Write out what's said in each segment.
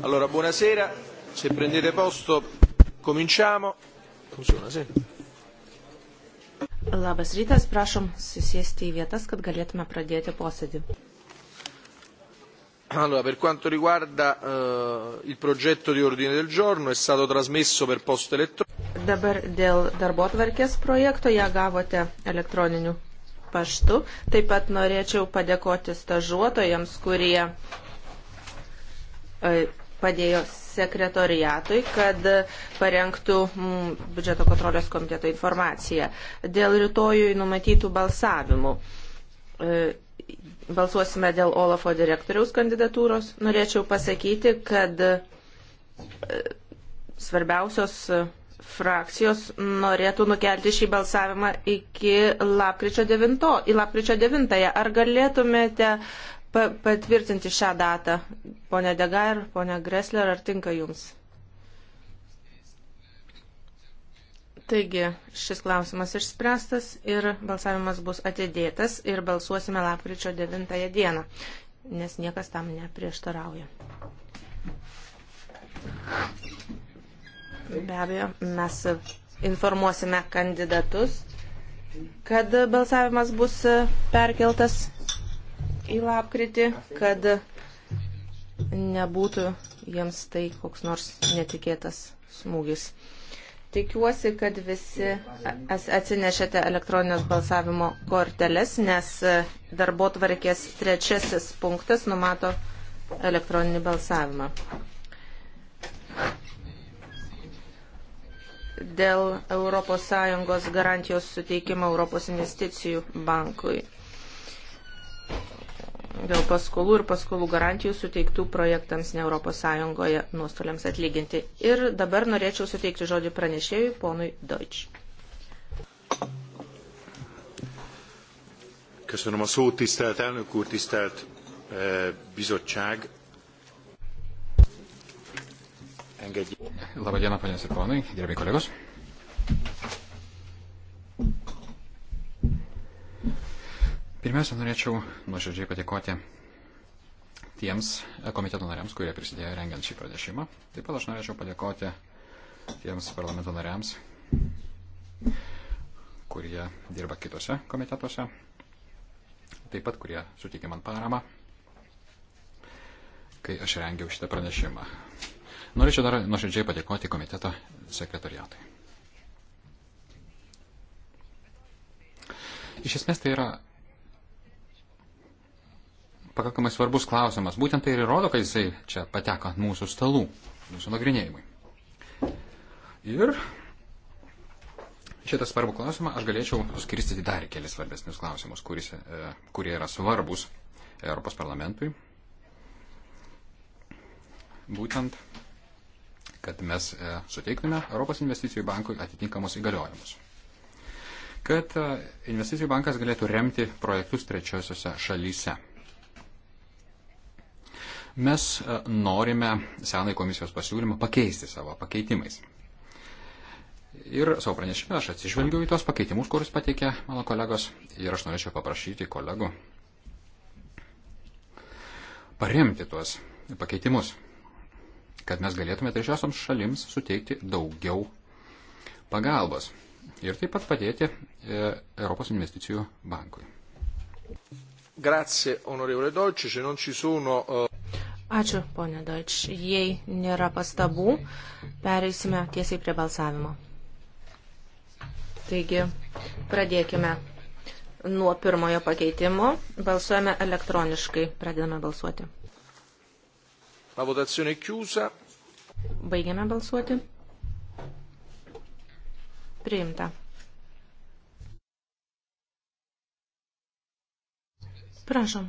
Allora, buonasera, se prendete posto cominciamo. Funziona, sì. Labas rytas, prašom susėsti į vietas, kad galėtume pradėti posėdį. Allora, per quanto riguarda uh, il progetto di ordine del giorno è stato trasmesso per posta elettronica. Dabar dėl darbotvarkės projekto ją gavote elektroniniu paštu. Taip pat norėčiau padėkoti stažuotojams, kurie e, padėjo sekretoriatui, kad parengtų mm, biudžeto kontrolės komiteto informaciją dėl rytojui numatytų balsavimų. E, balsuosime dėl Olafo direktoriaus kandidatūros. Norėčiau pasakyti, kad e, svarbiausios frakcijos norėtų nukelti šį balsavimą iki lapkričio 9, į lapkričio 9. Ar galėtumėte pa patvirtinti šią datą, ponė Degar, ponė Gressler, ar tinka jums? Taigi, šis klausimas išspręstas ir balsavimas bus atidėtas ir balsuosime lapkričio 9 dieną, nes niekas tam neprieštarauja. Be abejo, mes informuosime kandidatus, kad balsavimas bus perkeltas į lapkritį, kad nebūtų jiems tai koks nors netikėtas smūgis. Tikiuosi, kad visi atsinešėte elektroninės balsavimo korteles, nes darbo tvarkės trečiasis punktas numato elektroninį balsavimą. dėl ES garantijos suteikimo Europos investicijų bankui. Dėl paskolų ir paskolų garantijų suteiktų projektams ne ES nuostoliams atlyginti. Ir dabar norėčiau suteikti žodį pranešėjui ponui Deutsch. Köszönöm a szót, tisztelt elnök úr, tisztelt eh, bizottság. Labadiena, panės ir ponai, gerbiai kolegos. Pirmiausia, norėčiau nuoširdžiai padėkoti tiems komiteto nariams, kurie prisidėjo rengiant šį pranešimą. Taip pat aš norėčiau padėkoti tiems parlamento nariams, kurie dirba kitose komitetuose, taip pat kurie sutikė man paramą, kai aš rengiau šitą pranešimą. Norėčiau dar nuoširdžiai padėkoti komiteto sekretariatui. Iš esmės tai yra pakankamai svarbus klausimas. Būtent tai ir rodo, kad jisai čia pateko ant mūsų stalų, mūsų nagrinėjimui. Ir šitą svarbų klausimą aš galėčiau suskirstyti dar kelias svarbesnius klausimus, kuris, e, kurie yra svarbus Europos parlamentui. Būtent kad mes e, suteiktume Europos investicijų bankui atitinkamus įgaliojimus. Kad e, investicijų bankas galėtų remti projektus trečiosiuose šalyse. Mes e, norime senai komisijos pasiūlymą pakeisti savo pakeitimais. Ir savo pranešime aš atsižvelgiu į tos pakeitimus, kuris pateikė mano kolegos ir aš norėčiau paprašyti kolegų paremti tuos pakeitimus kad mes galėtume trečiosioms šalims suteikti daugiau pagalbos ir taip pat padėti e, Europos investicijų bankui. Grazie, onorevole Dolce, se non ci sono. Eh, Ačiū, ponė Dolč. Jei nėra pastabų, pereisime tiesiai prie balsavimo. Taigi, pradėkime nuo pirmojo pakeitimo. Balsuojame elektroniškai. Pradedame balsuoti. La votazione è chiusa. Baigiame balsuoti. Priimta. Prašom.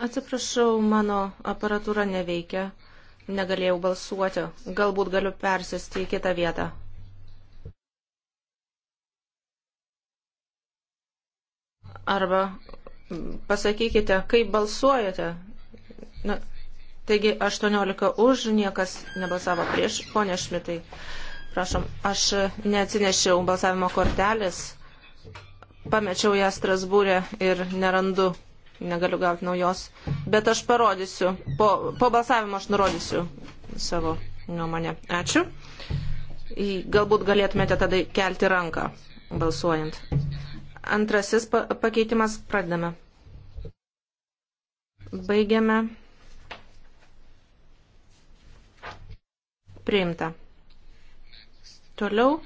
Atsiprašau, mano aparatūra neveikia. Negalėjau balsuoti. Galbūt galiu persisti į kitą vietą. Arba pasakykite, kaip balsuojate. Na, Taigi 18 už, niekas nebalsavo prieš. Pone Šmitai, prašom, aš neatsinešiau balsavimo kortelės, pamečiau ją Strasbūrė ir nerandu, negaliu gauti naujos, bet aš parodysiu, po, po balsavimo aš nurodysiu savo nuomonę. Ačiū. Galbūt galėtumėte tada kelti ranką balsuojant. Antrasis pakeitimas, pradedame. Baigiame. Priimta. Toliau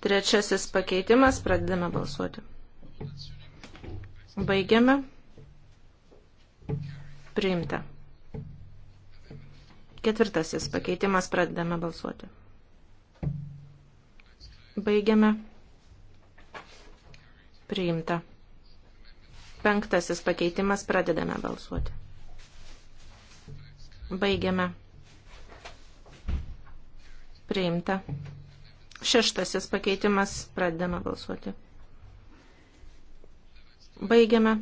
trečiasis pakeitimas. Pradedame balsuoti. Baigiame. Priimta. Ketvirtasis pakeitimas. Pradedame balsuoti. Baigiame. Priimta. Penktasis pakeitimas. Pradedame balsuoti. Baigiame priimta. Šeštasis pakeitimas. Pradedame balsuoti. Baigiame.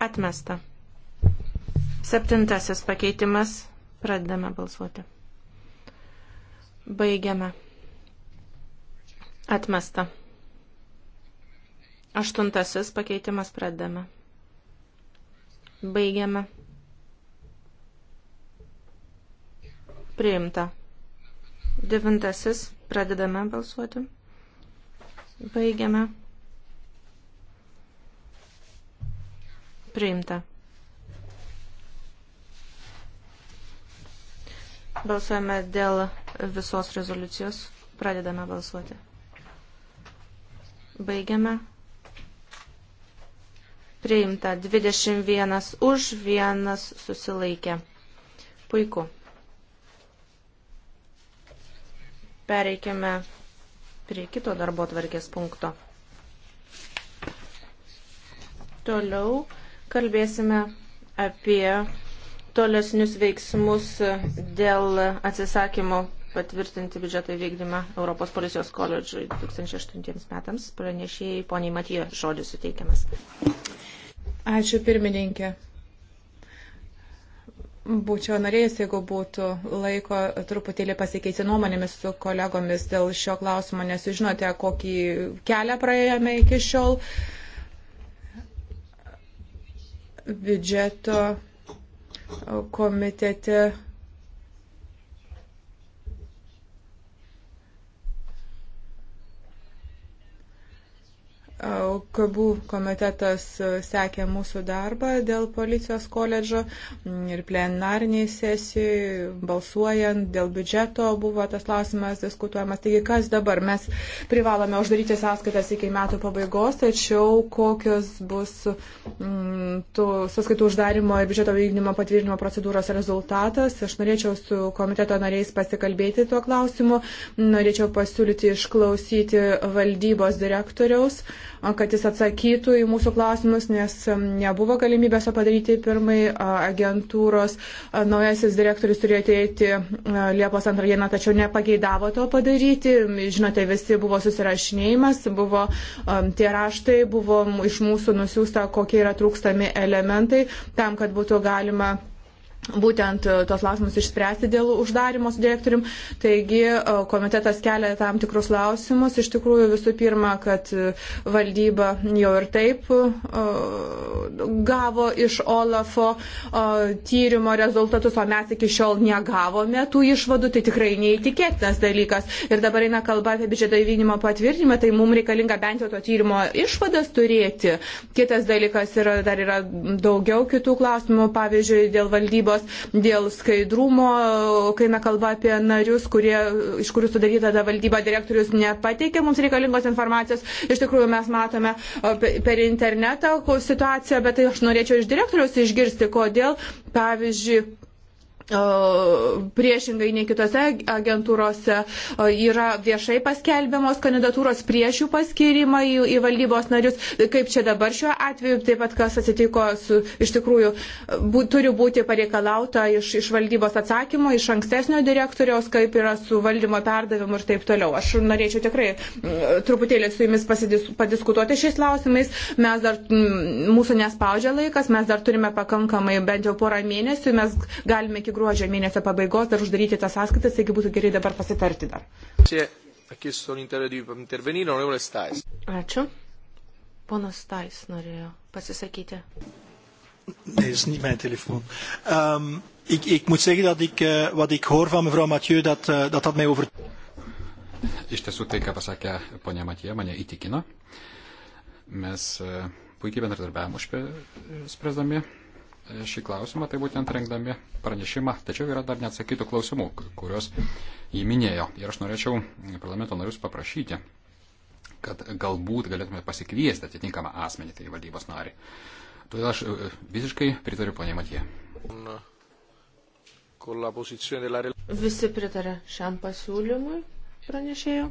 Atmesta. Septintasis pakeitimas. Pradedame balsuoti. Baigiame. Atmesta. Aštuntasis pakeitimas. Pradedame. Baigiame. priimta. Devintasis. Pradedame balsuoti. Baigiame. Priimta. Balsuojame dėl visos rezoliucijos. Pradedame balsuoti. Baigiame. Priimta 21 už, vienas susilaikė. Puiku. Pereikime prie kito darbo tvarkės punkto. Toliau kalbėsime apie tolesnius veiksmus dėl atsisakymo patvirtinti biudžeto įvykdymą Europos policijos koledžui 2008 metams. Pranešėjai poniai Matijo žodis suteikiamas. Ačiū pirmininkė. Būčiau norėjęs, jeigu būtų laiko truputėlį pasikeisti nuomonėmis su kolegomis dėl šio klausimo, nes jūs žinote, kokį kelią praėjome iki šiol. Biudžeto komitete Kabų komitetas sekė mūsų darbą dėl policijos koledžo ir plenariniai sesijai, balsuojant dėl biudžeto buvo tas klausimas diskutuojamas. Taigi, kas dabar? Mes privalome uždaryti sąskaitas iki metų pabaigos, tačiau kokios bus mm, tų sąskaitų uždarimo ir biudžeto vykdymo patvirtinimo procedūros rezultatas. Aš norėčiau su komiteto nariais pasikalbėti tuo klausimu. Norėčiau pasiūlyti išklausyti valdybos direktoriaus. Uh, kad jis atsakytų į mūsų klausimus, nes um, nebuvo galimybės to padaryti pirmai. Agentūros naujasis direktorius turėjo ateiti Liepos antrą dieną, tačiau nepageidavo to padaryti. Žinote, visi buvo susirašinėjimas, buvo um, tie raštai, buvo iš mūsų nusiųsta, kokie yra trūkstami elementai tam, kad būtų galima būtent e, tos klausimus išspręsti dėl uždarimo su direktorium. Taigi e, komitetas kelia tam tikrus klausimus. Iš tikrųjų visų pirma, kad e, valdyba jau ir taip gavo iš Olafo tyrimo rezultatus, o mes iki šiol negavome tų išvadų. Tai tikrai neįtikėtinas dalykas. Ir dabar eina kalba apie biudžeto įvykdymo patvirtinimą, tai mums reikalinga bent jau to tyrimo išvadas turėti. Kitas dalykas yra, dar yra daugiau kitų klausimų, pavyzdžiui, dėl valdybos nuostatos dėl skaidrumo, kai mes kalba apie narius, kurie, iš kurių sudaryta ta valdyba direktorius nepateikė mums reikalingos informacijos. Iš tikrųjų, mes matome per internetą situaciją, bet tai aš norėčiau iš direktoriaus išgirsti, kodėl, pavyzdžiui, priešingai nei kitose agentūrose yra viešai paskelbiamos kandidatūros prieš jų paskirimą į, į valdybos narius, kaip čia dabar šiuo atveju, taip pat kas atsitiko su, iš tikrųjų, bū, turi būti pareikalauta iš, iš valdybos atsakymo, iš ankstesnio direktoriaus, kaip yra su valdymo perdavimu ir taip toliau. Aš norėčiau tikrai truputėlį su jumis pasidis, padiskutuoti šiais klausimais. Mes dar, mūsų nespaudžia laikas, mes dar turime pakankamai bent jau porą mėnesių, mes galime iki gruodžio gruodžio mėnesio pabaigos dar uždaryti tas sąskaitas, taigi būtų gerai dabar pasitarti dar. Ačiū. Ponas Stais norėjo pasisakyti. Nee, dat is niet mijn telefoon. Um, ik, ik moet zeggen dat ik, uh, wat ik hoor van mevrouw Mathieu, dat uh, dat, dat mij over... Iš tiesų tai, ką pasakė ponia Matija, mane įtikino. Mes uh, puikiai bendradarbiavom spręsdami šį klausimą, tai būtent rengdami pranešimą, tačiau yra dar neatsakytų klausimų, kuriuos jį minėjo. Ir aš norėčiau parlamento narius paprašyti, kad galbūt galėtume pasikviesti atitinkamą asmenį, tai valdybos narį. Todėl aš e, visiškai pritariu ponė Matė. Visi pritarė šiam pasiūlymui pranešėjo.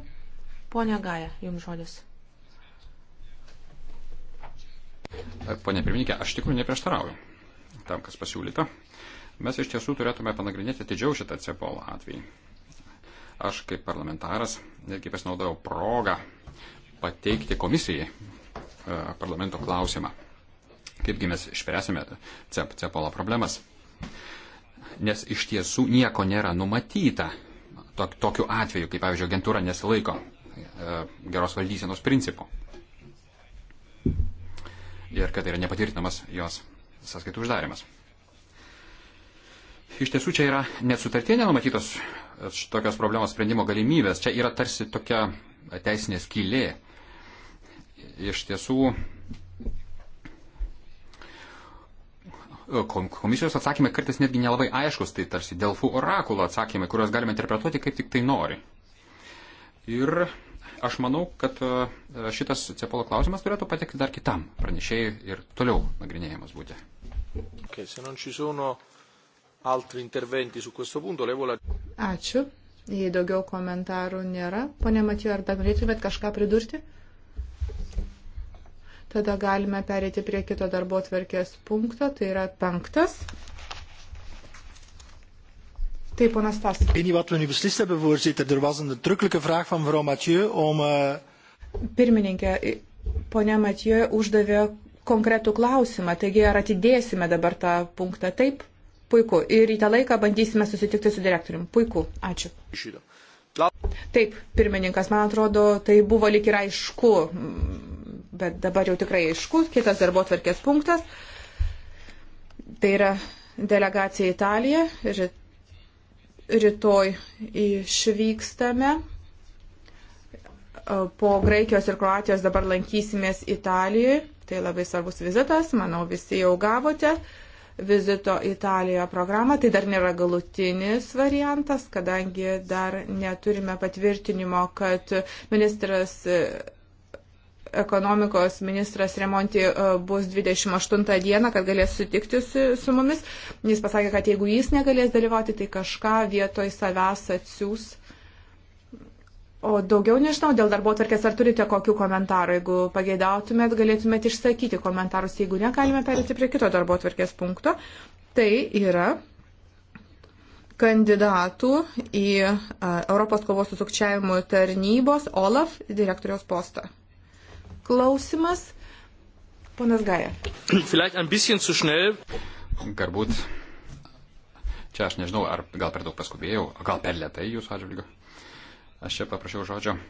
Pone Gaja, jums žodis. Pone pirmininkė, aš tikrai neprieštarauju tam, kas pasiūlyta, mes iš tiesų turėtume panagrinėti atidžiau šitą CEPOL atvejį. Aš kaip parlamentaras netgi pasinaudojau progą pateikti komisijai e, parlamento klausimą, kaipgi mes išspręsime CEP, CEPOLO problemas. Nes iš tiesų nieko nėra numatyta tok, tokiu atveju, kaip pavyzdžiui agentūra nesilaiko e, geros valdysenos principų. Ir kad tai yra nepatvirtinamas jos sąskaitų uždarimas. Iš tiesų čia yra net sutartie nenumatytos e, tokios problemos sprendimo galimybės. Čia yra tarsi tokia teisinė skylė. Iš tiesų e, komisijos atsakymai kartais netgi nelabai aiškus, tai tarsi Delfų orakulo atsakymai, kuriuos galime interpretuoti kaip tik tai nori. Ir aš manau, kad e, šitas Cepolo klausimas turėtų patekti dar kitam pranešėjui ir toliau nagrinėjimas būti. Okay, punto, vola... Ačiū. Jei daugiau komentarų nėra, ponė Matijo, ar dar norėtumėt kažką pridurti? Tada galime perėti prie kito darbo tvarkės punkto, tai yra penktas. Taip, ponas Tas. Ik weet niet wat we nu beslist hebben, voorzitter. Er was een nadrukkelijke vraag van mevrouw Mathieu om. Uh... Pirmininkė, ponia Mathieu uždavė konkretų klausimą, taigi ar atidėsime dabar tą punktą taip? Puiku. Ir į tą laiką bandysime susitikti su direktoriumi. Puiku. Ačiū. Taip, pirmininkas, man atrodo, tai buvo lik ir aišku, bet dabar jau tikrai aišku. Kitas darbo tvarkės punktas. Tai yra delegacija Italija. Rytoj išvykstame po Graikijos ir Kroatijos dabar lankysimės Italijoje. Tai labai svarbus vizitas, manau visi jau gavote vizito Italijoje programą. Tai dar nėra galutinis variantas, kadangi dar neturime patvirtinimo, kad ministras e, ekonomikos ministras Remonti e, bus 28 dieną, kad galės sutikti su, su mumis. Jis pasakė, kad jeigu jis negalės dalyvauti, tai kažką vietoj savęs atsiūs O daugiau nežinau dėl darbo tvarkės, ar turite kokių komentarų. Jeigu pageidautumėt, galėtumėt išsakyti komentarus. Jeigu ne, galime perėti prie kito darbo tvarkės punkto. Tai yra kandidatų į Europos kovos su sukčiavimu tarnybos OLAF direktoriaus postą. Klausimas. Ponas Gaja. Galbūt. Čia aš nežinau, ar gal per daug paskubėjau, gal per lietai jūsų atžvilgiu. Aš čia paprašiau žodžio. E,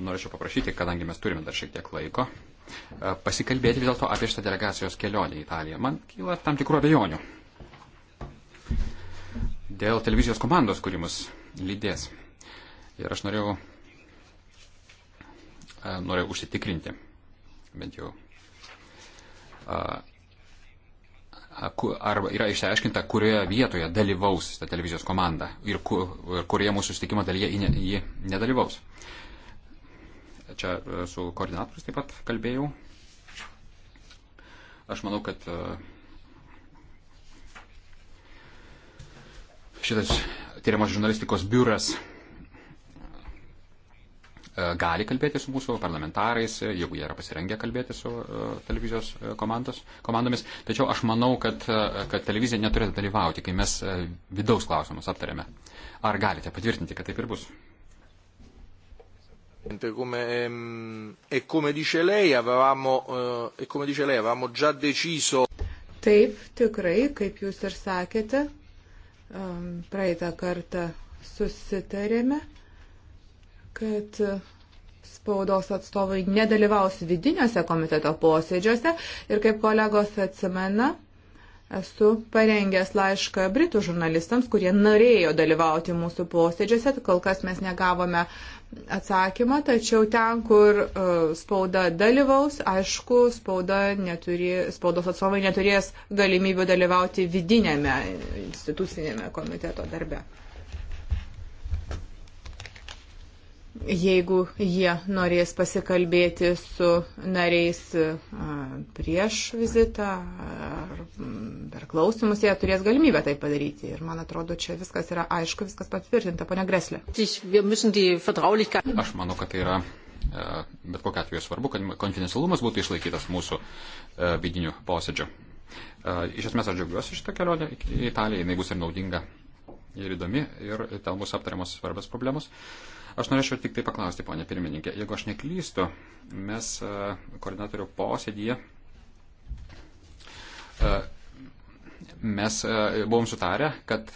norėčiau paprašyti, kadangi mes turime dar šiek tiek laiko, e, pasikalbėti vis dėlto apie šitą delegacijos kelionę į Italiją. Man kyla tam tikrų abejonių dėl televizijos komandos, kuri mus lydės. Ir aš norėjau, e, norėjau užsitikrinti, bent jau, arba yra išsiaiškinta, kurioje vietoje dalyvaus ta televizijos komanda ir, kur, ir kurioje mūsų susitikimo dalyje ji, ne, ji nedalyvaus. Čia e, su koordinatorius taip pat kalbėjau. Aš manau, kad e, šitas tyriamos žurnalistikos biuras E, gali kalbėti su mūsų parlamentarais, e, jeigu jie yra pasirengę kalbėti su e, televizijos komandos, komandomis. Tačiau aš manau, kad, kad televizija neturėtų dalyvauti, kai mes vidaus klausimus aptarėme. Ar galite patvirtinti, kad taip ir bus? Come, ehm, e come dice lei, avevamo, e come dice lei, avevamo già deciso. Taip, tikrai, kaip jūs ir sakėte, ehm, praeitą kartą susitarėme kad spaudos atstovai nedalyvaus vidiniuose komiteto posėdžiuose ir kaip kolegos atsimena, esu parengęs laišką britų žurnalistams, kurie norėjo dalyvauti mūsų posėdžiuose, tai kol kas mes negavome atsakymą, tačiau ten, kur e, spauda dalyvaus, aišku, spauda neturė, spaudos atstovai neturės galimybių dalyvauti vidinėme institucinėme komiteto darbe. jeigu jie norės pasikalbėti su nariais prieš vizitą ar per klausimus, jie turės galimybę tai padaryti. Ir man atrodo, čia viskas yra aišku, viskas patvirtinta, ponia Greslė. Aš manau, kad tai yra e, bet kokia atveju svarbu, kad konfidencialumas būtų išlaikytas mūsų e, vidinių posėdžių. E, iš esmės aš džiaugiuosi šitą kelionę į Italiją, jinai bus ir naudinga ir įdomi, ir ten bus aptariamos svarbios problemos. Uh, Aš norėčiau tik tai paklausti, ponė pirmininkė, jeigu aš neklystu, mes e, koordinatorių posėdėje e, mes e, buvom sutarę, kad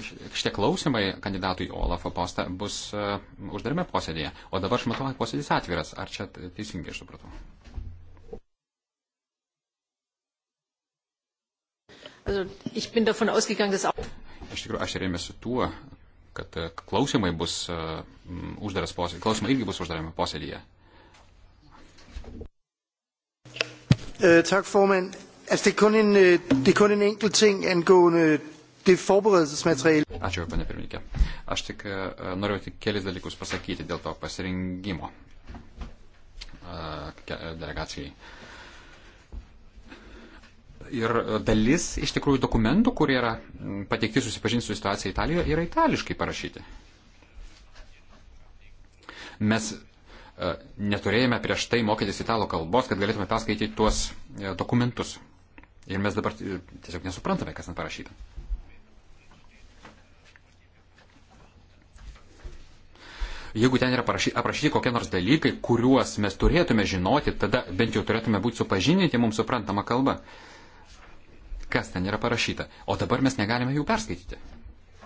šitie klausimai kandidatui į Olafo postą bus uždarime posėdėje, o dabar aš matau, kad posėdis atviras. Ar čia teisingai supratau? Iš tikrųjų, aš rėmėsiu tuo, kad e, klausimai bus e, uždaras posėdis. Klausimai irgi bus uždarame posėdėje. E, tak, formand. Altså, det er, kun en, øh, det er kun en enkelt ting angående tai forberedelsesmateriale. Ačiū, panė pirmininkė. Aš tik noriu tik kelis dalykus pasakyti dėl to pasirinkimo delegacijai ir dalis iš tikrųjų dokumentų, kurie yra mm, pateikti susipažinti su situacija Italijoje, yra itališkai parašyti. Mes e, neturėjome prieš tai mokytis italų kalbos, kad galėtume perskaityti tuos e, dokumentus. Ir mes dabar e, tiesiog nesuprantame, kas ten parašyta. Jeigu ten yra parašy, aprašyti kokie nors dalykai, kuriuos mes turėtume žinoti, tada bent jau turėtume būti supažinyti mums suprantama kalba. Uh, kas ten yra parašyta. O dabar mes negalime jų perskaityti.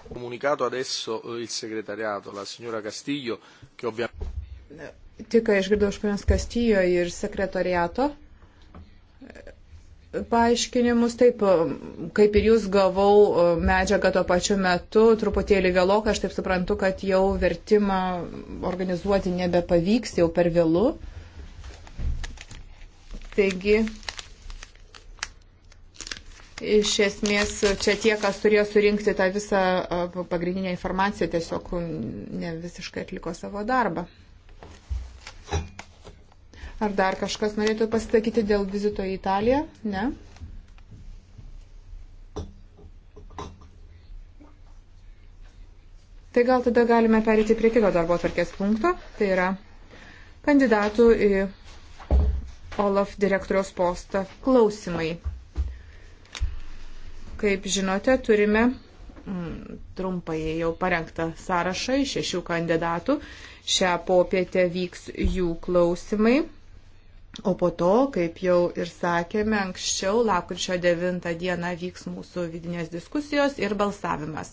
Comunicato adesso eh, il segretariato, la signora Castillo, che ovviamente. Tik išgirdau iš ponios Castillo ir sekretariato e, paaiškinimus, taip, e, kaip ir jūs gavau e, medžiagą tuo pačiu metu, truputėlį vėlokai, aš taip suprantu, kad jau vertimą organizuoti nebepavyks, jau per vėlų. Taigi, Iš esmės, čia tie, kas turėjo surinkti tą visą pagrindinę informaciją, tiesiog ne visiškai atliko savo darbą. Ar dar kažkas norėtų pasitakyti dėl vizito į Italiją? Ne? Tai gal tada galime perėti prie kito darbo tvarkės punkto, tai yra kandidatų į OLAF direktoriaus postą klausimai. Kaip žinote, turime mm, trumpai jau parengtą sąrašą iš šešių kandidatų. Šią popietę vyks jų klausimai. O po to, kaip jau ir sakėme anksčiau, lakrčio 9 dieną vyks mūsų vidinės diskusijos ir balsavimas.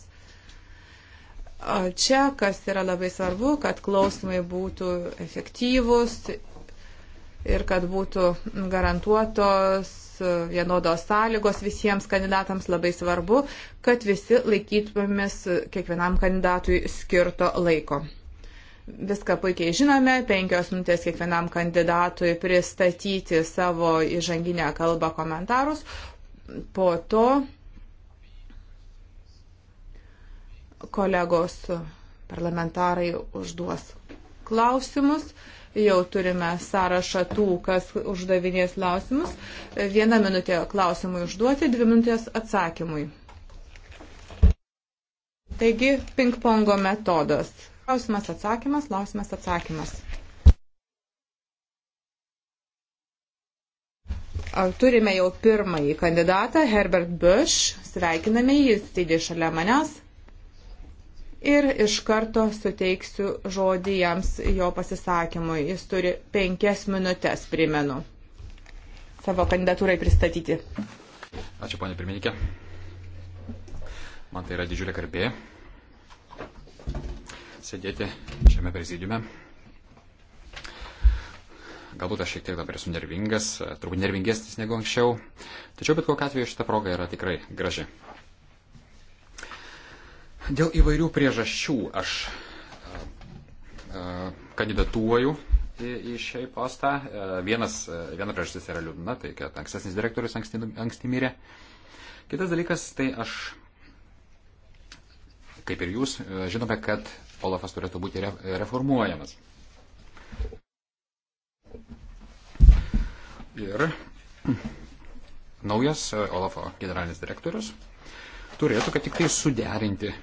Čia, kas yra labai svarbu, kad klausimai būtų efektyvūs ir kad būtų garantuotos vienodos sąlygos visiems kandidatams labai svarbu, kad visi laikytumėmės kiekvienam kandidatui skirto laiko. Viską puikiai žinome, penkios minutės kiekvienam kandidatui pristatyti savo įžanginę kalbą komentarus. Po to kolegos parlamentarai užduos klausimus. Jau turime sąrašą tų, kas uždavinės klausimus. Vieną minutę klausimui užduoti, dvi minutės atsakymui. Taigi, ping-pongo metodas. Klausimas atsakymas, klausimas atsakymas. Turime jau pirmąjį kandidatą, Herbert Bush. Sveikiname jį, jis sėdi šalia manęs ir iš karto suteiksiu žodį jiems jo pasisakymui. Jis turi penkias minutės, primenu, savo kandidatūrai pristatyti. Ačiū, ponė pirmininkė. Man tai yra didžiulė garbė sėdėti šiame prezidiume. Galbūt aš šiek tiek dabar esu nervingas, turbūt nervingesnis negu anksčiau, tačiau bet kokiu atveju šita proga yra tikrai graži. Dėl įvairių priežasčių aš e, e, kandidatuoju į, į šią postą. E, vienas, viena priežastis yra liūdna, tai kad ankstesnis direktorius anksti, anksti mirė. Kitas dalykas, tai aš, kaip ir jūs, žinome, kad Olafas turėtų būti re, reformuojamas. Ir naujas Olafo generalinis direktorius turėtų, kad tik tai suderinti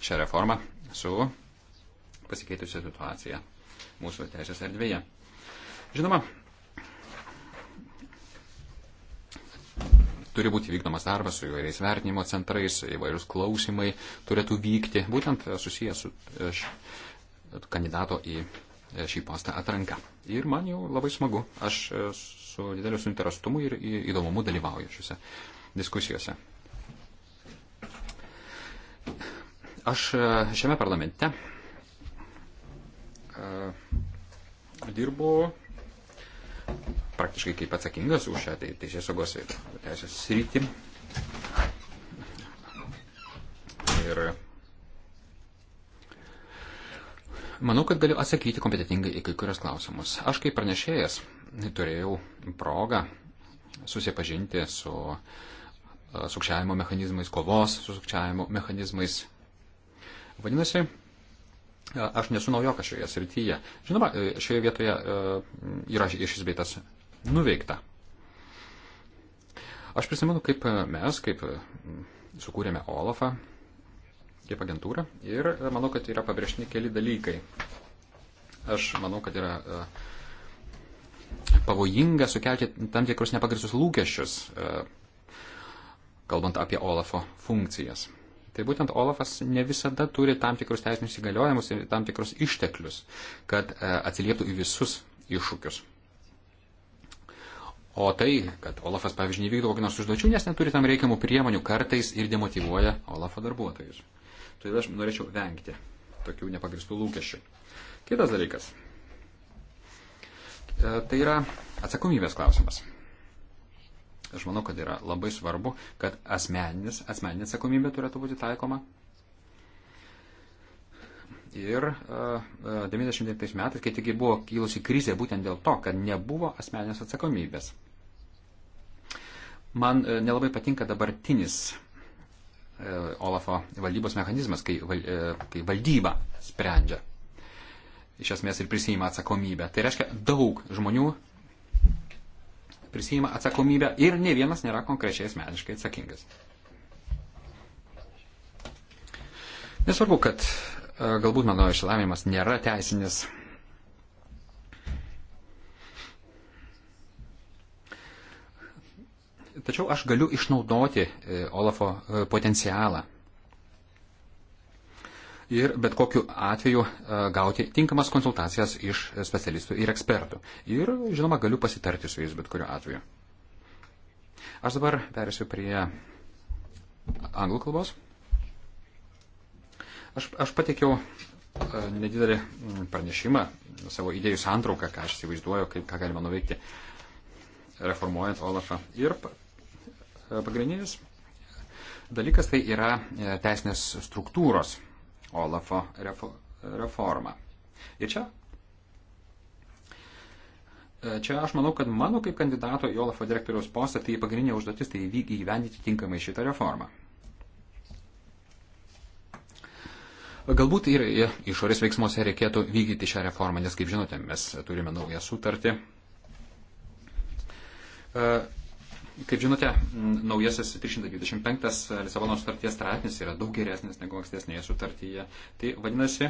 šią reformą su pasikeitusią situaciją mūsų teisės erdvėje. Žinoma, turi būti vykdomas darbas su įvairiais vertinimo centrais, įvairius klausimai turėtų vykti, būtent susijęs su e, kandidato į e, šį postą atranka. Ir man jau labai smagu, aš e, su dideliu suinteresuotumu ir įdomumu dalyvauju šiuose diskusijose. Aš e, šiame parlamente e, dirbu praktiškai kaip atsakingas už šią teisės saugos ir teisės sritį. Ir manau, kad galiu atsakyti kompetitingai į kai kurias klausimus. Aš kaip pranešėjas turėjau progą susipažinti su e, sukčiavimo mechanizmais, kovos su sukčiavimo mechanizmais Vadinasi, e, aš nesu naujokas šioje srityje. Žinoma, e, šioje vietoje e, yra šis beitas nuveikta. Aš prisimenu, kaip mes, kaip mm, sukūrėme Olafą, kaip agentūrą ir manau, kad yra pabrėžtini keli dalykai. Aš manau, kad yra pavojinga sukelti tam tikrus nepagristus lūkesčius, kalbant apie Olafo funkcijas. Tai būtent Olafas ne visada turi tam tikrus teisinius įgaliojimus ir tam tikrus išteklius, kad e, atsilieptų į visus iššūkius. O tai, kad Olafas, pavyzdžiui, nevykdo kokį nors užduočių, nes neturi tam reikiamų priemonių, kartais ir demotivuoja Olafo darbuotojus. Todėl aš norėčiau vengti tokių nepagristų lūkesčių. Kitas dalykas. E, tai yra atsakomybės klausimas. Aš manau, kad yra labai svarbu, kad asmeninis, asmeninė atsakomybė turėtų būti taikoma. Ir uh, e, 99 e, metais, kai tik buvo kilusi krizė būtent dėl to, kad nebuvo asmeninės atsakomybės. Man uh, nelabai patinka dabartinis uh, Olafo valdybos mechanizmas, kai, val, uh, kai valdyba sprendžia iš esmės ir prisijima atsakomybę. Tai reiškia, daug žmonių prisijima atsakomybę ir ne vienas nėra konkrečiai asmeniškai atsakingas. Nesvarbu, kad e, galbūt mano išsilavinimas nėra teisinis. Tačiau aš galiu išnaudoti e, Olafo e, potencialą ir bet kokiu atveju e, gauti tinkamas konsultacijas iš specialistų ir ekspertų. Ir, žinoma, galiu pasitarti su jais bet kuriu atveju. Aš dabar perėsiu prie anglų kalbos. Aš, aš pateikiau e, nedidelį mm, pranešimą, savo idėjų santrauką, ką aš įsivaizduoju, kaip, ką galima nuveikti reformuojant Olafą. Ir e, pagrindinis dalykas tai yra teisinės struktūros Olafo reformą. Ir čia, e, čia aš manau, kad mano kaip kandidato į Olafo direktoriaus postą tai pagrindinė užduotis tai įgyvendinti tinkamai šitą reformą. Galbūt ir išorės veiksmuose reikėtų vykdyti šią reformą, nes, kaip žinote, mes turime naują sutartį. E, Kaip žinote, naujasis 325 e, Lisabono sutarties straipsnis yra daug geresnis negu ankstesnėje sutartyje. Tai vadinasi,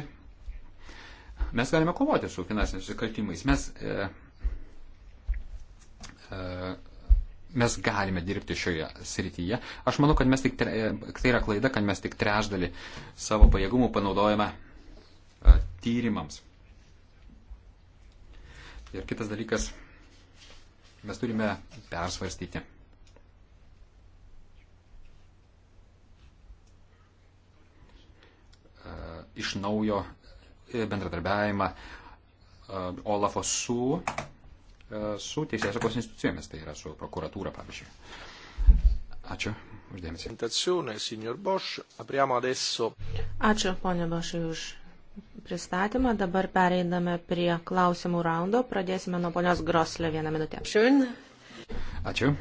mes galime kovoti su finansiniais nusikaltimais. Mes, e, e, mes galime dirbti šioje srityje. Aš manau, kad mes tik, tre, e, tai yra klaida, kad mes tik trešdalį savo pajėgumų panaudojame e, tyrimams. Ir kitas dalykas, mes turime persvarstyti iš naujo e, bendradarbiavimą e, Olafo su, e, su teisėsaugos institucijomis, tai yra su prokuratūra, pavyzdžiui. Ačiū. Uždėmesi. Ačiū, ponė Bošai, už pristatymą. Dabar pereiname prie klausimų raundo. Pradėsime nuo ponios Groslė vieną minutę. Ačiū.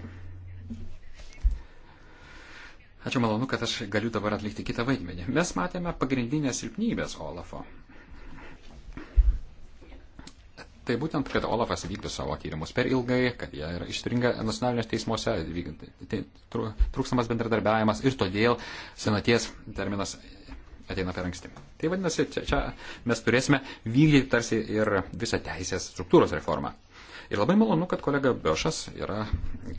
Ačiū malonu, kad aš galiu dabar atlikti kitą vaidmenį. Mes matėme pagrindinės silpnybės Olafo. Tai būtent, kad Olafas vykdo savo tyrimus per ilgai, kad jie yra ištringa nacionalinės teismuose, tai trūkstamas bendradarbiavimas ir todėl senaties terminas ateina per anksti. Tai vadinasi, čia, čia mes turėsime vykdyti tarsi ir visą teisės struktūros reformą. Ir labai malonu, kad kolega Biošas yra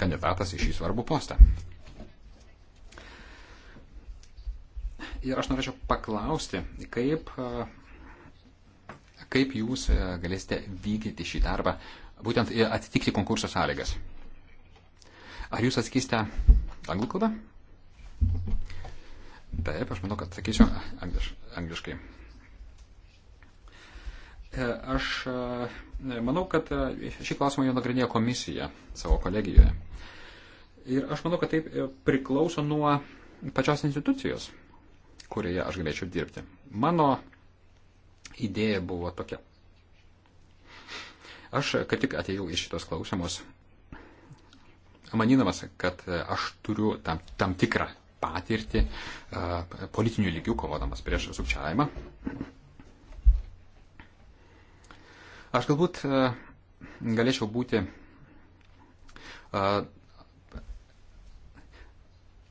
kandidatas į šį svarbų postą. Ir aš norėčiau paklausti, kaip, kaip jūs e, galėsite vykdyti šį darbą, būtent e, atitikti konkurso sąlygas. Ar jūs atsakysite anglų kalbą? Taip, aš manau, kad sakysiu angliš, angliškai. E, aš manau, kad šį klausimą jau nagrinėjo komisija savo kolegijoje. Ir aš manau, kad taip priklauso nuo pačios institucijos, kurioje aš galėčiau dirbti. Mano idėja buvo tokia. Aš kaip tik atėjau į šitos klausimus, manydamas, kad aš turiu tam, tam tikrą patirtį uh, politinių lygių kovodamas prieš sukčiavimą. Aš galbūt uh, galėčiau būti uh,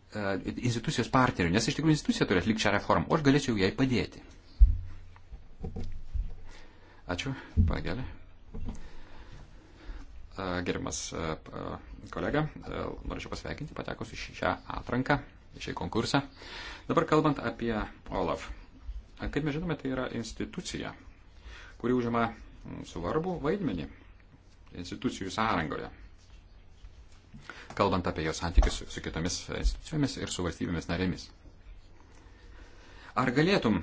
E, institucijos partnerių, nes iš tikrųjų institucija turi atlikti šią reformą, o aš galėčiau jai padėti. Ačiū, pagelė. E, Gerimas e, kolega, norėčiau pasveikinti, patekus į šią atranką, į šį konkursą. Dabar kalbant apie OLAF. Kaip mes žinome, tai yra institucija, kuri užima svarbu vaidmenį institucijų sąrangoje kalbant apie jos santykius su, su kitomis institucijomis ir su valstybėmis narėmis. Ar galėtum,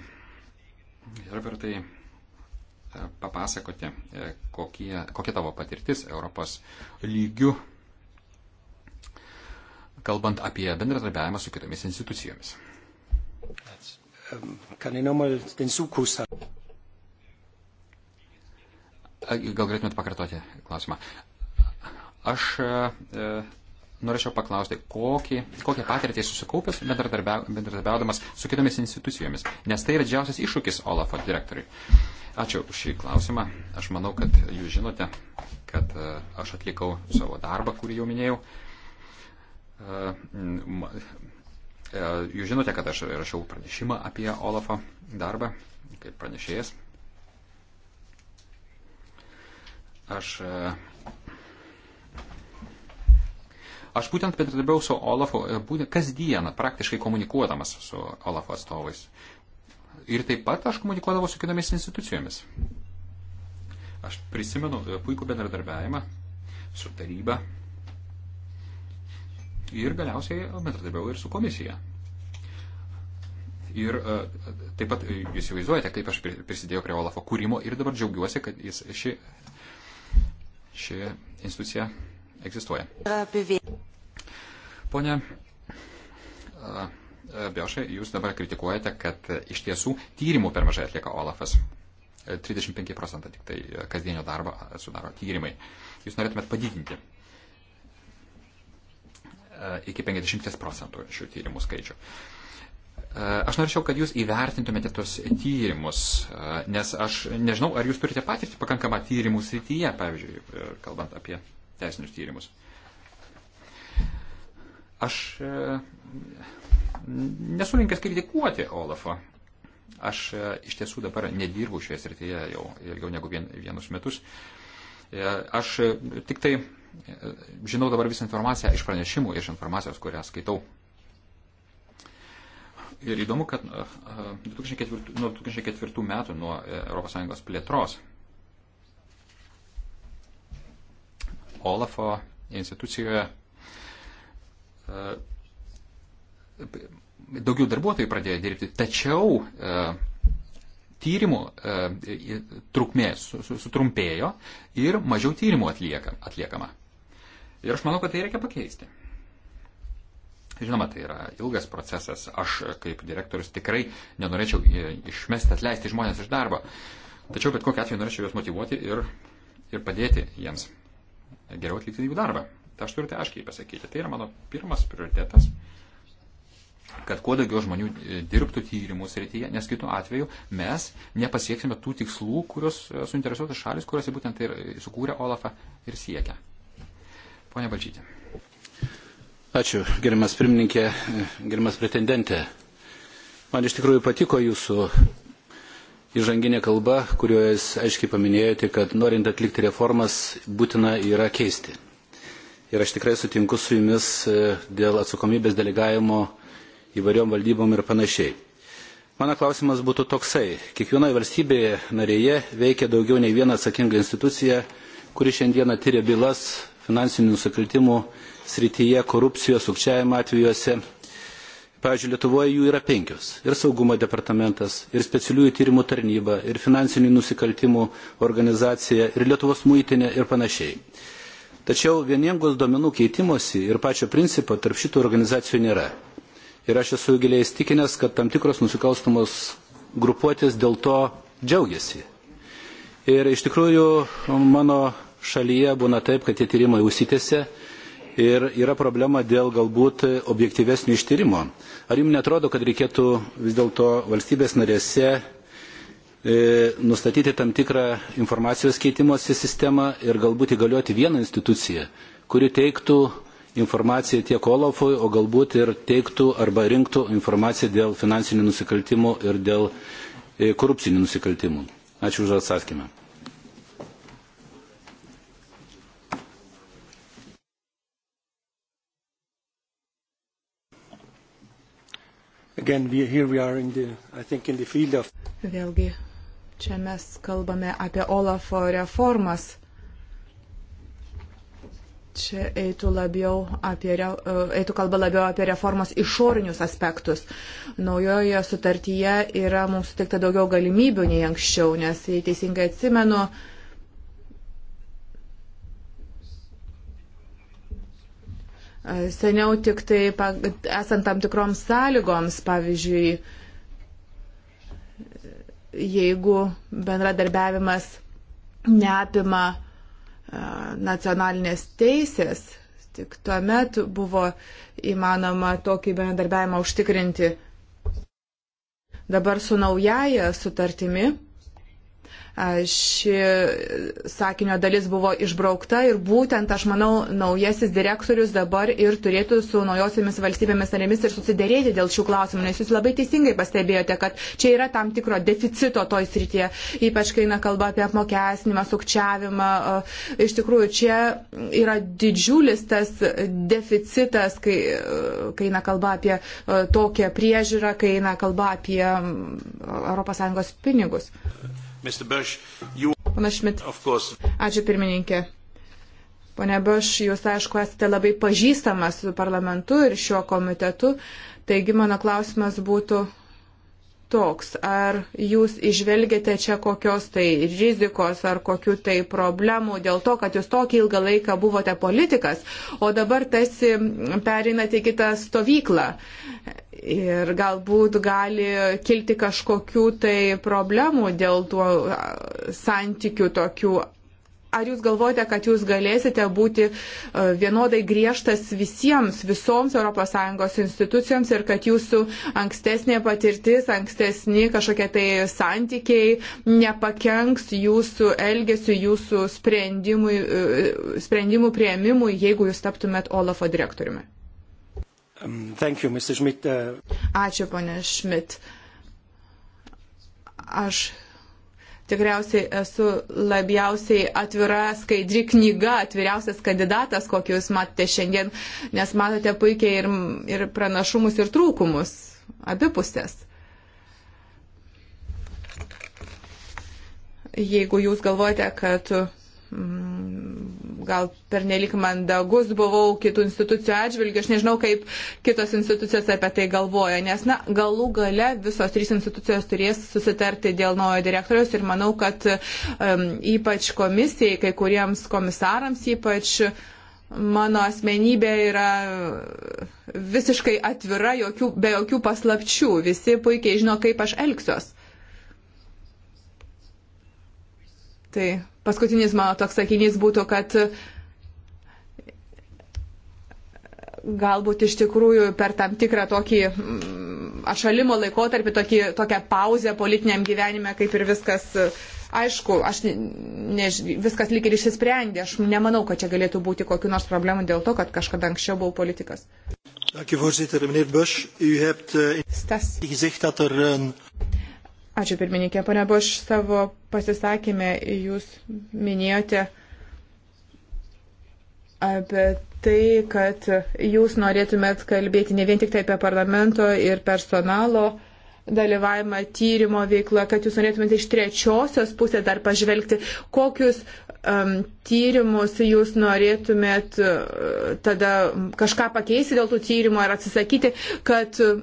Herbertai, e, papasakoti, e, kokie, kokia tavo patirtis Europos lygių, kalbant apie bendradarbiavimą su kitomis institucijomis? Um, gal galėtumėt pakartoti klausimą? Aš e, e, norėčiau paklausti, kokį, kokią patirtį susikaupęs bendradarbia, bendradarbiaudamas su kitomis institucijomis, nes tai yra didžiausias iššūkis Olafo direktoriui. Ačiū už šį klausimą. Aš manau, kad jūs žinote, kad e, aš atlikau savo darbą, kurį jau minėjau. E, jūs žinote, kad aš rašiau pranešimą apie Olafo darbą kaip pranešėjas. Aš Aš būtent bendradarbiau su Olafu, e, būtent kasdieną praktiškai komunikuodamas su Olafo atstovais. Ir taip pat aš komunikuodavau su kitomis institucijomis. Aš prisimenu e, puikų bendradarbiavimą su taryba ir galiausiai bendradarbiavau ir su komisija. Ir e, taip pat jūs įvaizduojate, kaip aš prisidėjau prie Olafo kūrimo ir dabar džiaugiuosi, kad jis ši, ši institucija egzistuoja. Pone Biošai, jūs dabar kritikuojate, kad e, iš tiesų tyrimų per mažai atlieka Olafas. 35 e, procentai tik tai e, kasdienio darbo sudaro tyrimai. Jūs norėtumėt padidinti iki 50 procentų šių tyrimų skaičių. Aš norėčiau, kad jūs įvertintumėte tos tyrimus, nes aš nežinau, ar jūs turite patirti pakankamą tyrimų srityje, pavyzdžiui, kalbant apie teisinius tyrimus. Aš e, nesu linkęs kritikuoti Olafą. Aš e, iš tiesų dabar nedirbu šioje srityje jau ilgiau negu vien, vienus metus. E, aš tik tai žinau dabar visą informaciją iš pranešimų, iš informacijos, kurią skaitau. Ir įdomu, kad nuo 2004 metų, nuo ES plėtros, Olafo institucijoje e, daugiau darbuotojų pradėjo dirbti, tačiau e, tyrimų e, trukmė sutrumpėjo ir mažiau tyrimų atlieka, atliekama. Ir aš manau, kad tai reikia pakeisti. Žinoma, tai yra ilgas procesas. Aš kaip direktorius tikrai nenorėčiau išmesti, atleisti žmonės iš darbo. Tačiau bet kokiu atveju norėčiau juos motivuoti ir, ir padėti jiems geriau atlikti jų darbą. Ta aš turite tai aiškiai pasakyti. Tai yra mano pirmas prioritetas, kad kuo daugiau žmonių e, dirbtų tyrimų srityje, nes kitu atveju mes nepasieksime tų tikslų, kurios e, suinteresuotas šalis, kuriuose būtent ir tai sukūrė Olafą ir siekia. Pone Balčytė. Ačiū, gerimas pirmininkė, e, gerimas pretendentė. Man iš tikrųjų patiko jūsų įžanginė kalba, kurioje jūs aiškiai paminėjote, kad norint atlikti reformas būtina yra keisti. Ir aš tikrai sutinku su jumis e, dėl atsakomybės delegavimo įvairiom valdybom ir panašiai. Mano klausimas būtų toksai. Kiekvienoje valstybėje narėje veikia daugiau nei viena atsakinga institucija, kuri šiandieną tyria bylas finansinių nusikaltimų srityje, korupcijos, sukčiavimo atvejuose Pavyzdžiui, Lietuvoje jų yra penkios. Ir saugumo departamentas, ir specialiųjų tyrimų tarnyba, ir finansinių nusikaltimų organizacija, ir Lietuvos muitinė ir panašiai. Tačiau vieningos duomenų keitimosi ir pačio principo tarp šitų organizacijų nėra. Ir aš esu giliai įstikinęs, kad tam tikros nusikalstamos grupuotės dėl to džiaugiasi. Ir iš tikrųjų mano šalyje būna taip, kad tie tyrimai užsitėse ir yra problema dėl galbūt objektyvesnio ištyrimo. Ar jums netrodo, kad reikėtų vis dėlto valstybės narėse e, nustatyti tam tikrą informacijos keitimosi sistemą ir galbūt įgalioti vieną instituciją, kuri teiktų informaciją tiek Olafui, o galbūt ir teiktų arba rinktų informaciją dėl finansinių nusikaltimų ir dėl e, korupcinių nusikaltimų. Ačiū už atsakymą. Again, we, here we are in the, I think, in the field of. Vėlgi, čia mes kalbame apie Olafo reformas. Čia eitų, labiau apie, e, eitų kalba labiau apie reformos išorinius aspektus. Naujoje sutartyje yra mums sutikta daugiau galimybių nei anksčiau, nes, jei teisingai atsimenu, uh, Seniau tik tai esant tam tikroms sąlygoms, pavyzdžiui, jeigu bendradarbiavimas neapima e, nacionalinės teisės, tik tuo metu buvo įmanoma tokį bendradarbiavimą užtikrinti. Dabar su naujaja sutartimi ši sakinio dalis buvo išbraukta ir būtent, aš manau, naujasis direktorius dabar ir turėtų su naujosiamis valstybėmis narėmis ir susidėrėti dėl šių klausimų, nes jūs labai teisingai pastebėjote, kad čia yra tam tikro deficito toj srityje, ypač kai eina kalba apie apmokesnimą, sukčiavimą. Iš tikrųjų, čia yra didžiulis tas deficitas, kai, kai eina kalba apie tokią priežiūrą, kai eina kalba apie ES pinigus you... Pana Šmit. Ačiū pirmininkė. Pone Baš, jūs aišku esate labai pažįstamas su parlamentu ir šiuo komitetu, taigi mano klausimas būtų, toks. Ar jūs išvelgiate čia kokios tai rizikos ar kokių tai problemų dėl to, kad jūs tokį ilgą laiką buvote politikas, o dabar tarsi perinate kitą stovyklą ir galbūt gali kilti kažkokių tai problemų dėl tuo santykių tokių ar jūs galvojate, kad jūs galėsite būti e, vienodai griežtas visiems, visoms ES institucijoms ir kad jūsų ankstesnė patirtis, ankstesni kažkokie tai santykiai nepakenks jūsų elgesiu, jūsų e, sprendimų prieimimui, jeigu jūs taptumėt Olafo direktoriumi? Um, you, uh, Ačiū, ponė Šmit. Aš tikriausiai esu labiausiai atvira, skaidri knyga, atviriausias kandidatas, kokį jūs matote šiandien, nes matote puikiai ir, ir pranašumus, ir trūkumus, abipusės. Jeigu jūs galvojate, kad mm, gal pernelik mandagus buvau kitų institucijų atžvilgių, aš nežinau, kaip kitos institucijos apie tai galvoja, nes na, galų gale visos trys institucijos turės susitarti dėl naujo direktorius ir manau, kad um, ypač komisijai, kai kuriems komisarams ypač mano asmenybė yra visiškai atvira, jokių, be jokių paslapčių, visi puikiai žino, kaip aš elgsiuos. Tai paskutinis mano toks sakinys būtų, kad galbūt iš tikrųjų per tam tikrą tokį mm, atšalimo laikotarpį, tokį, tokią pauzę politiniam gyvenime, kaip ir viskas, aišku, aš ne, viskas lyg ir išsisprendė, aš nemanau, kad čia galėtų būti kokiu nors problemu dėl to, kad kažkada anksčiau buvau politikas. Dank u voorzitter. Meneer Bush, u hebt uh, gezegd dat er een Ačiū pirmininkė. Pane Boš, savo pasisakymę jūs minėjote apie tai, kad jūs norėtumėt kalbėti ne vien tik tai apie parlamento ir personalo dalyvavimą tyrimo veikloje, kad jūs norėtumėte iš trečiosios pusės dar pažvelgti, kokius um, tyrimus, jūs norėtumėt uh, tada kažką pakeisti dėl tų tyrimų ar atsisakyti, kad, um,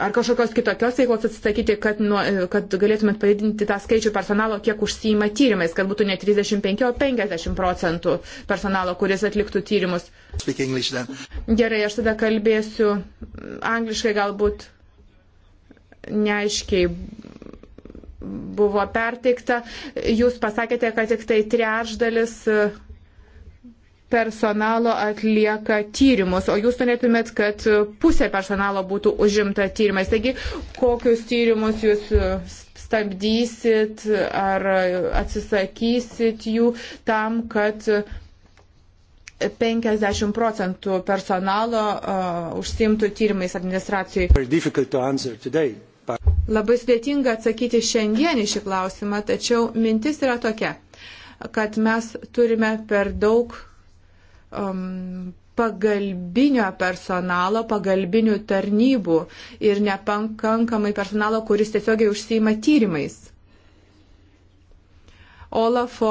ar kažkokios kitokios veiklos atsisakyti, kad, nu, kad galėtumėt padidinti tą skaičių personalo, kiek užsijima tyrimais, kad būtų ne 35, o 50 procentų personalo, kuris atliktų tyrimus. Gerai, aš tada kalbėsiu angliškai galbūt neaiškiai buvo perteikta. Jūs pasakėte, kad tik tai trečdalis personalo atlieka tyrimus, o jūs norėtumėt, kad pusė personalo būtų užimta tyrimais. Taigi, kokius tyrimus jūs stabdysit ar atsisakysit jų tam, kad 50 procentų personalo uh, užsimtų tyrimais administracijai. Labai sudėtinga atsakyti šiandien į šį klausimą, tačiau mintis yra tokia, kad mes turime per daug um, pagalbinio personalo, pagalbinių tarnybų ir nepankankamai personalo, kuris tiesiogiai užsima tyrimais. Olafo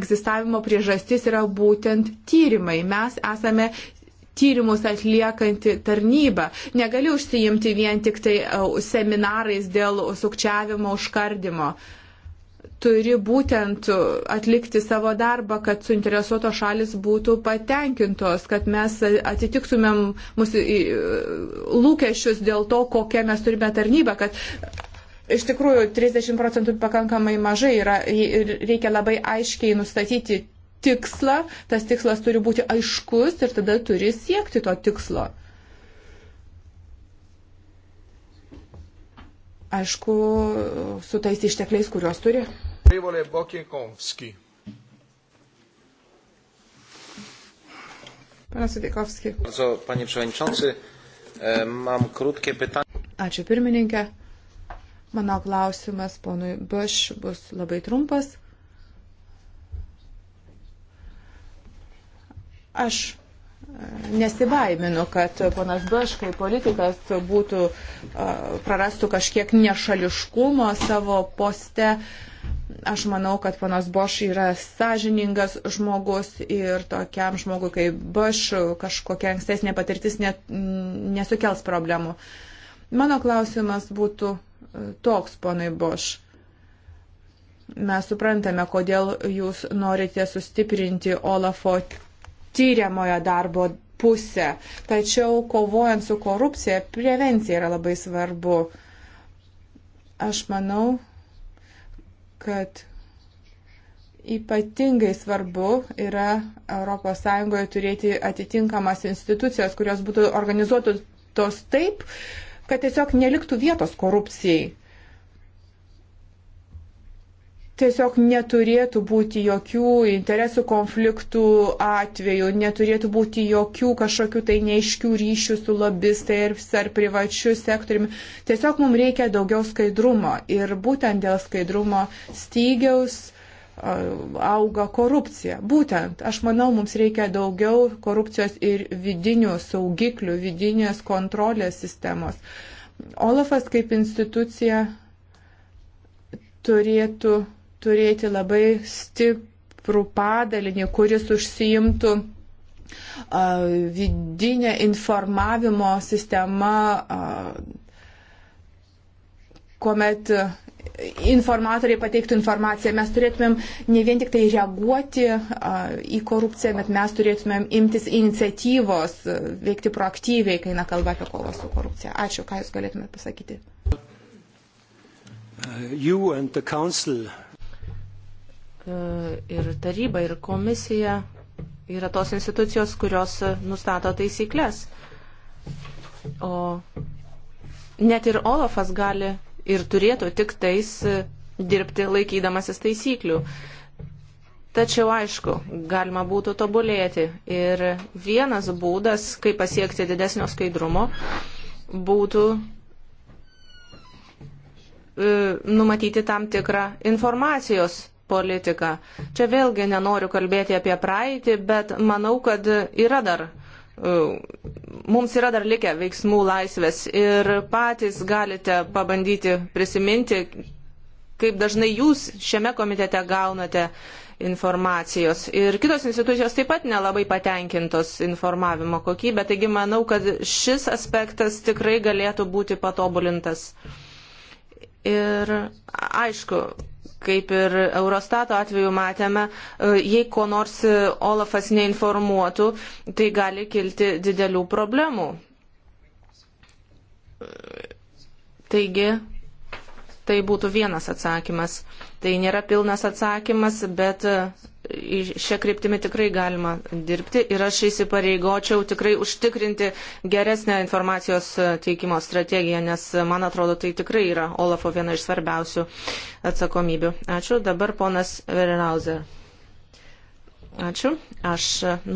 egzistavimo priežastis yra būtent tyrimai. Mes esame tyrimus atliekanti tarnyba. Negali užsiimti vien tik tai e, seminarais dėl sukčiavimo užkardimo. Turi būtent atlikti savo darbą, kad suinteresuotos šalis būtų patenkintos, kad mes atitiktumėm mūsų e, lūkesčius dėl to, kokią mes turime tarnybą, kad iš tikrųjų 30 procentų pakankamai mažai yra ir reikia labai aiškiai nustatyti tikslą, tas tikslas turi būti aiškus ir tada turi siekti to tikslo. Aišku, su tais ištekliais, kuriuos turi. Panas Vydikovski. Panie Przewodniczący, e, mam krótkie pytanie. Ačiū pirmininkė. Mano klausimas ponui Bush bus labai trumpas. Aš e, nesibaiminu, kad ponas Baš, kaip politikas, būtų, e, prarastų kažkiek nešališkumo savo poste. Aš manau, kad ponas Boš yra sąžiningas žmogus ir tokiam žmogui kaip Boš kažkokia ankstesnė patirtis net, nesukels problemų. Mano klausimas būtų e, toks, ponai Boš mes suprantame, kodėl jūs norite sustiprinti Olafo tyriamojo darbo pusę. Tačiau kovojant su korupcija, prevencija yra labai svarbu. Aš manau, kad ypatingai svarbu yra ES turėti atitinkamas institucijas, kurios būtų organizuotos taip, kad tiesiog neliktų vietos korupcijai tiesiog neturėtų būti jokių interesų konfliktų atvejų, neturėtų būti jokių kažkokių tai neiškių ryšių su lobistai ar privačiu sektoriumi. Tiesiog mums reikia daugiau skaidrumo ir būtent dėl skaidrumo stygiaus auga korupcija. Būtent, aš manau, mums reikia daugiau korupcijos ir vidinių saugiklių, vidinės kontrolės sistemos. Olafas kaip institucija turėtų turėti labai stiprų padalinį, kuris užsiimtų vidinė informavimo sistema, kuomet informatoriai pateiktų informaciją. Mes turėtumėm ne vien tik tai reaguoti į korupciją, bet mes turėtumėm imtis iniciatyvos, veikti proaktyviai, kai eina kalba apie kovą su korupcija. Ačiū, ką Jūs galėtumėte pasakyti. Uh, E, ir taryba, ir komisija yra tos institucijos, kurios e, nustato taisyklės. O net ir Olafas gali ir turėtų tik tais e, dirbti laikydamasis taisyklių. Tačiau aišku, galima būtų tobulėti. Ir vienas būdas, kaip pasiekti didesnio skaidrumo, būtų numatyti tam tikrą informacijos politiką. Čia vėlgi nenoriu kalbėti apie praeitį, bet manau, kad yra dar. Uh, mums yra dar likę veiksmų laisvės ir patys galite pabandyti prisiminti, kaip dažnai jūs šiame komitete gaunate informacijos. Ir kitos institucijos taip pat nelabai patenkintos informavimo kokybė, taigi manau, kad šis aspektas tikrai galėtų būti patobulintas. Ir aišku, kaip ir Eurostato atveju matėme, e, jei ko nors e, Olafas neinformuotų, tai gali kilti didelių problemų. Taigi, Tai būtų vienas atsakymas. Tai nėra pilnas atsakymas, bet e, šią kryptimį tikrai galima dirbti ir aš įsipareigočiau tikrai užtikrinti geresnę informacijos e, teikimo strategiją, nes e, man atrodo tai tikrai yra Olafo viena iš svarbiausių atsakomybių. Ačiū. Dabar ponas Verinauzer. Ačiū. Aš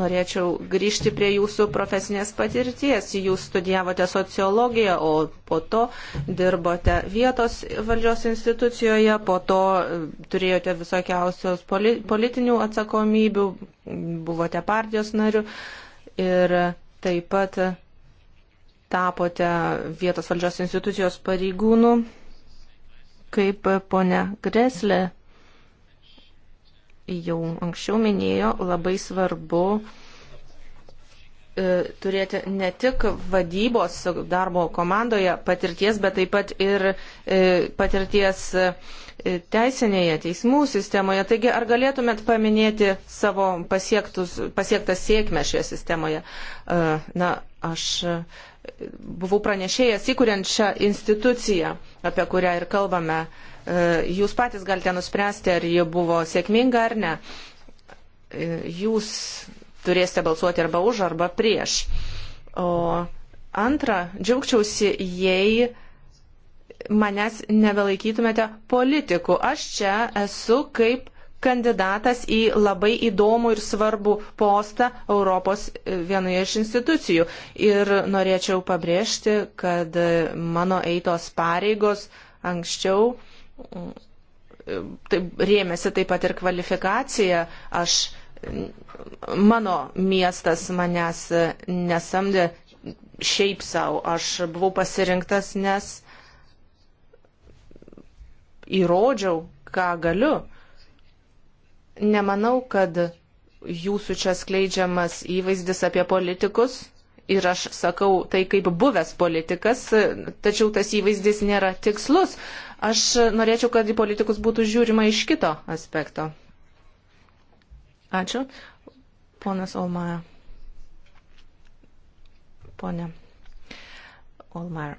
norėčiau grįžti prie jūsų profesinės patirties. Jūs studijavote sociologiją, o po to dirbote vietos valdžios institucijoje, po to e, turėjote visokiausios politinių atsakomybių, buvote partijos nariu ir taip pat tapote vietos valdžios institucijos pareigūnų, kaip ponia Greslė jau anksčiau minėjo, labai svarbu e, turėti ne tik vadybos darbo komandoje patirties, bet taip pat ir e, patirties e, teisinėje, teismų sistemoje. Taigi, ar galėtumėt paminėti savo pasiektus, pasiektą sėkmę šioje sistemoje? Na, aš buvau pranešėjęs įkuriant šią instituciją, apie kurią ir kalbame. E, jūs patys galite nuspręsti, ar ji buvo sėkminga ar ne. E, jūs turėsite balsuoti arba už, arba prieš. O antra, džiaugčiausi, jei manęs nebelaikytumėte politiku. Aš čia esu kaip kandidatas į labai įdomų ir svarbų postą Europos e, vienoje iš institucijų. Ir norėčiau pabrėžti, kad e, mano eitos pareigos anksčiau e, taip, rėmėsi taip pat ir kvalifikacija. Aš, mano miestas manęs nesamdė šiaip savo, aš buvau pasirinktas, nes įrodžiau, ką galiu. Nemanau, kad jūsų čia skleidžiamas įvaizdis apie politikus, ir aš sakau tai kaip buvęs politikas, tačiau tas įvaizdis nėra tikslus. Aš norėčiau, kad į politikus būtų žiūrima iš kito aspekto. Ačiū. Ponas Olmaja. Pone Olmaja.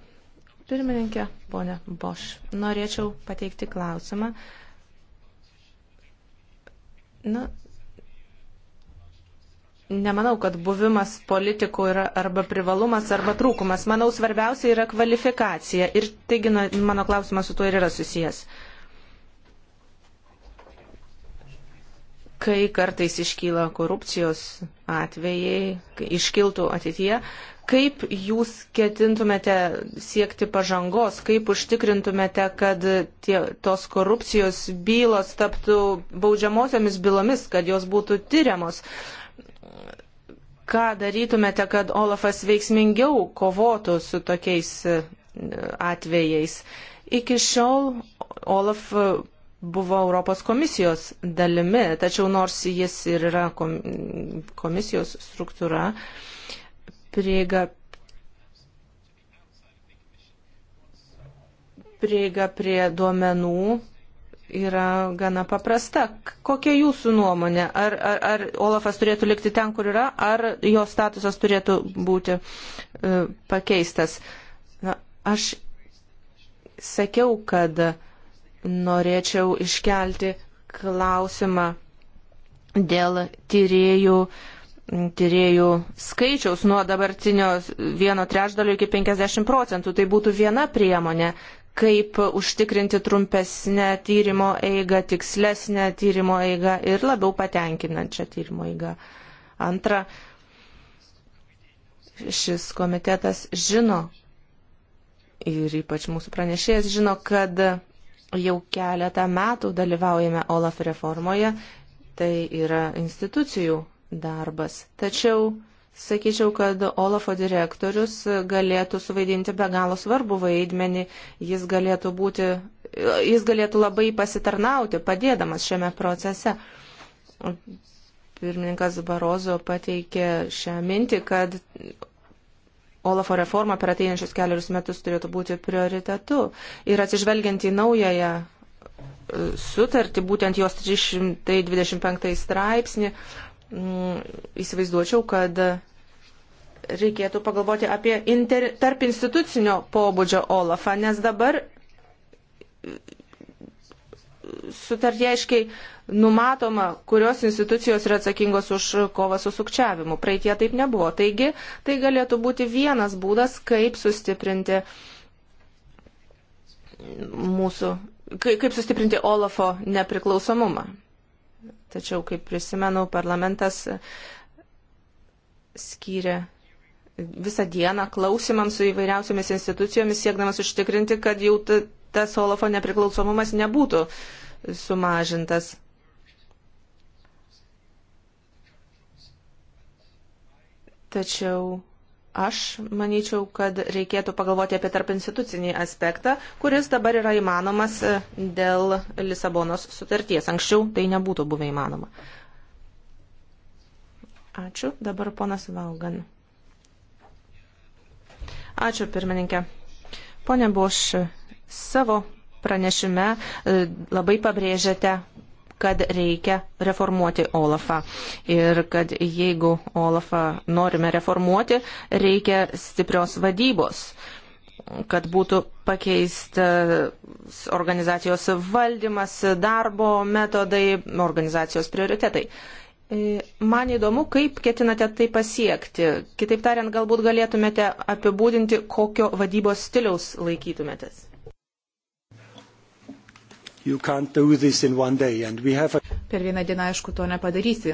Pirmininkė, ponė Boš. Norėčiau pateikti klausimą. Uh, Na, nemanau, kad buvimas politikų yra arba privalumas, arba trūkumas. Manau, svarbiausia yra kvalifikacija. Ir taigi mano klausimas su tuo ir yra susijęs. Uh, kai kartais iškyla korupcijos atvejai, iškiltų ateityje, kaip jūs ketintumėte siekti pažangos, kaip užtikrintumėte, kad tie, tos korupcijos bylos taptų baudžiamosiomis bylomis, kad jos būtų tyriamos. Ką darytumėte, kad Olafas veiksmingiau kovotų su tokiais e, atvejais? Iki šiol Olaf buvo Europos komisijos dalimi, tačiau nors jis ir yra komisijos struktūra, prieiga prieiga prie duomenų yra gana paprasta. Kokia jūsų nuomonė? Ar, ar, ar Olafas turėtų likti ten, kur yra, ar jo statusas turėtų būti e, pakeistas? Na, aš sakiau, kad norėčiau iškelti klausimą dėl tyriejų, tyriejų skaičiaus nuo dabartinio vieno trečdalio iki 50 procentų. Tai būtų viena priemonė, kaip užtikrinti trumpesnę tyrimo eigą, tikslesnę tyrimo eigą ir labiau patenkinančią tyrimo eigą. Antra, šis komitetas žino ir ypač mūsų pranešėjas žino, kad jau keletą metų dalyvaujame OLAF reformoje, tai yra institucijų darbas. Tačiau sakyčiau, kad OLAFo direktorius galėtų suvaidinti be galo svarbu vaidmenį, jis galėtų, būti, jis galėtų labai pasitarnauti, padėdamas šiame procese. Pirmininkas Barozo pateikė šią mintį, kad Olafo reforma per ateinančius keliarius metus turėtų būti prioritetu. Ir atsižvelgiant į naująją e, sutartį, būtent jos 325 straipsnį, mm, įsivaizduočiau, kad reikėtų pagalvoti apie inter, tarp institucinio pobūdžio Olafą, nes dabar e, sutartie aiškiai numatoma, kurios institucijos yra atsakingos už kovą su sukčiavimu. Praeitie taip nebuvo. Taigi, tai galėtų būti vienas būdas, kaip sustiprinti mūsų, kaip sustiprinti Olafo nepriklausomumą. Tačiau, kaip prisimenu, parlamentas skyrė visą dieną klausimams su įvairiausiamis institucijomis, siekdamas užtikrinti, kad jau tas Olafo nepriklausomumas nebūtų sumažintas. Tačiau aš manyčiau, kad reikėtų pagalvoti apie tarp institucinį aspektą, kuris dabar yra įmanomas e, dėl Lisabonos sutarties. Anksčiau tai nebūtų buvę įmanoma. Ačiū. Dabar ponas Valgan. Ačiū, pirmininkė. Pone Boš, savo pranešime e, labai pabrėžiate kad reikia reformuoti Olafą. Ir kad jeigu Olafą norime reformuoti, reikia stiprios vadybos kad būtų pakeistas organizacijos valdymas, darbo metodai, organizacijos prioritetai. E, man įdomu, kaip ketinate tai pasiekti. Kitaip tariant, galbūt galėtumėte apibūdinti, kokio vadybos stiliaus laikytumėtės. Per vieną dieną, aišku, to nepadarysi.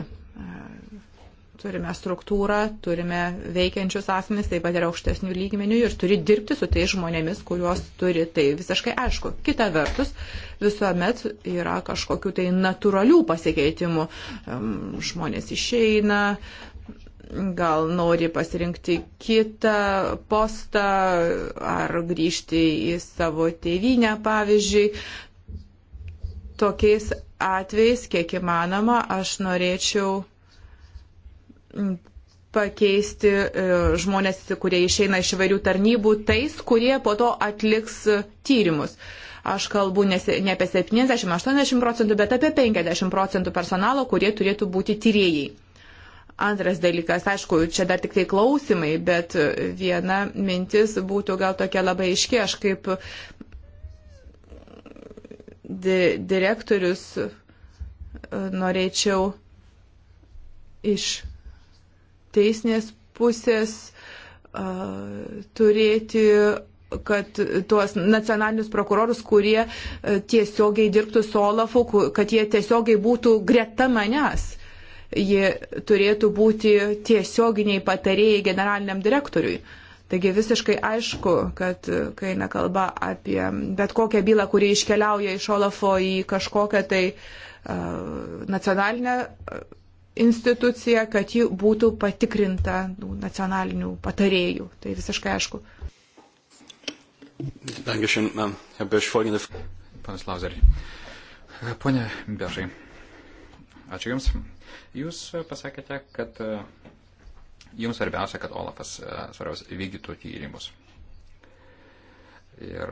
Turime struktūrą, turime veikiančius asmenys, taip pat ir aukštesnių lygmenių ir turi dirbti su tais žmonėmis, kuriuos turi. Tai visiškai aišku. Kita vertus, visuomet yra kažkokių tai natūralių pasikeitimų. Žmonės išeina, gal nori pasirinkti kitą postą ar grįžti į savo tėvynę, pavyzdžiui tokiais atvejais, kiek įmanoma, aš norėčiau pakeisti e, žmonės, kurie išeina iš įvairių tarnybų, tais, kurie po to atliks e, tyrimus. Aš kalbu ne apie 70-80 procentų, bet apie 50 procentų personalo, kurie turėtų būti tyrėjai. Antras dalykas, aišku, čia dar tik tai klausimai, bet e, viena mintis būtų gal tokia labai iški, aš kaip di direktorius e, norėčiau iš teisinės pusės uh, turėti kad tuos nacionalinius prokurorus, kurie e, tiesiogiai dirbtų su Olafu, kad jie tiesiogiai būtų greta manęs. Jie turėtų būti tiesioginiai patarėjai generaliniam direktoriui. Uh, Taigi visiškai aišku, kad kai nekalba apie bet kokią bylą, kuri iškeliauja iš Olafo į kažkokią tai uh, nacionalinę instituciją, kad ji būtų patikrinta nu, nacionalinių patarėjų. Tai visiškai aišku. Dankeschön, Herr Bösch, folgende. Panas Lauzerį. Pone Bežai, ačiū Jums. Jūs pasakėte, kad Jums svarbiausia, kad Olafas e, svarbiausia vykdytų tyrimus. Ir,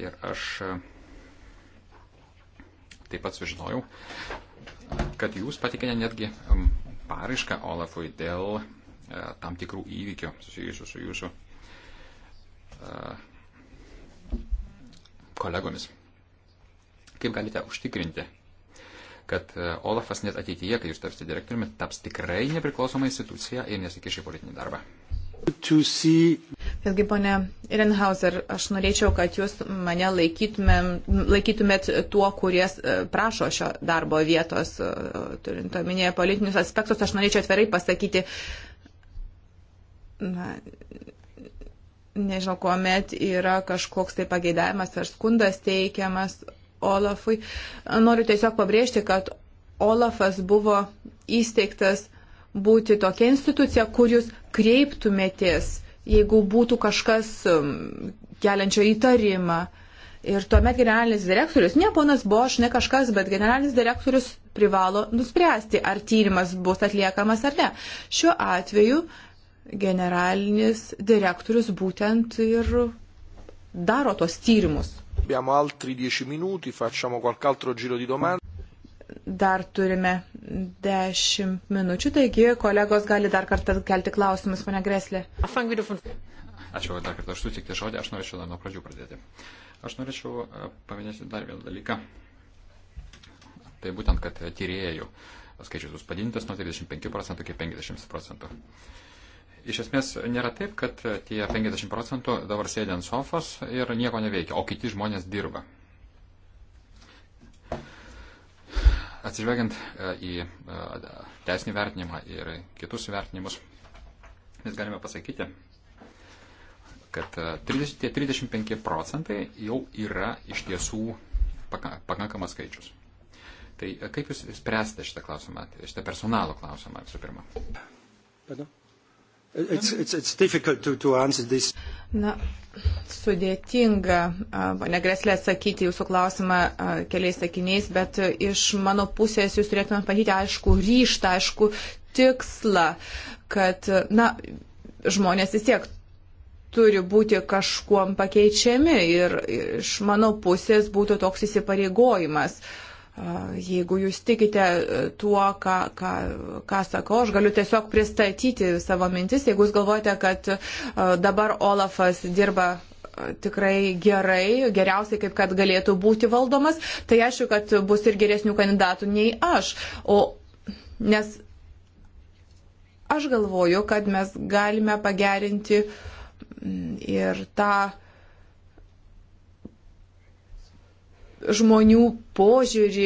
ir aš e, taip pat sužinojau, kad jūs patikėte netgi paraišką Olafui dėl e, tam tikrų įvykių susijusių su jūsų kolegomis. Kaip galite užtikrinti, kad e, Olafas net ateityje, kai jūs tapsite direktoriumi, taps tikrai nepriklausoma institucija ir nesikiš į politinį darbą. Vėlgi, ponė Irenhauser, aš norėčiau, kad jūs mane laikytumėt tuo, kurie e, prašo šio darbo vietos, e, turint omenyje politinius aspektus, aš norėčiau atvirai pasakyti, na, nežinau, kuomet yra kažkoks tai pageidavimas ar skundas teikiamas, Olafui. Noriu tiesiog pabrėžti, kad Olafas buvo įsteigtas būti tokia institucija, kur jūs kreiptumėtės, jeigu būtų kažkas um, keliančio įtarimą. Ir tuomet generalinis direktorius, ne ponas Boš, ne kažkas, bet generalinis direktorius privalo nuspręsti, ar tyrimas bus atliekamas ar ne. Šiuo atveju generalinis direktorius būtent ir daro tos tyrimus. Abbiamo altri 10 minuti, facciamo qualche altro giro di domande. Dar turime 10 minučių, taigi kolegos gali dar kartą kelti klausimus, ponia Greslė. Ačiū dar kartą, aš sutikti žodį, aš norėčiau dar nuo pradžių pradėti. Aš norėčiau e, paminėti dar vieną dalyką. Tai būtent, kad e, tyriejų skaičius bus padintas nuo 35 procentų iki 50 procentų. Uh, Iš esmės nėra taip, kad tie 50 procentų dabar sėdi ant sofos ir nieko neveikia, o kiti žmonės dirba. Atsižvelgiant e, į e, teisinį vertinimą ir kitus vertinimus, mes galime pasakyti, kad 30, e, tie 35 procentai jau yra iš tiesų pakankamas skaičius. Tai kaip Jūs spręsite šitą klausimą, šitą personalo klausimą visų pirma? Pardon? It's, it's, it's difficult to, to answer this. Na, sudėtinga, pane Greslė, atsakyti jūsų klausimą keliais sakiniais, bet iš mano pusės jūs turėtumėt matyti aišku ryštą, aišku tikslą, kad, na, žmonės vis tiek turi būti kažkuom pakeičiami ir iš mano pusės būtų toks įsipareigojimas. Uh, Jeigu jūs tikite e, tuo, ką, ką, ką sakau, aš galiu tiesiog pristatyti savo mintis. Jeigu jūs galvojate, kad e, dabar Olafas dirba e, tikrai gerai, geriausiai kaip kad galėtų būti valdomas, tai aišku, kad bus ir geresnių kandidatų nei aš. O, nes aš galvoju, kad mes galime pagerinti ir tą. Ta žmonių požiūrį,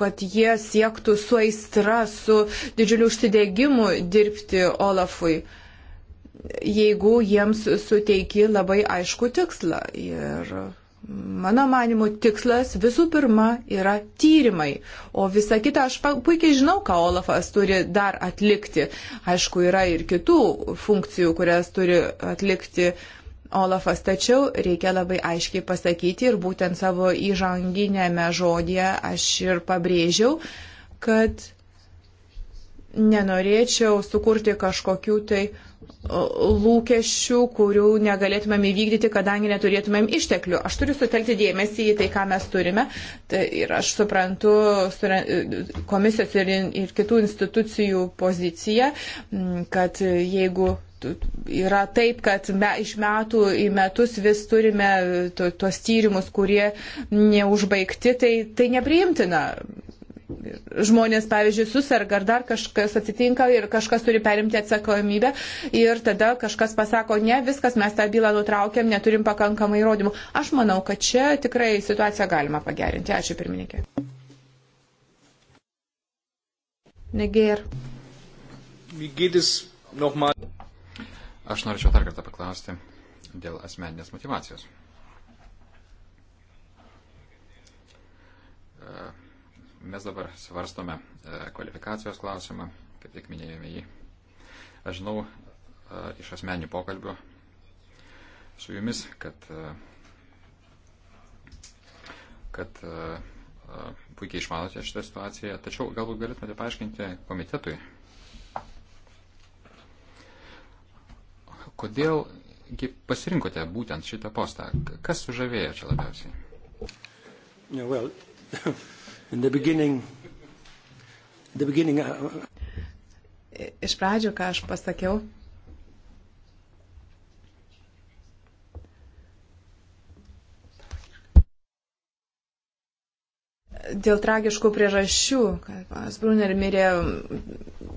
kad jie siektų su aistra, su didžiuliu užsidėgymu dirbti Olafui, jeigu jiems suteiki labai aišku tikslą. Ir mano manimo tikslas visų pirma yra tyrimai, o visa kita aš puikiai žinau, ką Olafas turi dar atlikti. Aišku, yra ir kitų funkcijų, kurias turi atlikti uh, Olafas. Tačiau reikia labai aiškiai pasakyti ir būtent savo įžanginėme žodėje aš ir pabrėžiau, kad nenorėčiau sukurti kažkokių tai lūkesčių, kurių negalėtumėm įvykdyti, kadangi neturėtumėm išteklių. Aš turiu sutelkti dėmesį į tai, ką mes turime. Tai ir aš suprantu komisijos ir, ir kitų institucijų poziciją, kad jeigu yra taip, kad me, iš metų į metus vis turime tuos tyrimus, kurie neužbaigti, tai, tai nepriimtina. Žmonės, pavyzdžiui, susirga ar dar kažkas atsitinka ir kažkas turi perimti atsakomybę ir tada kažkas pasako, ne, viskas, mes tą bylą nutraukėm, neturim pakankamai įrodymų. Aš manau, kad čia tikrai situaciją galima pagerinti. Ačiū, pirmininkė. Neger. Wie geht es nochmal? Aš norėčiau dar kartą paklausti dėl asmeninės motivacijos. E, mes dabar svarstome e, kvalifikacijos klausimą, kaip tik minėjome jį. Aš žinau e, iš asmeninių pokalbių su jumis, kad, kad puikiai išmanote šitą situaciją, tačiau galbūt galėtumėte paaiškinti komitetui, kodėl pasirinkote būtent šitą postą? Kas sužavėjo čia labiausiai? Yeah, well, in the beginning, in the beginning, uh... Iš pradžių, ką aš pasakiau, dėl tragiškų priežasčių, kad panas Brunner mirė,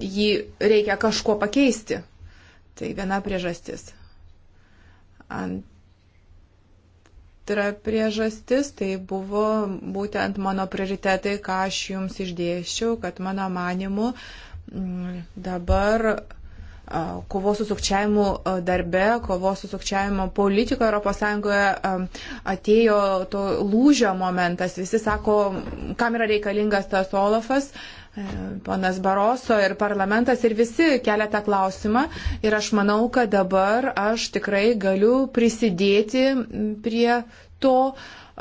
jį reikia kažkuo pakeisti. Tai viena priežastis. Antra priežastis tai buvo būtent mano prioritetai, ką aš jums išdėščiau, kad mano manimu mm, dabar kovos su sukčiavimu darbe, kovos su sukčiavimo politika ES atėjo to lūžio momentas. Visi sako, kam yra reikalingas tas Olafas. Ponas Baroso ir parlamentas ir visi kelia tą klausimą ir aš manau, kad dabar aš tikrai galiu prisidėti prie to uh,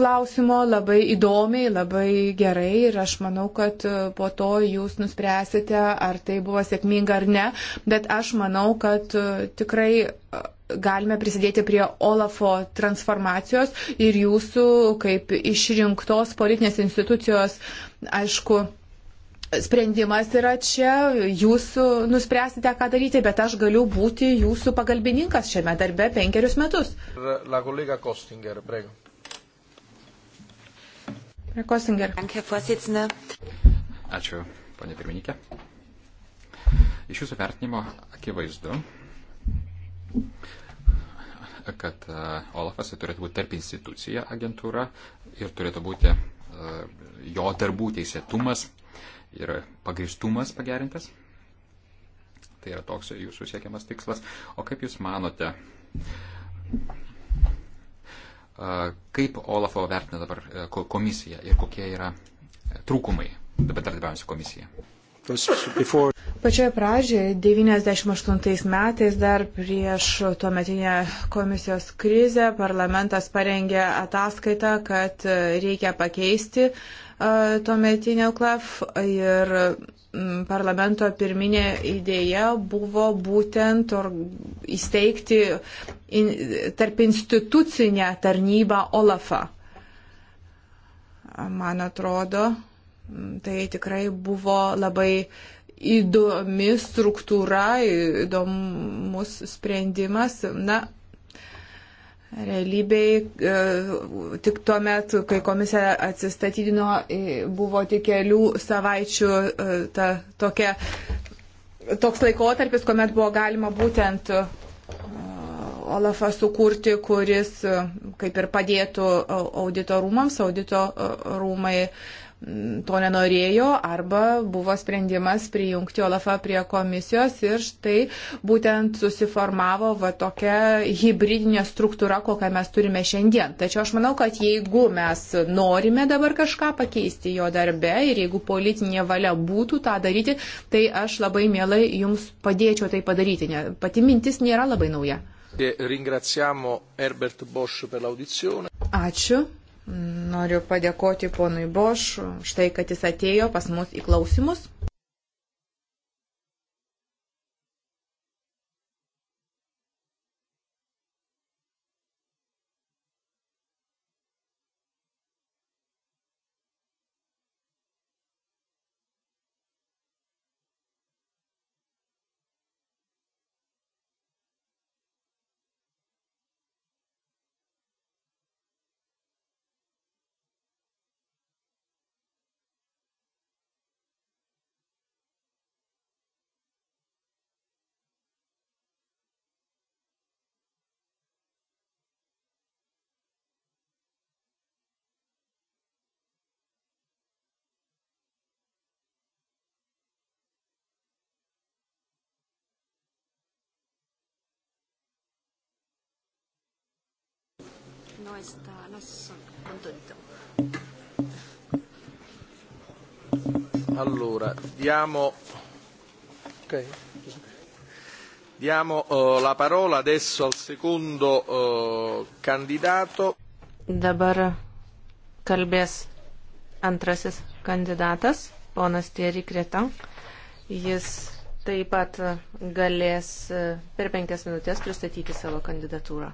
klausimo labai įdomiai, labai gerai ir aš manau, kad uh, po to jūs nuspręsite, ar tai buvo sėkminga ar ne, bet aš manau, kad uh, tikrai uh, galime prisidėti prie Olafo transformacijos ir jūsų kaip išrinktos politinės institucijos uh, Aišku, sprendimas yra čia, jūs nuspręsite, ką daryti, bet aš galiu būti jūsų pagalbininkas šiame darbe penkerius metus. La kolega Kostinger, prego. Kostinger. Ačiū, ponė pirmininkė. Iš jūsų vertinimo akivaizdu, kad e, Olafas turėtų būti tarp institucija agentūra ir turėtų būti e, jo darbų teisėtumas ir pagristumas pagerintas. Tai yra toks jūsų siekiamas tikslas. O kaip jūs manote, kaip Olafo vertina dabar komisija ir kokie yra trūkumai bendradarbiavimo su komisija? Pačioje pradžioje, 98 metais, dar prieš tuometinę komisijos krizę, parlamentas parengė ataskaitą, kad e, reikia pakeisti uh, tuometinė UKLAF ir parlamento pirminė idėja buvo būtent įsteigti in, tarp institucinę tarnybą OLAFą. Man atrodo, tai tikrai buvo labai įdomi struktūra, įdomus sprendimas. Na, Realybėj e, tik tuo metu, kai komisija atsistatydino, e, buvo tik kelių savaičių e, ta, tokia, toks laikotarpis, kuomet buvo galima būtent Olafą sukurti, kuris kaip ir padėtų auditorumams, auditorumai to nenorėjo arba buvo sprendimas prijungti Olafą prie komisijos ir štai būtent susiformavo va tokia hybridinė struktūra, kokią mes turime šiandien. Tačiau aš manau, kad jeigu mes norime dabar kažką pakeisti jo darbe ir jeigu politinė valia būtų tą daryti, tai aš labai mielai jums padėčiau tai padaryti, nes pati mintis nėra labai nauja. Ringraziamo Herbert Bosch per l'audizione. Ačiū. Noriu padėkoti ponui Boš, štai kad jis atėjo pas mus į klausimus. no está, no sono contento. Allora, diamo, okay. diamo uh, la parola adesso al secondo uh, candidato. Dabar kalbės antrasis kandidatas, ponas Thierry Cretan. Jis taip pat galės eh, per penkias minutės pristatyti savo kandidatūrą.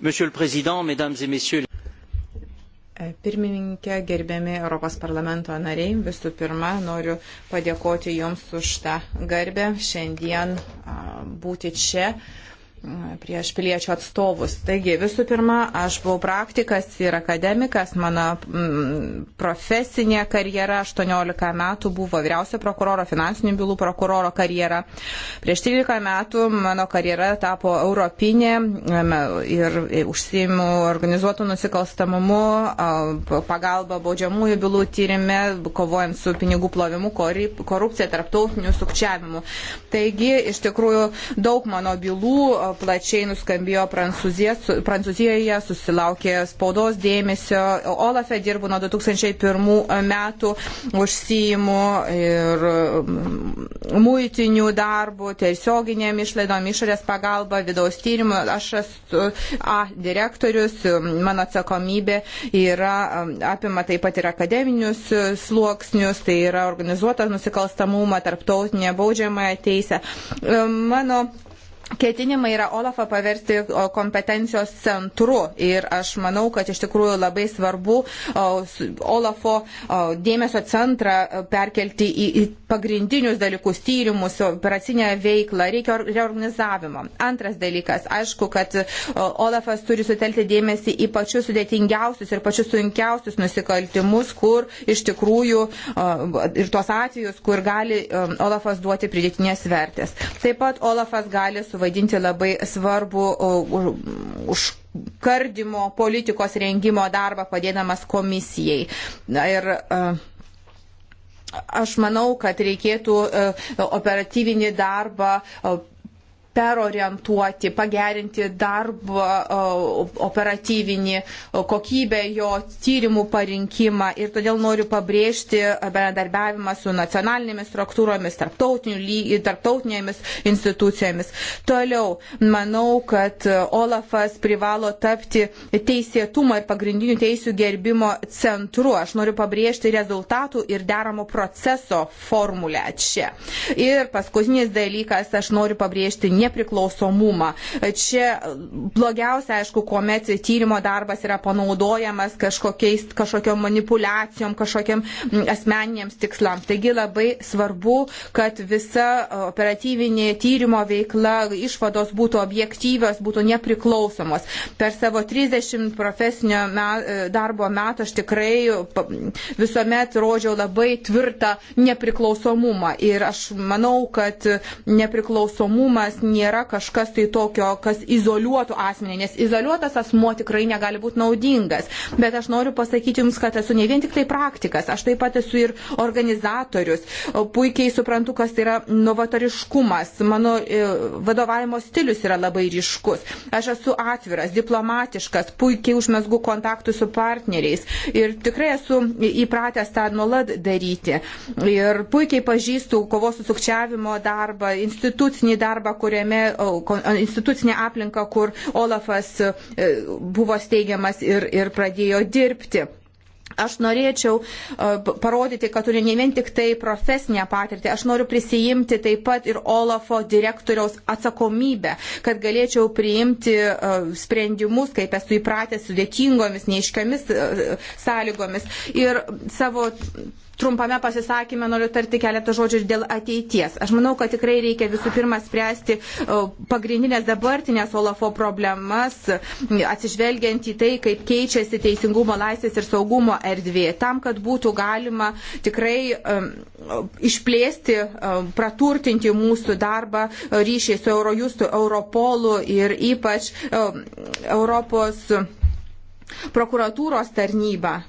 Monsieur le Président, Mesdames et Messieurs. Pirmininkė, gerbiami Europos parlamento nariai, visų pirma, noriu padėkoti Jums už tą garbę šiandien būti čia prieš piliečių atstovus. Taigi, visų pirma, aš buvau praktikas ir akademikas, mano mm, profesinė karjera 18 metų buvo vyriausio prokuroro, finansinių bylų prokuroro karjera. Prieš 13 metų mano karjera tapo europinė ir e, užsiimu organizuotų nusikalstamumu, pagalba baudžiamųjų bylų tyrime, kovojant su pinigų plovimu, korupcija, tarptautiniu sukčiavimu. Taigi, iš tikrųjų, daug mano bylų plačiai nuskambėjo Prancūzijoje, susilaukė spaudos dėmesio. Olafe dirbu nuo 2001 metų, užsijimu ir mm, muitinių darbų, tiesioginėm išlaidom, išorės pagalba, vidaus tyrimų. Aš esu A direktorius, mano atsakomybė yra, mm, apima taip pat ir akademinius sluoksnius, tai yra organizuotas nusikalstamumas, tarptautinė baudžiamąją teisę. Mano ketinimai yra Olafą paversti kompetencijos centru ir aš manau, kad iš tikrųjų labai svarbu Olafo dėmesio centrą e, perkelti į pagrindinius dalykus, tyrimus, operacinę veiklą, reikia reorganizavimo. Antras dalykas, aišku, kad Olafas turi sutelti dėmesį į pačius sudėtingiausius ir pačius sunkiausius nusikaltimus, kur iš tikrųjų ir tuos atvejus, kur gali e, Olafas duoti pridėtinės vertės. Taip pat Olafas gali su suvaidinti labai svarbu užkardimo politikos rengimo darbą padėdamas komisijai. Ir, Aš manau, kad reikėtų operatyvinį darbą perorientuoti, pagerinti darbą operatyvinį, kokybę jo tyrimų parinkimą. Ir todėl noriu pabrėžti bendradarbiavimą su nacionalinėmis struktūromis, lygi, tarptautinėmis institucijomis. Toliau, manau, kad Olafas privalo tapti teisėtumo ir pagrindinių teisų gerbimo centru. Aš noriu pabrėžti rezultatų ir deramo proceso formulę čia. Ir paskutinis dalykas, aš noriu pabrėžti ne nepriklausomumą. Čia blogiausia, aišku, kuomet tyrimo darbas yra panaudojamas kažkokiom manipulacijom, kažkokiam mm, asmeniniams tikslams. Taigi labai svarbu, kad visa operatyvinė tyrimo veikla, išvados būtų objektyvios, būtų nepriklausomos. Per savo 30 profesinio e, darbo metų aš tikrai visuomet rodžiau labai tvirtą nepriklausomumą. Ir aš manau, kad nepriklausomumas nėra kažkas tai tokio, kas izoliuotų asmenį, nes izoliuotas asmo tikrai negali būti naudingas. Bet aš noriu pasakyti Jums, kad esu ne vien tik tai praktikas, aš taip pat esu ir organizatorius. Puikiai suprantu, kas tai yra novatoriškumas. Mano e, vadovavimo stilius yra labai ryškus. Aš esu atviras, diplomatiškas, puikiai užmesgu kontaktų su partneriais ir tikrai esu įpratęs tą nuolat daryti. Ir puikiai pažįstu kovos su sukčiavimo darbą, institucinį darbą, kurį kuriame institucinė aplinka, kur Olafas e, buvo steigiamas ir, ir pradėjo dirbti. Aš norėčiau e, parodyti, kad turiu ne vien tik tai profesinę patirtį, aš noriu prisijimti taip pat ir Olafo direktoriaus atsakomybę, kad galėčiau priimti e, sprendimus, kaip esu įpratęs, sudėtingomis, neiškiamis sąlygomis. Ir savo trumpame pasisakymė noriu tarti keletą žodžių ir dėl ateities. Aš manau, kad tikrai reikia visų pirma spręsti pagrindinės dabartinės Olafo problemas, atsižvelgiant į tai, kaip keičiasi teisingumo, laisvės ir saugumo erdvė, tam, kad būtų galima tikrai um, išplėsti, um, praturtinti mūsų darbą ryšiai su Eurojustu, Europolu ir ypač um, Europos prokuratūros tarnyba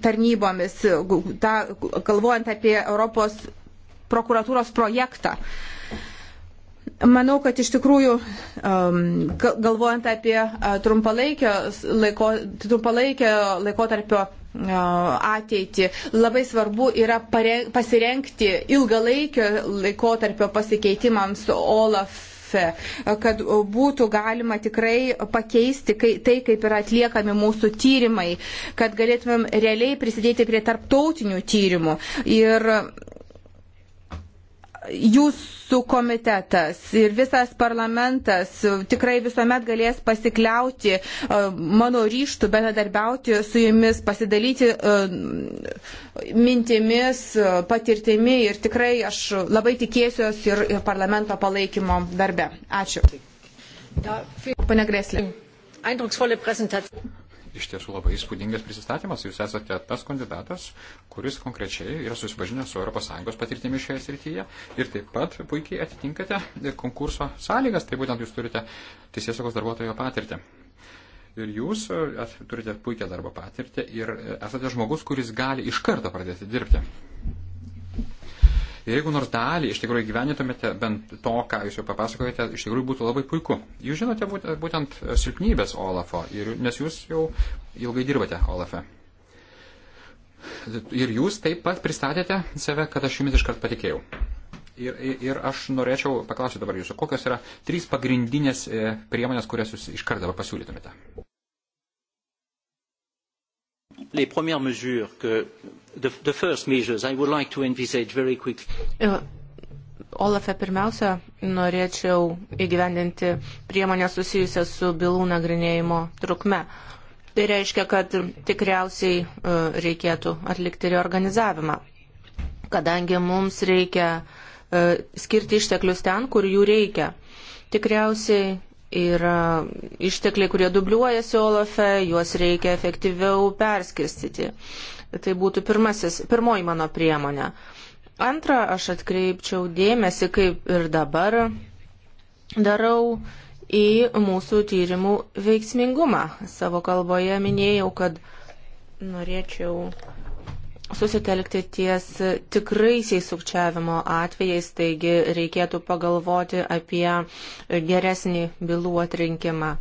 tarnybomis, ta, galvojant apie Europos prokuratūros projektą. Manau, kad iš tikrųjų, um, galvojant apie uh, trumpalaikio, laiko, trumpalaikio laikotarpio uh, ateitį, labai svarbu yra pare, pasirenkti ilgalaikio laikotarpio pasikeitimams OLAF AFE, kad būtų galima tikrai pakeisti kai, tai, kaip yra atliekami mūsų tyrimai, kad galėtumėm realiai prisidėti prie tarptautinių tyrimų. Ir jūsų komitetas ir visas parlamentas tikrai visuomet galės pasikliauti e, mano ryštų, bendradarbiauti su jumis, pasidalyti e, mintimis, e, patirtimi ir tikrai aš labai tikėsiuos ir, ir parlamento palaikymo darbe. Ačiū. Pane Greslė. Eindrucksvolle Präsentation iš tiesų labai įspūdingas prisistatymas. Jūs esate tas kandidatas, kuris konkrečiai yra susipažinęs su ES patirtimi šioje srityje ir taip pat puikiai atitinkate konkurso sąlygas, tai būtent jūs turite teisėsaugos darbuotojo patirtį. Ir jūs e, turite puikią darbo patirtį ir e, esate žmogus, kuris gali iš karto pradėti dirbti. Ir jeigu nors dalį iš tikrųjų gyvenėtumėte bent to, ką jūs jau papasakojate, iš tikrųjų būtų labai puiku. Jūs žinote būtent e, silpnybės Olafo, ir, nes jūs jau ilgai dirbate Olafe. Ir jūs taip pat pristatėte save, kad aš jumis iškart patikėjau. Ir, ir, ir aš norėčiau paklausyti dabar jūsų, kokios yra trys pagrindinės e, priemonės, kurias jūs iškart dabar pasiūlytumėte. Les premières mesures que the, the first measures I would like to envisage very quickly. E, Olafe, pirmiausia, norėčiau įgyvendinti priemonę susijusią su bylų nagrinėjimo trukme. Tai reiškia, kad tikriausiai e, reikėtų atlikti reorganizavimą, kadangi mums reikia e, skirti išteklius ten, kur jų reikia. Tikriausiai yra ištekliai, kurie dubliuojasi Olafe, juos reikia efektyviau perskirstyti. Tai būtų pirmasis, pirmoji mano priemonė. Antra, aš atkreipčiau dėmesį, kaip ir dabar darau, į mūsų tyrimų veiksmingumą. Savo kalboje minėjau, kad norėčiau susitelkti ties tikraisiais sukčiavimo atvejais, taigi reikėtų pagalvoti apie geresnį bylų atrinkimą.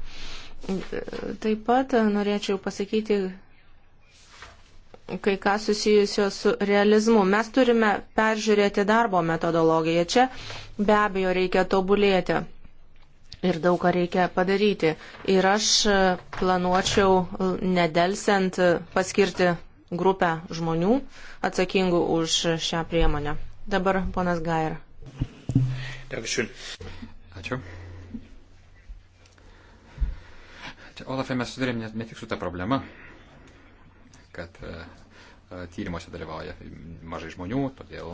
Taip pat norėčiau pasakyti, kai ką susijusio su realizmu. Mes turime peržiūrėti darbo metodologiją. Čia be abejo reikia tobulėti ir daug ką reikia padaryti. Ir aš planuočiau nedelsiant paskirti grupę žmonių atsakingų už šią priemonę. Dabar ponas Gair. Ačiū. Čia, Olafai, mes sudarėm ne, ne tik su tą problemą, kad e, e, tyrimuose dalyvauja mažai žmonių, todėl,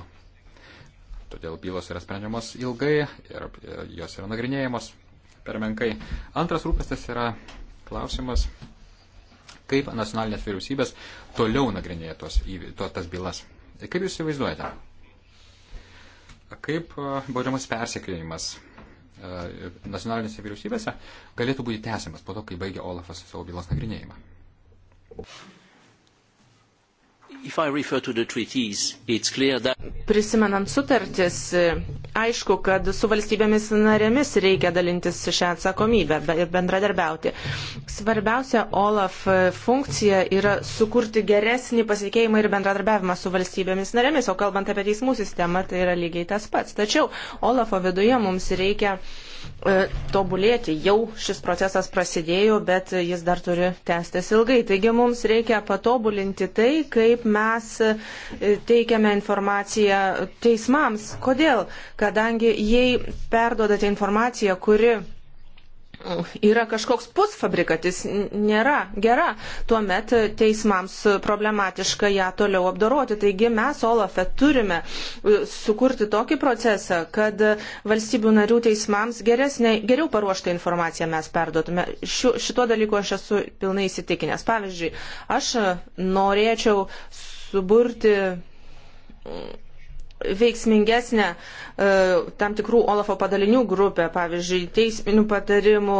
todėl bylos yra sprendžiamos ilgai ir e, jos yra nagrinėjamos per menkai. Antras rūpestis yra klausimas, kaip nacionalinės vyriausybės toliau nagrinėja tos, to, tas bylas. Kaip jūs įsivaizduojate? Kaip baudžiamas persekiojimas nacionalinėse vyriausybėse galėtų būti tęsiamas po to, kai baigia Olafas savo bylos nagrinėjimą? Prisimenant sutartis, aišku, kad su valstybėmis narėmis reikia dalintis šią atsakomybę ir bendradarbiauti. Svarbiausia OLAF funkcija yra sukurti geresnį pasikeimą ir bendradarbiavimą su valstybėmis narėmis, o kalbant apie teismų sistemą, tai yra lygiai tas pats. Tačiau OLAFo viduje mums reikia uh, E, tobulėti. Jau šis procesas prasidėjo, bet jis dar turi tęstis ilgai. Taigi mums reikia patobulinti tai, kaip mes e, teikiame informaciją teismams. Kodėl? Kadangi jei perdodate informaciją, kuri yra kažkoks pusfabrikatis, nėra gera, tuomet teismams problematiška ją toliau apdoroti. Taigi mes, Olafe, turime e, sukurti tokį procesą, kad valstybių narių teismams geresnė, geriau paruoštą informaciją mes perduotume. Šiu, šito dalyko aš esu pilnai įsitikinęs. Pavyzdžiui, aš norėčiau suburti veiksmingesnę e, tam tikrų Olafo padalinių grupę, pavyzdžiui, teisminių patarimų,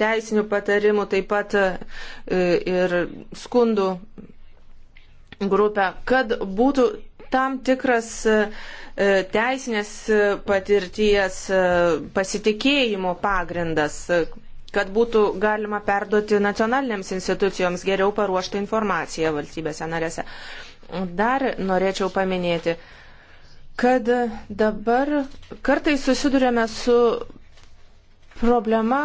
teisinių patarimų, taip pat e, ir skundų grupę, kad būtų tam tikras e, teisinės patirties pasitikėjimo pagrindas, kad būtų galima perduoti nacionalinėms institucijoms geriau paruoštą informaciją valstybėse narėse. Dar norėčiau paminėti, kad dabar kartais susidurėme su problema,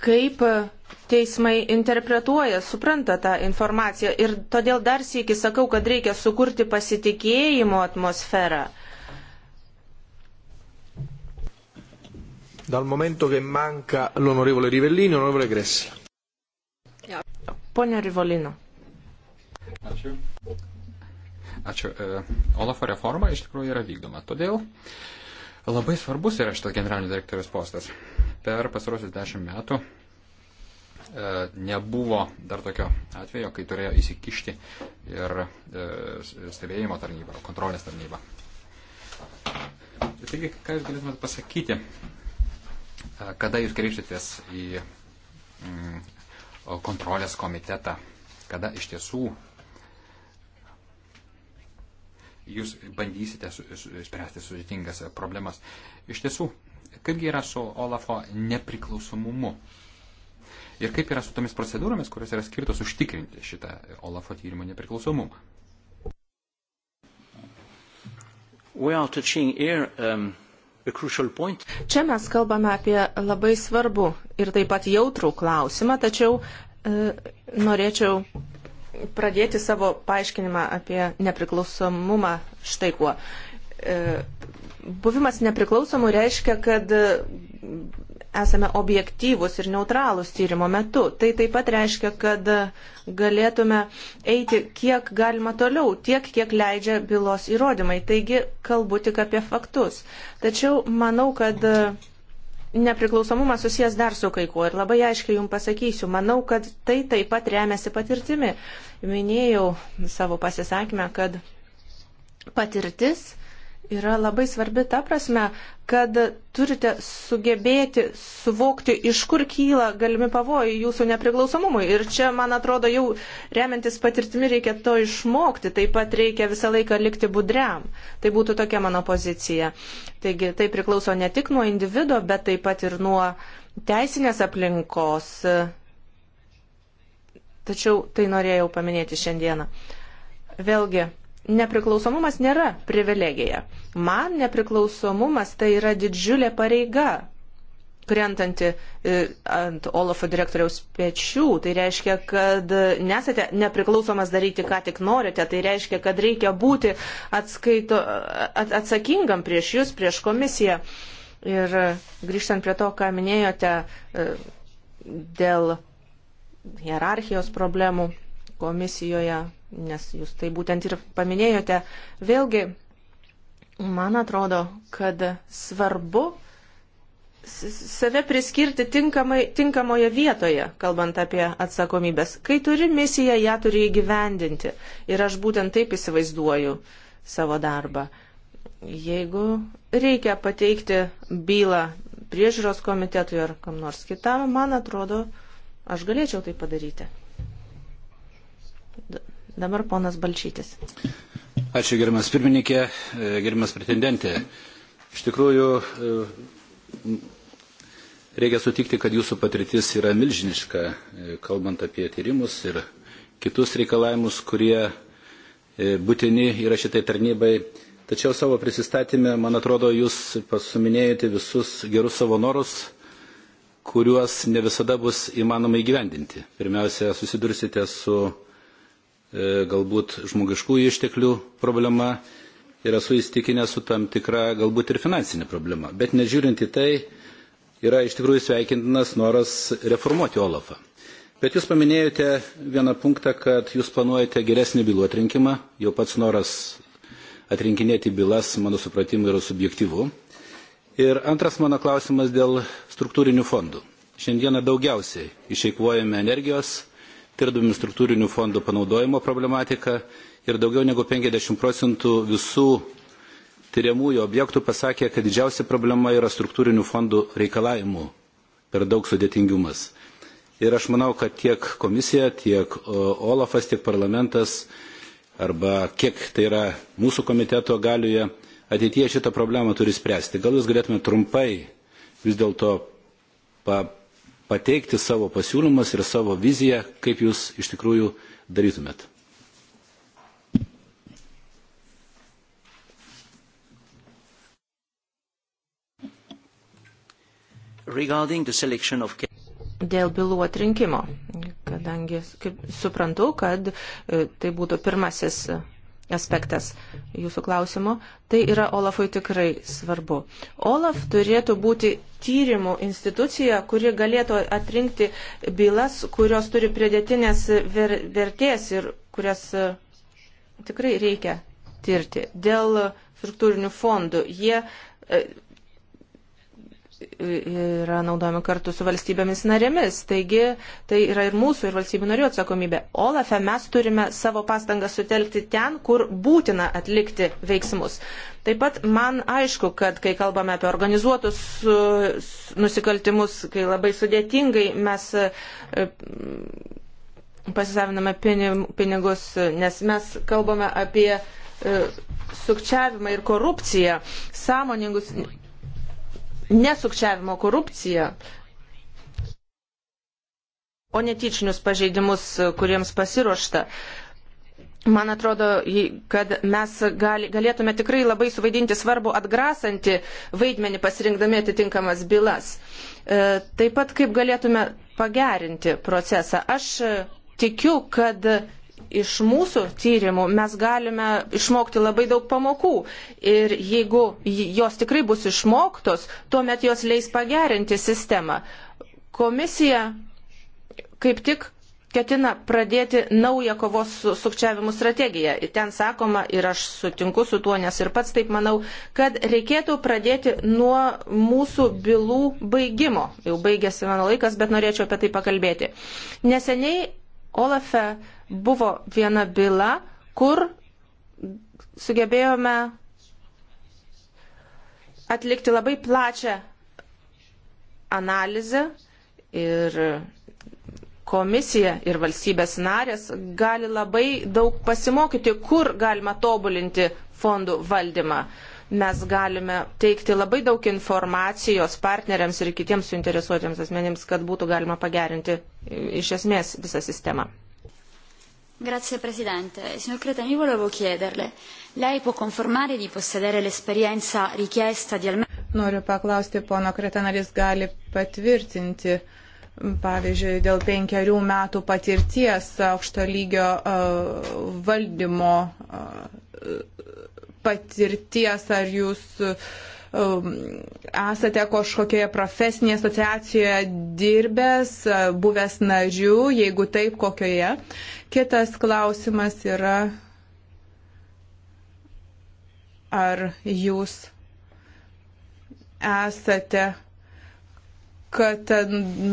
kaip teismai interpretuoja, supranta tą informaciją ir todėl dar sėki sakau, kad reikia sukurti pasitikėjimo atmosferą. dal momento che manca l'onorevole Rivellino, l'onorevole Gressla. Pone Rivolino. Ačiū. Ačiū. E, Olafo reforma iš tikrųjų yra vykdoma. Todėl labai svarbus yra šitas generalinio direktorius postas. Per pasarosius dešimt metų e, nebuvo dar tokio atvejo, kai turėjo įsikišti ir e, stebėjimo tarnybą, kontrolės tarnybą. Taigi, ką Jūs galėtumėte pasakyti, kada Jūs kreipsitės į mm, kontrolės komitetą, kada iš tiesų jūs bandysite spręsti sudėtingas problemas. Iš tiesų, kaipgi yra su Olafo nepriklausomumu? Ir kaip yra su tomis procedūromis, kurios yra skirtos užtikrinti šitą Olafo tyrimo nepriklausomumą? Here, um, Čia mes kalbame apie labai svarbų ir taip pat jautrų klausimą, tačiau e, norėčiau pradėti savo paaiškinimą apie nepriklausomumą štai kuo. E, buvimas nepriklausomu reiškia, kad esame objektyvus ir neutralus tyrimo metu. Tai taip pat reiškia, kad galėtume eiti kiek galima toliau, tiek kiek leidžia bylos įrodymai. Taigi kalbu tik apie faktus. Tačiau manau, kad nepriklausomumas susijęs dar su kai kuo ir labai aiškiai jums pasakysiu, manau, kad tai taip pat remiasi patirtimi. Minėjau savo pasisakymę, kad patirtis yra labai svarbi ta prasme, kad turite sugebėti suvokti, iš kur kyla galimi pavojai jūsų nepriklausomumui. Ir čia, man atrodo, jau remiantis patirtimi reikia to išmokti, taip pat reikia visą laiką likti budriam. Tai būtų tokia mano pozicija. Taigi tai priklauso ne tik nuo individo, bet taip pat ir nuo teisinės aplinkos. Tačiau tai norėjau paminėti šiandieną. Vėlgi, nepriklausomumas nėra privilegija. Man nepriklausomumas tai yra didžiulė pareiga, krentanti e, ant Olofo direktoriaus pečių. Tai reiškia, kad nesate nepriklausomas daryti, ką tik norite. Tai reiškia, kad reikia būti atskaito, at, atsakingam prieš jūs, prieš komisiją. Ir grįžtant prie to, ką minėjote e, dėl hierarchijos problemų komisijoje, nes jūs tai būtent ir paminėjote. Vėlgi, man atrodo, kad svarbu save priskirti tinkamai, tinkamoje vietoje, kalbant apie atsakomybės. Kai turi misiją, ją turi įgyvendinti. Ir aš būtent taip įsivaizduoju savo darbą. Jeigu reikia pateikti bylą priežiūros komitetui ar kam nors kitam, man atrodo, aš galėčiau tai padaryti. Dabar ponas Balčytis. Ačiū, gerimas pirmininkė, e, gerimas pretendentė. Iš tikrųjų, e, reikia sutikti, kad jūsų patirtis yra milžiniška, e, kalbant apie tyrimus ir kitus reikalavimus, kurie būtini yra šitai tarnybai. Tačiau savo prisistatymę, man atrodo, jūs pasuminėjote visus gerus savo norus, kuriuos ne visada bus įmanoma įgyvendinti. Pirmiausia, susidursite su E, galbūt žmogiškųjų išteklių problema ir esu įstikinęs su tam tikra galbūt ir finansinė problema. Bet nežiūrint į tai, yra iš tikrųjų sveikintinas noras reformuoti Olafą. Bet jūs paminėjote vieną punktą, kad jūs planuojate geresnį bylų atrinkimą, jau pats noras atrinkinėti bylas, mano supratimu, yra subjektyvu. Ir antras mano klausimas dėl struktūrinių fondų. Šiandieną daugiausiai išeikvojame energijos, skirdami struktūrinių fondų panaudojimo problematiką ir daugiau negu 50 procentų visų tyriamųjų objektų pasakė, kad didžiausia problema yra struktūrinių fondų reikalavimų per daug sudėtingumas. Ir aš manau, kad tiek komisija, tiek Olafas, tiek parlamentas arba kiek tai yra mūsų komiteto galiuje ateityje šitą problemą turi spręsti. Gal jūs galėtume trumpai vis dėlto pa, pateikti savo pasiūlymus ir savo viziją, kaip jūs iš tikrųjų darytumėt. Of... Dėl bylų atrinkimo, kadangi kaip, suprantu, kad e, tai būtų pirmasis aspektas jūsų klausimo, tai yra Olafui tikrai svarbu. Olaf turėtų būti tyrimų institucija, kuri galėtų atrinkti bylas, kurios turi pridėtinės ver vertės ir kurias e, tikrai reikia tirti. Dėl struktūrinių fondų jie e, yra naudojami kartu su valstybėmis narėmis. Taigi tai yra ir mūsų, ir valstybių narių atsakomybė. Olafe mes turime savo pastangą sutelkti ten, kur būtina atlikti veiksmus. Taip pat man aišku, kad kai kalbame apie organizuotus nusikaltimus, kai labai sudėtingai mes e, pasisaviname pinigus, nes mes kalbame apie e, sukčiavimą ir korupciją, sąmoningus nesukčiavimo korupciją, o netyčinius pažeidimus, kuriems pasiruošta. Man atrodo, kad mes gali, galėtume tikrai labai suvaidinti svarbu atgrasantį vaidmenį pasirinkdami atitinkamas bylas. E, taip pat kaip galėtume pagerinti procesą. Aš tikiu, kad iš mūsų tyrimų mes galime išmokti labai daug pamokų ir jeigu jos tikrai bus išmoktos, tuomet jos leis pagerinti sistemą. Komisija kaip tik ketina pradėti naują kovos su sukčiavimu strategiją. Ten sakoma, ir aš sutinku su tuo, nes ir pats taip manau, kad reikėtų pradėti nuo mūsų bylų baigimo. Jau baigėsi mano laikas, bet norėčiau apie tai pakalbėti. Neseniai Olafe buvo viena byla, kur sugebėjome atlikti labai plačią analizę ir komisija ir valstybės narės gali labai daug pasimokyti, kur galima tobulinti fondų valdymą. Mes galime teikti labai daug informacijos partneriams ir kitiems suinteresuotiems asmenims, kad būtų galima pagerinti iš esmės visą sistemą. Grazie Presidente. Signor Cretani, volevo chiederle, lei può confermare di possedere l'esperienza richiesta di almeno... Noriu paklausti, pono Kretaneris gali patvirtinti, pavyzdžiui, dėl penkerių metų patirties aukšto lygio uh, valdymo uh, patirties, ar jūs uh, Um, esate kažkokioje profesinėje asociacijoje dirbęs, buvęs narių, jeigu taip, kokioje. Kitas klausimas yra, ar jūs esate kad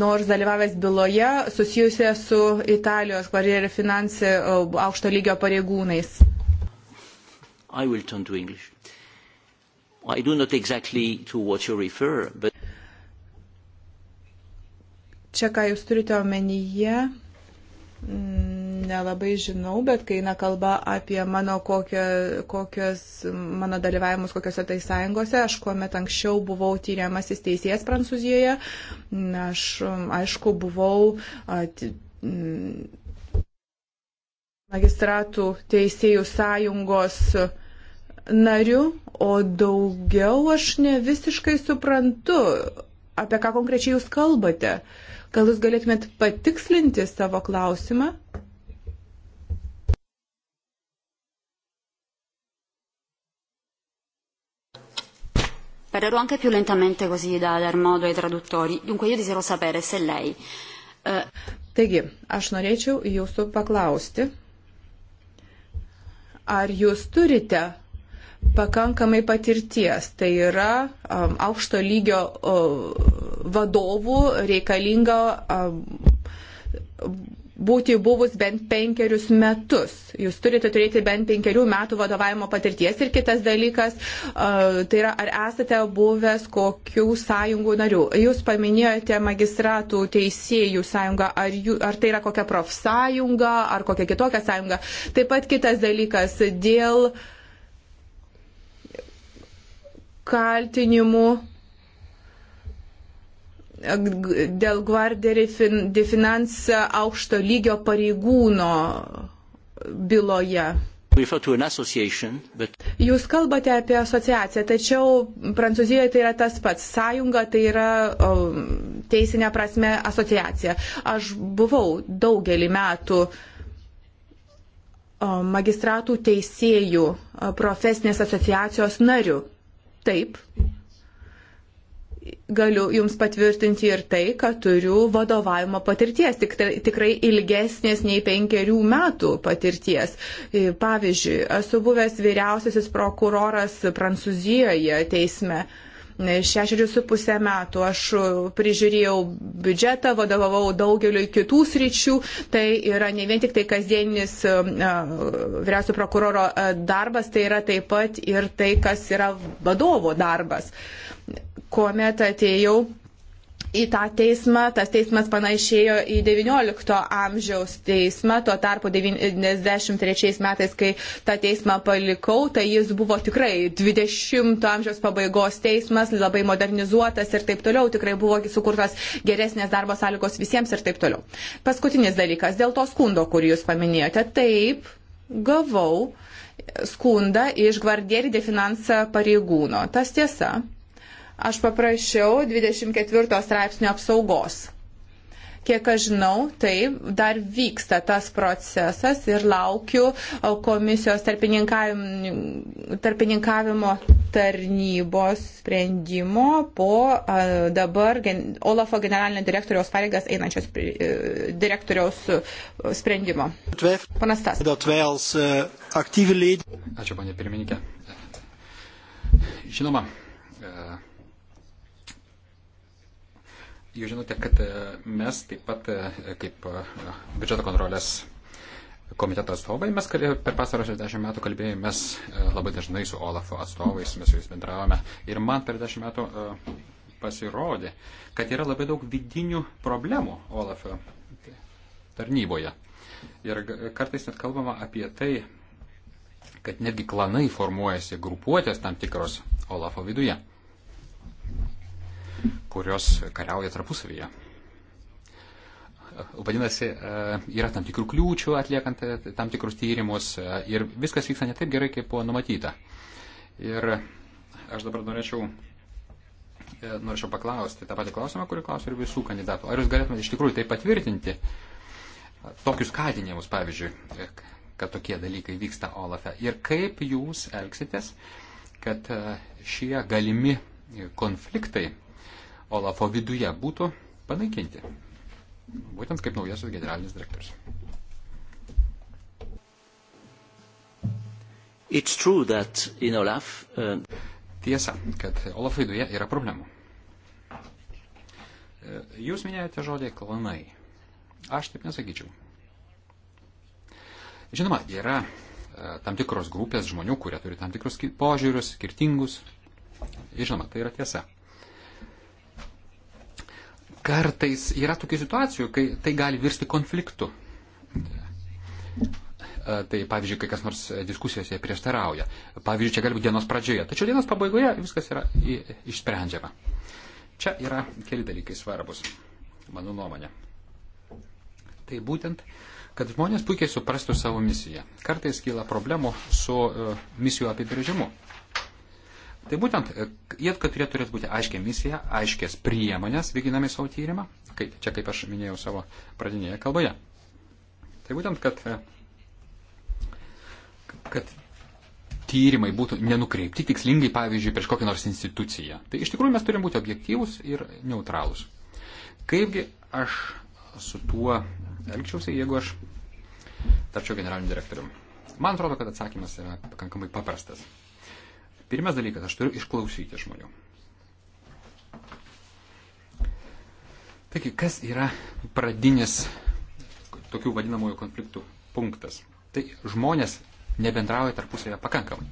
nors dalyvavęs byloje susijusia su Italijos karjerį finansį aukšto lygio pareigūnais. I will turn to English. I do not exactly to what you refer, but... Čia, ką jūs turite omenyje, mm, nelabai žinau, bet kai eina kalba apie mano kokio, kokios, mano dalyvavimus kokiose tai sąjungose, aš kuomet anksčiau buvau tyriamasis teisėjas Prancūzijoje, mm, aš aišku buvau at, mm, magistratų teisėjų sąjungos nariu, o daugiau aš ne visiškai suprantu, apie ką konkrečiai jūs kalbate. Gal jūs galėtumėt patikslinti savo klausimą? Parlerò anche più lentamente così da dar modo ai traduttori. Dunque io desiderio sapere se lei. Uh... Taigi, aš norėčiau jūsų paklausti, ar jūs turite pakankamai patirties. Tai yra um, aukšto lygio um, vadovų reikalinga um, būti buvus bent penkerius metus. Jūs turite turėti bent penkerių metų vadovavimo patirties ir kitas dalykas, tai yra ar esate buvęs kokių sąjungų narių. Jūs paminėjote magistratų teisėjų sąjungą, ar, jų, ar tai yra kokia profsąjunga, ar kokia kitokia sąjunga. Taip pat kitas dalykas dėl uh, kaltinimų dėl Guarderi de Finance aukšto lygio pareigūno byloje. But... Jūs kalbate apie asociaciją, tačiau Prancūzijoje tai yra tas pats. Sąjunga tai yra um, teisinė prasme asociacija. Aš buvau daugelį metų magistratų teisėjų profesinės asociacijos nariu. Taip. Galiu Jums patvirtinti ir tai, kad turiu vadovavimo patirties, tik, tai, tikrai ilgesnės nei penkerių metų patirties. E, pavyzdžiui, esu buvęs vyriausiasis prokuroras Prancūzijoje teisme. Uh, šešerius su pusę metų. Aš prižiūrėjau biudžetą, vadovavau daugeliu kitų sričių. Tai yra ne vien tik tai kasdienis vyriausio prokuroro darbas, tai yra taip pat ir tai, kas yra vadovo darbas. Kuomet atėjau į tą teismą. Tas teismas panašėjo į XIX amžiaus teismą. Tuo tarpu 93 metais, kai tą teismą palikau, tai jis buvo tikrai XX amžiaus pabaigos teismas, labai modernizuotas ir taip toliau. Tikrai buvo sukurtas geresnės darbo sąlygos visiems ir taip toliau. Paskutinis dalykas. Dėl to skundo, kurį jūs paminėjote. Taip, gavau skundą iš Gvardieri de Finansą pareigūno. Tas tiesa aš paprašiau 24 straipsnio apsaugos. Kiek aš žinau, tai dar vyksta tas procesas ir laukiu e, komisijos tarpininkavimo tarnybos sprendimo po e, dabar Olafo generalinio direktoriaus pareigas einančios e, direktoriaus sprendimo. Panas Tas. Ačiū, panė pirmininkė. Žinoma, Jūs žinote, kad e, mes taip pat, e, kaip e, biudžeto kontrolės komiteto atstovai, mes per pastarosius dešimt metų kalbėjomės labai dažnai su Olafo atstovais, mes su jais bendravome. Ir man per dešimt metų pasirodė, kad yra labai daug vidinių problemų Olafo tarnyboje. Ir kartais net kalbama apie tai, kad netgi klanai formuojasi grupuotės tam tikros Olafo viduje kurios kariauja tarpusavyje. Vadinasi, e, yra tam tikrų kliūčių atliekant e, tam tikrus tyrimus e, ir viskas vyksta ne taip gerai, kaip buvo numatyta. Ir aš dabar norėčiau, norėčiau paklausti tą patį klausimą, kurį klausiu ir visų kandidatų. Ar jūs galėtumėte iš tikrųjų tai patvirtinti, tokius kaltinimus, pavyzdžiui, kad tokie dalykai vyksta Olafe. Ir kaip jūs elgsitės, kad šie galimi konfliktai Olafo viduje būtų panaikinti. Būtent kaip naujasis generalinis direktorius. It's true that in Olaf. Uh... Tiesa, kad Olaf viduje yra problemų. E, jūs minėjote žodį klanai. Aš taip nesakyčiau. Žinoma, yra e, tam tikros grupės žmonių, kurie turi tam tikrus požiūrius, skirtingus. Ir žinoma, tai yra tiesa kartais yra tokių situacijų, kai tai gali virsti konfliktu. E, tai pavyzdžiui, kai kas nors diskusijose prieštarauja. Pavyzdžiui, čia gali būti dienos pradžioje, tačiau dienos pabaigoje viskas yra išsprendžiama. Čia yra keli dalykai svarbus, mano nuomonė. Tai būtent, kad žmonės puikiai suprastų savo misiją. Kartais kyla problemų su e, misijų apibrėžimu. Tai būtent, e, jie turėtų būti aiškia misija, aiškės priemonės vykdinami savo tyrimą, kaip, čia kaip aš minėjau savo pradinėje kalboje. Tai būtent, kad, e, kad tyrimai būtų nenukreipti tikslingai, pavyzdžiui, prieš kokią nors instituciją. Tai iš tikrųjų mes turim būti objektyvus ir neutralus. Kaipgi aš su tuo elgčiausi, jeigu aš tapčiau generaliniu direktoriumi? Man atrodo, kad atsakymas yra pakankamai paprastas. Pirmas dalykas, aš turiu išklausyti žmonių. Taigi, kas yra pradinis tokių vadinamųjų konfliktų punktas? Tai žmonės nebendrauja tarpusavėje pakankamai.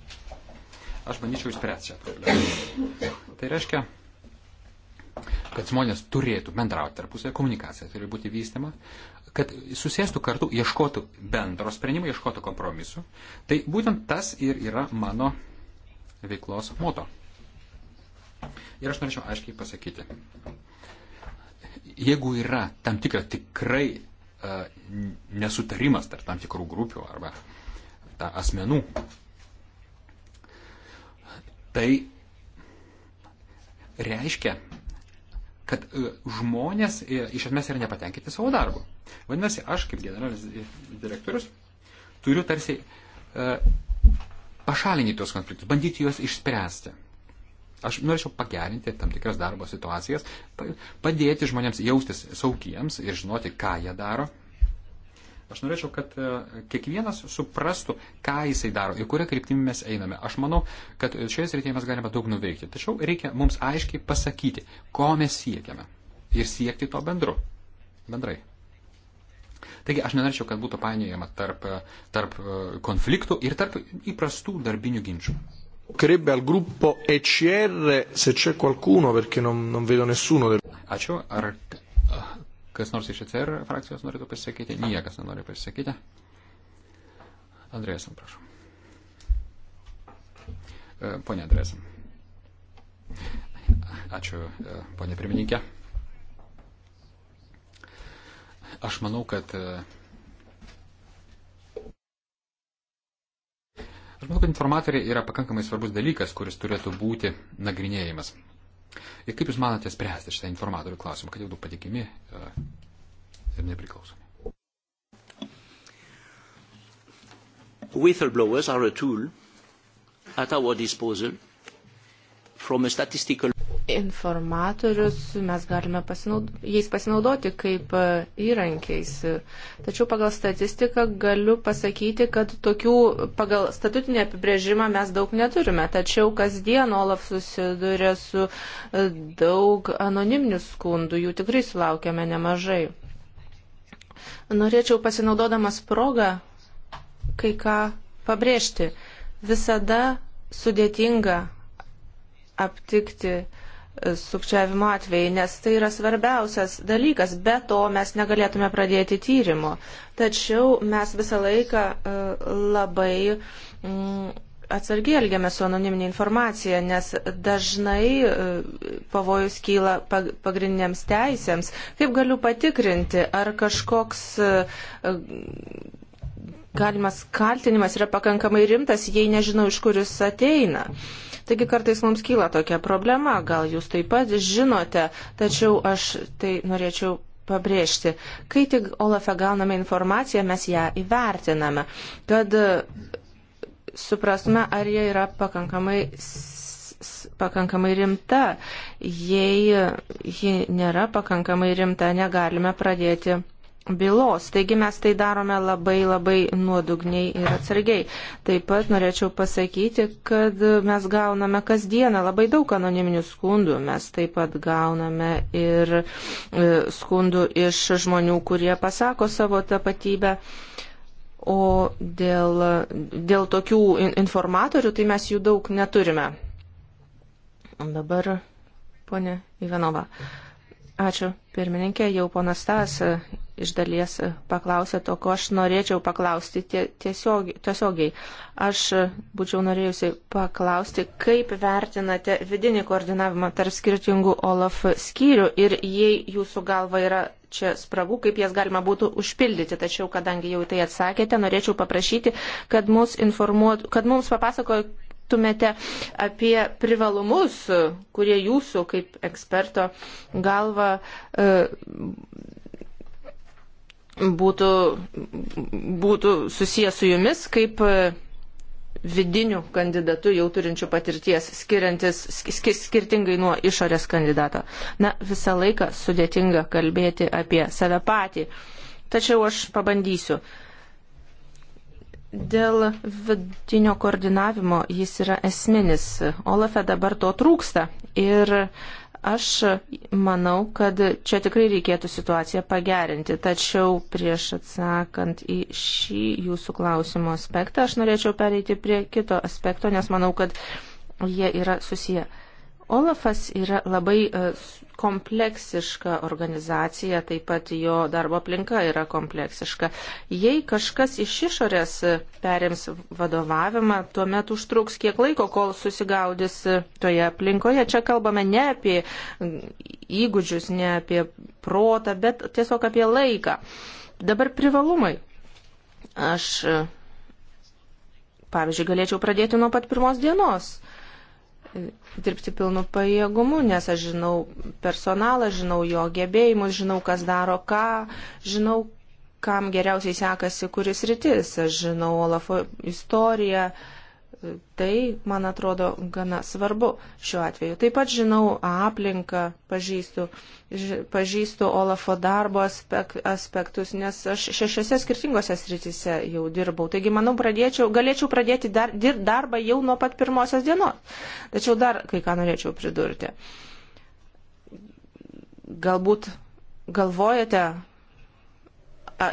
Aš bandyčiau išspręsti šią problemą. Tai reiškia, kad žmonės turėtų bendrauti tarpusavėje, komunikacija turi būti vystama, kad susėstų kartu, ieškotų bendro sprendimo, ieškotų kompromisu. Tai būtent tas ir yra mano veiklos moto. Ir aš norėčiau aiškiai pasakyti, jeigu yra tam tikras tikrai uh, nesutarimas tarp tam tikrų grupių arba ta, e, asmenų, tai reiškia, kad e, žmonės iš esmės yra nepatenkinti savo darbu. Vadinasi, aš kaip generalinis direktorius turiu tarsi pašalinti tuos konfliktus, bandyti juos išspręsti. Aš norėčiau pagerinti tam tikras darbo situacijas, padėti žmonėms jaustis saugiems ir žinoti, ką jie daro. Aš norėčiau, kad e, kiekvienas suprastų, ką jisai daro ir kuria kryptimi mes einame. Aš manau, kad šioje srityje mes galime daug nuveikti. Tačiau reikia mums aiškiai pasakyti, ko mes siekiame. Ir siekti to bendru. Bendrai. Taigi aš nenorėčiau, kad būtų painiojama tarp, tarp e, konfliktų ir tarp įprastų darbinių ginčių. Crebbe al gruppo ECR se c'è qualcuno perché non, non vedo nessuno. Del... Ačiū. Ar kas nors iš ECR frakcijos norėtų pasisakyti? Niekas nenori pasisakyti. Andrėsam, prašau. E, Pone Andrėsam. Ačiū, e, ponė pirmininkė. Aš manau, kad. E, aš manau, kad informatoriai yra pakankamai svarbus dalykas, kuris turėtų būti nagrinėjimas. Ir kaip Jūs manote spręsti šitą informatorių klausimą, kad jie būtų patikimi e, ir nepriklausomi? Whistleblowers are a tool at our disposal from a statistical informatorius mes galime pasinaud jais pasinaudoti kaip e, įrankiais. Tačiau pagal statistiką galiu pasakyti, kad tokių pagal statutinį apibrėžimą mes daug neturime. Tačiau kasdien Olaf susiduria su e, daug anoniminių skundų, jų tikrai sulaukėme nemažai. Norėčiau pasinaudodamas progą kai ką pabrėžti. Visada sudėtinga aptikti sukčiavimo atvejai, nes tai yra svarbiausias dalykas, be to mes negalėtume pradėti tyrimo. Tačiau mes visą laiką e, labai mm, atsargiai elgiame su anoniminė informacija, nes dažnai e, pavojus kyla pagrindiniams teisėms. Kaip galiu patikrinti, ar kažkoks e, galimas kaltinimas yra pakankamai rimtas, jei nežinau, iš kur jis ateina. Uh, Taigi kartais mums kyla tokia problema, gal jūs taip pat žinote, tačiau aš tai norėčiau pabrėžti. Kai tik Olafe gauname informaciją, mes ją įvertiname, kad e, suprastume, ar jie yra pakankamai pakankamai rimta. Jei ji nėra pakankamai rimta, negalime pradėti bylos. Taigi mes tai darome labai labai nuodugniai ir atsargiai. Taip pat norėčiau pasakyti, kad mes gauname kasdieną labai daug anoniminių skundų. Mes taip pat gauname ir e, skundų iš žmonių, kurie pasako savo tapatybę. O dėl, dėl tokių informatorių, tai mes jų daug neturime. Dabar, ponė Ivanova. Ačiū pirmininkė, jau ponas Tas e, iš dalies e, paklausė to, ko aš norėčiau paklausti tiesiog, tiesiogiai. Aš e, būčiau norėjusi paklausti, kaip vertinate vidinį koordinavimą tarp skirtingų OLAF skyrių ir jei jūsų galva yra čia spragų, kaip jas galima būtų užpildyti. Tačiau, kadangi jau tai atsakėte, norėčiau paprašyti, kad, mus informuot, kad mums papasakojo, kalbėtumėte apie privalumus, kurie jūsų kaip eksperto galva e, būtų, būtų susijęs su jumis kaip e, vidiniu kandidatu jau turinčiu patirties, skiriantis skir, skirtingai nuo išorės kandidato. Na, visą laiką sudėtinga kalbėti apie save patį. Tačiau aš pabandysiu. Uh, Dėl vidinio koordinavimo jis yra esminis. Olafe dabar to trūksta ir aš manau, kad čia tikrai reikėtų situaciją pagerinti. Tačiau prieš atsakant į šį jūsų klausimo aspektą, aš norėčiau pereiti prie kito aspekto, nes manau, kad jie yra susiję. Olafas yra labai e, kompleksiška organizacija, taip pat jo darbo aplinka yra kompleksiška. Jei kažkas iš išorės e, perims vadovavimą, tuomet užtruks kiek laiko, kol susigaudys e, toje aplinkoje. Čia kalbame ne apie įgūdžius, ne apie protą, bet tiesiog apie laiką. Dabar privalumai. Aš, pavyzdžiui, galėčiau pradėti nuo pat pirmos dienos dirbti pilnu pajėgumu, nes aš žinau personalą, žinau jo gebėjimus, žinau, kas daro ką, žinau, kam geriausiai sekasi kuris rytis, aš žinau Olafo istoriją, Tai, man atrodo, gana svarbu šiuo atveju. Taip pat žinau aplinką, pažįstu, ž, pažįstu Olafo darbo aspek, aspektus, nes aš šešiose skirtingose srityse jau dirbau. Taigi, manau, pradėčiau, galėčiau pradėti dar, dir, darbą jau nuo pat pirmosios dienos. Tačiau dar kai ką norėčiau pridurti. Galbūt galvojate,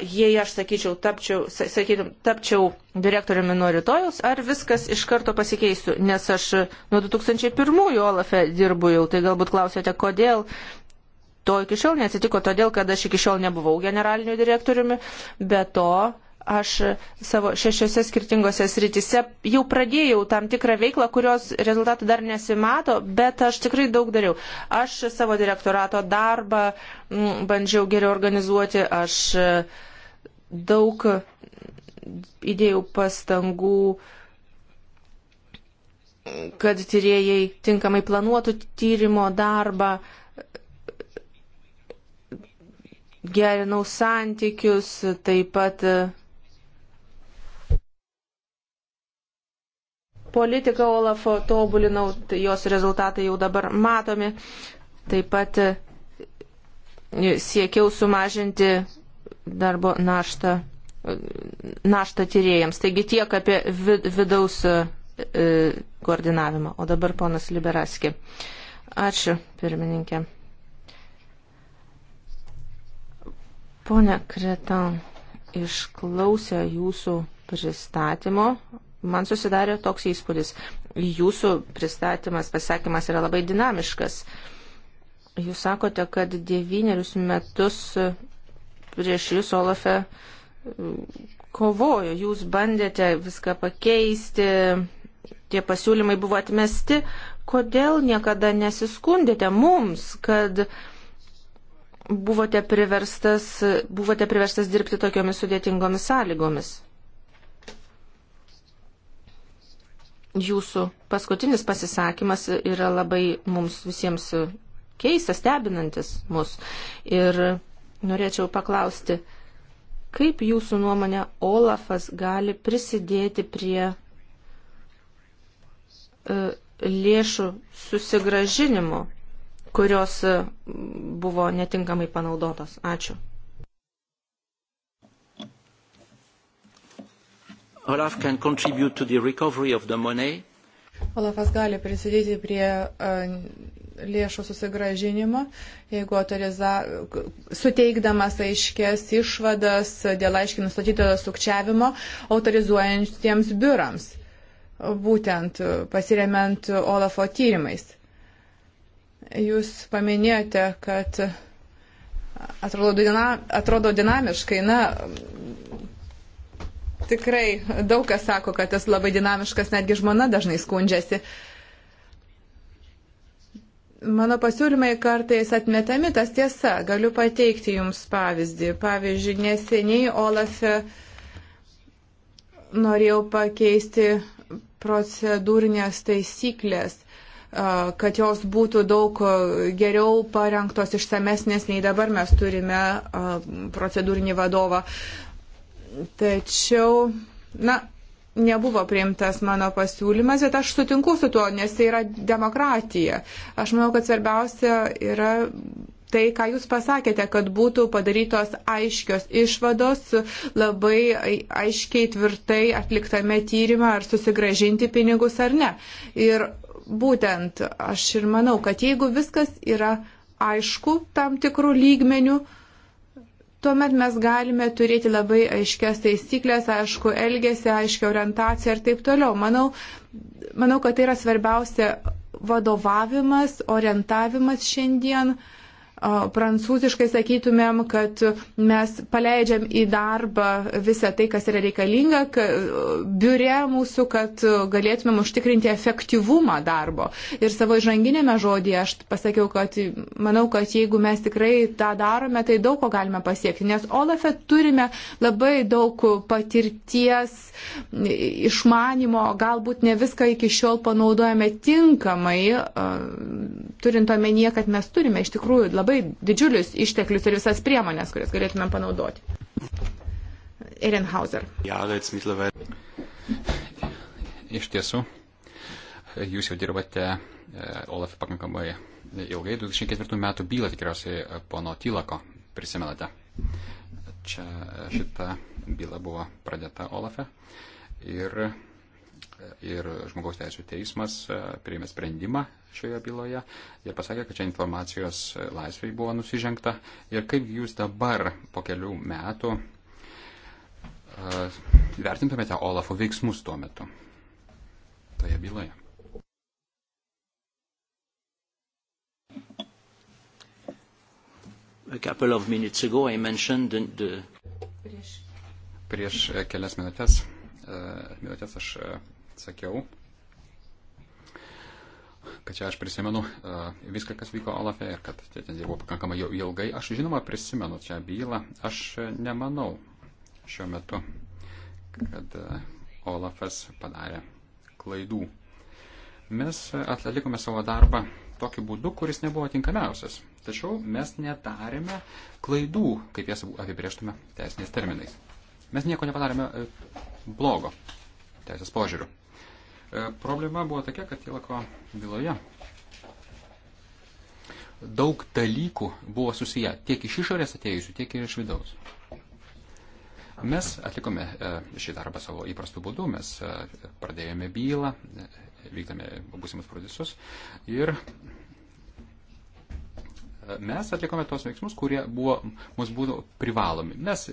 jei aš sakyčiau, tapčiau, sakytum, tapčiau direktoriumi nuo rytojus, ar viskas iš karto pasikeistų, nes aš nuo 2001 Olafe dirbu jau, tai galbūt klausėte, kodėl. To iki šiol neatsitiko todėl, kad aš iki šiol nebuvau generaliniu direktoriumi, bet to aš savo šešiose skirtingose sritise jau pradėjau tam tikrą veiklą, kurios rezultatų dar nesimato, bet aš tikrai daug dariau. Aš savo direktorato darbą m, mm, bandžiau geriau organizuoti, aš e, daug įdėjau pastangų kad tyriejai tinkamai planuotų tyrimo darbą, gerinau santykius, taip pat e, politiką Olafo tobulinau, tai jos rezultatai jau dabar matomi. Taip pat e, siekiau sumažinti darbo naštą, e, naštą tyrėjams. Taigi tiek apie vidaus e, koordinavimą. O dabar ponas Liberaski. Ačiū, pirmininkė. Pone Kretan, išklausę jūsų pristatymo, Man susidarė toks įspūdis. Jūsų pristatymas, pasakymas yra labai dinamiškas. Jūs sakote, kad devynerius metus prieš jūs, Olafe, e, kovojo, jūs bandėte viską pakeisti, tie pasiūlymai buvo atmesti. Kodėl niekada nesiskundėte mums, kad buvote priverstas, buvote priverstas dirbti tokiomis sudėtingomis sąlygomis? jūsų paskutinis pasisakymas yra labai mums visiems keistas, stebinantis mus. Ir norėčiau paklausti, kaip jūsų nuomonė Olafas gali prisidėti prie e, lėšų susigražinimo, kurios buvo netinkamai panaudotos. Ačiū. Olaf can contribute to the recovery of the money. Olafas gali prisidėti prie uh, lėšų susigražinimo, jeigu autoriza, suteikdamas aiškės išvadas dėl aiškiai nustatyto sukčiavimo autorizuojantiems biurams, būtent pasiremiant Olafo tyrimais. Jūs paminėjote, kad atrodo, dinam, atrodo dinamiškai, na, Tikrai daug kas sako, kad jis labai dinamiškas, netgi žmona dažnai skundžiasi. Mano pasiūlymai kartais atmetami, tas tiesa. Galiu pateikti Jums pavyzdį. Pavyzdžiui, neseniai Olafe norėjau pakeisti procedūrinės taisyklės kad jos būtų daug geriau parengtos, išsamesnės nei dabar mes turime procedūrinį vadovą. Tačiau, na, nebuvo priimtas mano pasiūlymas, bet aš sutinku su tuo, nes tai yra demokratija. Aš manau, kad svarbiausia yra tai, ką Jūs pasakėte, kad būtų padarytos aiškios išvados, labai aiškiai tvirtai atliktame tyrimą, ar susigražinti pinigus ar ne. Ir būtent aš ir manau, kad jeigu viskas yra aišku tam tikrų lygmenių, tuomet mes galime turėti labai aiškias taisyklės, aišku, elgesį, aiškia orientaciją ir taip toliau. Manau, manau, kad tai yra svarbiausia vadovavimas, orientavimas šiandien. Uh, prancūziškai sakytumėm, kad mes paleidžiam į darbą visą tai, kas yra reikalinga biure mūsų, kad galėtumėm užtikrinti efektyvumą darbo. Ir savo žanginėme žodėje aš pasakiau, kad manau, kad jeigu mes tikrai tą darome, tai daug ko galime pasiekti, nes Olafe turime labai daug patirties, išmanimo, galbūt ne viską iki šiol panaudojame tinkamai, turint omenyje, kad mes turime iš tikrųjų labai labai didžiulius išteklius ir visas priemonės, kurias galėtumėm panaudoti. Ehrenhauser. Iš tiesų, jūs jau dirbate e, Olaf pakankamai ilgai, 2004 metų bylą tikriausiai e, pono Tylako prisimenate. Čia šita byla buvo pradėta Olafe ir ir žmogaus teisų teismas e, priėmė sprendimą šioje byloje ir pasakė, kad čia informacijos e, laisvai buvo nusižengta. Ir kaip jūs dabar po kelių metų uh, vertintumėte Olafo veiksmus tuo metu toje byloje? Ago, the... Prieš, Prieš kelias minutės E, minutės aš e, sakiau, kad čia aš prisimenu e, viską, kas vyko Olafe ir kad ten dirbau pakankamai jau ilgai. Aš žinoma prisimenu čia bylą. Aš nemanau šiuo metu, kad Olafas padarė klaidų. Mes atlikome savo darbą tokiu būdu, kuris nebuvo tinkamiausias. Tačiau mes nedarėme klaidų, kaip jas apibrieštume teisiniais terminais. Mes nieko nepadarėme blogo teisės požiūrių. E, problema buvo tokia, kad Tilako byloje daug dalykų buvo susiję tiek iš išorės atėjusių, tiek ir iš vidaus. Mes atlikome e, šį darbą savo įprastų būdų, mes e, pradėjome bylą, vykdame būsimus procesus ir mes atlikome tos veiksmus, kurie buvo, mums būtų privalomi. Mes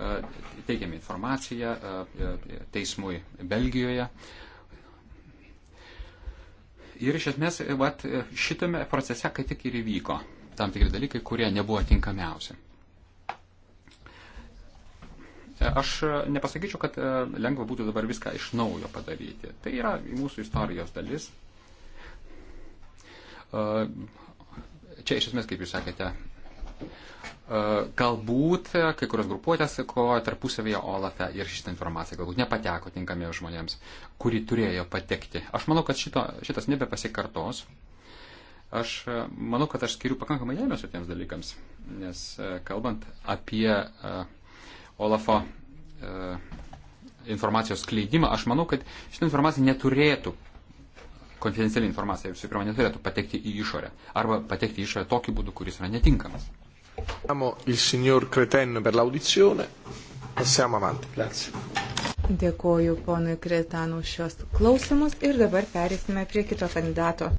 E, teikiame informaciją e, e, teismui Belgijoje. Ir iš esmės vat, šitame procese, kai tik ir įvyko tam tikri dalykai, kurie nebuvo tinkamiausi. Aš nepasakyčiau, kad lengva būtų dabar viską iš naujo padaryti. Tai yra mūsų istorijos dalis. Čia iš esmės, kaip jūs sakėte, E, galbūt kai kurios grupuotės kovoja tarpusavėje Olafe ir šitą informaciją galbūt nepateko tinkamiems žmonėms, kuri turėjo patekti. Aš manau, kad šito, šitas nebepasikartos. Aš e, manau, kad aš skiriu pakankamai dėmesio tiems dalykams, nes e, kalbant apie Olafo informacijos skleidimą, aš manau, kad šitą informaciją neturėtų konfidenciali informacija visų pirma neturėtų patekti į išorę arba patekti į išorę tokiu būdu, kuris yra netinkamas. Amo il signor Creten per l'audizione. Passiamo avanti. Grazie. Dėkoju ponui Kretan už šios klausimus ir dabar perėsime prie kito kandidato.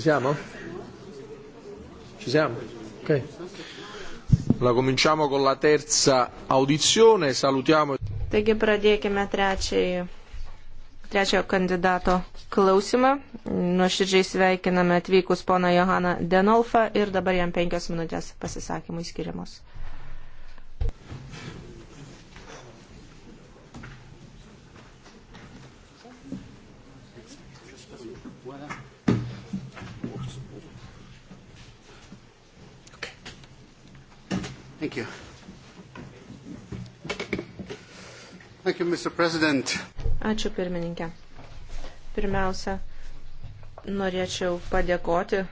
Ci siamo? Ci siamo? Ok. La cominciamo con la terza audizione, salutiamo. Taigi pradėkime trečiai, trečiojo kandidato klausimą. Nuoširdžiai sveikiname atvykus poną Johaną Denolfą ir dabar jam penkios minutės pasisakymui skiriamos. Thank you. Thank you, Mr. President. Ačiū pirmininkė. Pirmiausia, norėčiau padėkoti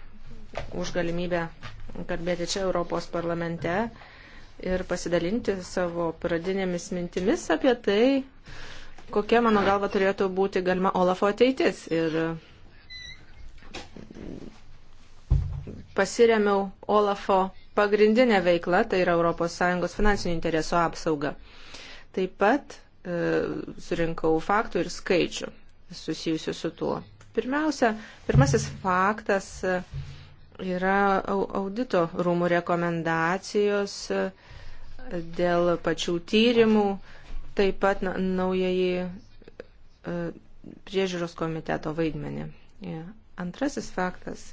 už galimybę kalbėti čia Europos parlamente ir pasidalinti savo pradinėmis mintimis apie tai, kokia mano galva turėtų būti galima Olafo ateitis. Ir pasiremiau Olafo pagrindinę veiklą, tai yra ES finansinių interesų apsauga. Taip pat e, surinkau faktų ir skaičių susijusių su tuo. Pirmiausia, pirmasis faktas e, yra audito rūmų rekomendacijos e, dėl pačių tyrimų, taip pat naujai e, priežiūros komiteto vaidmenį. Antrasis faktas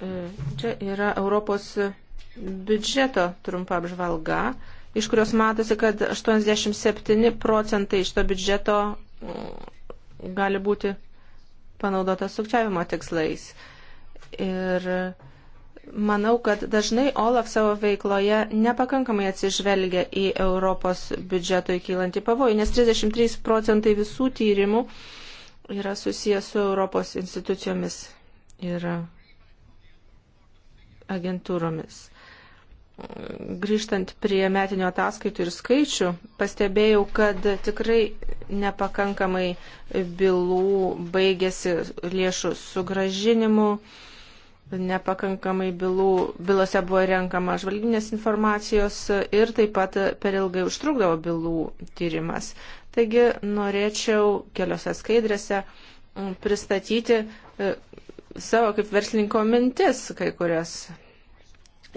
E, čia yra Europos biudžeto trumpa apžvalga, iš kurios matosi, kad 87 procentai iš to biudžeto mm, gali būti panaudotas sukčiavimo tikslais. Ir manau, kad dažnai Olaf savo veikloje nepakankamai atsižvelgia į Europos biudžeto įkylantį pavojų, nes 33 procentai visų tyrimų yra susijęs su Europos institucijomis ir agentūromis. Grįžtant prie metinio ataskaitų ir skaičių, pastebėjau, kad tikrai nepakankamai bylų baigėsi lėšų sugražinimu, nepakankamai bylų, bylose buvo renkama žvalginės informacijos ir taip pat per ilgai užtrukdavo bylų tyrimas. Taigi norėčiau keliose skaidrėse pristatyti e, savo kaip verslinko mintis kai kurias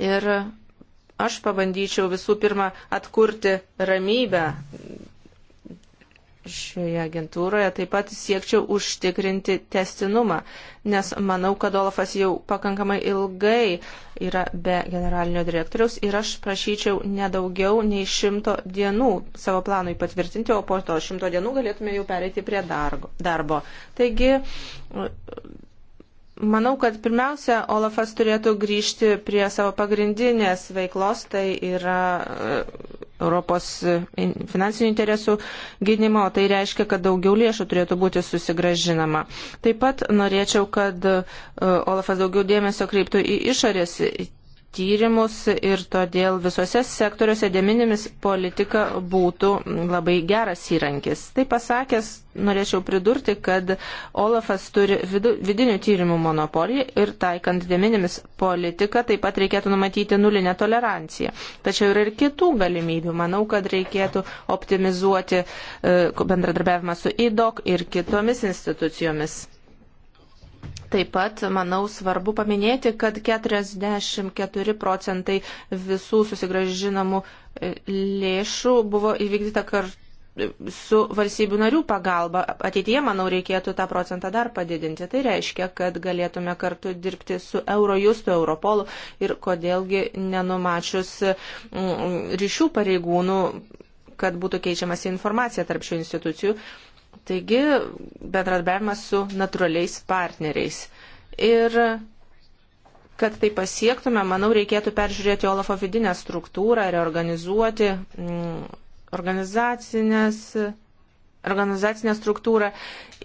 Ir aš pabandyčiau visų pirma atkurti ramybę šioje agentūroje, taip pat siekčiau užtikrinti testinumą, nes manau, kad Olafas jau pakankamai ilgai yra be generalinio direktoriaus ir aš prašyčiau nedaugiau nei šimto dienų savo planui patvirtinti, o po to šimto dienų galėtume jau pereiti prie darbo. Taigi, Manau, kad pirmiausia, Olafas turėtų grįžti prie savo pagrindinės veiklos, tai yra e, Europos e, finansinių interesų gynimo, o tai reiškia, kad daugiau lėšų turėtų būti susigražinama. Taip pat norėčiau, kad e, Olafas daugiau dėmesio kreiptų į išorės tyrimus ir todėl visose sektoriuose deminimis politika būtų labai geras įrankis. Tai pasakęs, norėčiau pridurti, kad Olafas turi vidu, vidinių tyrimų monopoliją ir taikant deminimis politiką taip pat reikėtų numatyti nulinę toleranciją. Tačiau yra ir kitų galimybių. Manau, kad reikėtų optimizuoti e, bendradarbiavimą su IDOC ir kitomis institucijomis. Taip pat, manau, svarbu paminėti, kad 44 procentai visų susigražinamų e, lėšų buvo įvykdyta kartu su valstybių narių pagalba. Ateityje, manau, reikėtų tą procentą dar padidinti. Tai reiškia, kad galėtume kartu dirbti su Eurojustu, Europolu ir kodėlgi nenumačius mm, ryšių pareigūnų, kad būtų keičiamas informacija tarp šių institucijų. Taigi, bendradarbiavimas su natūraliais partneriais. Ir kad tai pasiektume, manau, reikėtų peržiūrėti Olafo vidinę struktūrą ir organizuoti mm, organizacinę struktūrą.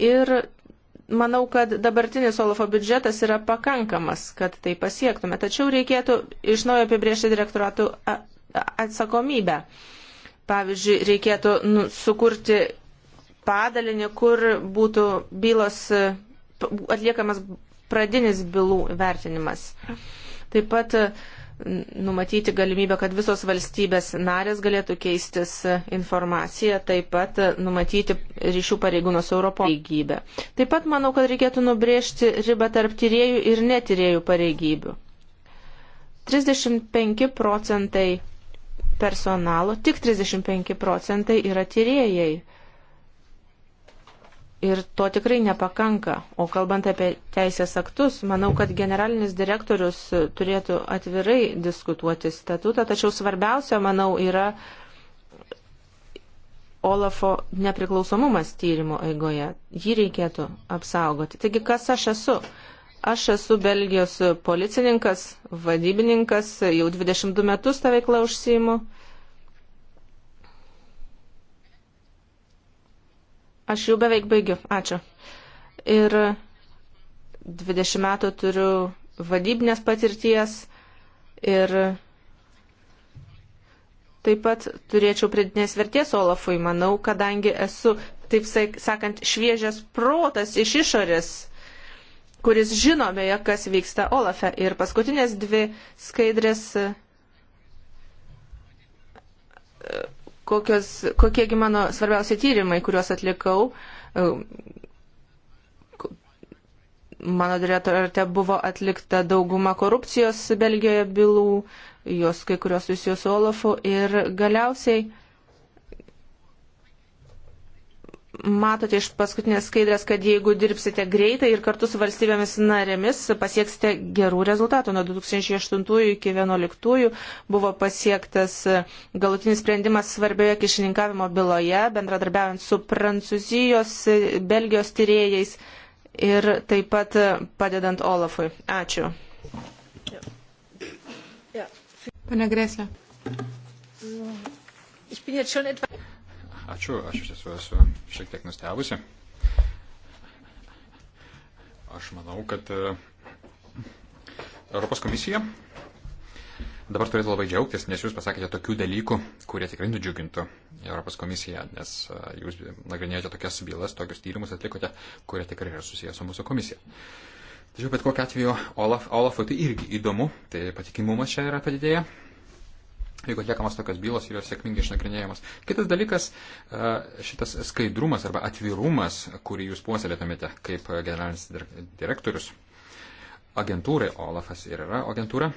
Ir manau, kad dabartinis Olafo biudžetas yra pakankamas, kad tai pasiektume. Tačiau reikėtų iš naujo apibriežti direktoratų atsakomybę. Pavyzdžiui, reikėtų nu, sukurti padalinį, kur būtų bylos atliekamas pradinis bylų vertinimas. Taip pat e, numatyti galimybę, kad visos valstybės narės galėtų keistis e, informaciją, taip pat e, numatyti ryšių pareigūnos Europo pareigybę. Taip pat manau, kad reikėtų nubrėžti ribą tarp tyriejų ir netyriejų pareigybių. 35 procentai personalo, tik 35 procentai yra tyriejai. Ir to tikrai nepakanka. O kalbant apie teisės aktus, manau, kad generalinis direktorius turėtų atvirai diskutuoti statutą, tačiau svarbiausia, manau, yra Olafo nepriklausomumas tyrimo eigoje. Jį reikėtų apsaugoti. Taigi, kas aš esu? Aš esu Belgijos policininkas, vadybininkas, jau 22 metus tą veiklą užsijimu. Aš jau beveik baigiu. Ačiū. Ir 20 metų turiu vadybinės patirties ir taip pat turėčiau pridinės vertės Olafui, manau, kadangi esu, taip sakant, šviežias protas iš išorės, kuris žino beje, kas vyksta Olafe. Ir paskutinės dvi skaidrės kokios, kokiegi mano svarbiausia tyrimai, kuriuos atlikau. E, mano direktorate buvo atlikta dauguma korupcijos Belgijoje bylų, jos kai kurios susijęs su Olafu ir galiausiai Matote iš paskutinės skaidrės, kad jeigu dirbsite greitai ir kartu su valstybėmis narėmis, pasieksite gerų rezultatų. Nuo 2008 iki 2011 buvo pasiektas galutinis sprendimas svarbioje kišininkavimo byloje, bendradarbiaujant su Prancūzijos, Belgijos tyrėjais ir taip pat padedant Olafui. Ačiū. Pane Greslė. Ačiū, aš iš tiesų esu šiek tiek nustebusi. Aš manau, kad e, Europos komisija dabar turėtų labai džiaugtis, nes jūs pasakėte tokių dalykų, kurie tikrai nudžiugintų Europos komisiją, nes e, jūs nagrinėjote tokias bylas, tokius tyrimus atlikote, kurie tikrai yra susijęs su mūsų komisija. Tačiau bet kokiu atveju Olaf, Olafui tai irgi įdomu, tai patikimumas čia yra padidėjęs jeigu atliekamos tokios bylos ir jos sėkmingai išnagrinėjamos. Kitas dalykas, šitas skaidrumas arba atvirumas, kurį jūs puoselėtumėte kaip generalinis direktorius agentūrai, Olafas ir yra agentūra,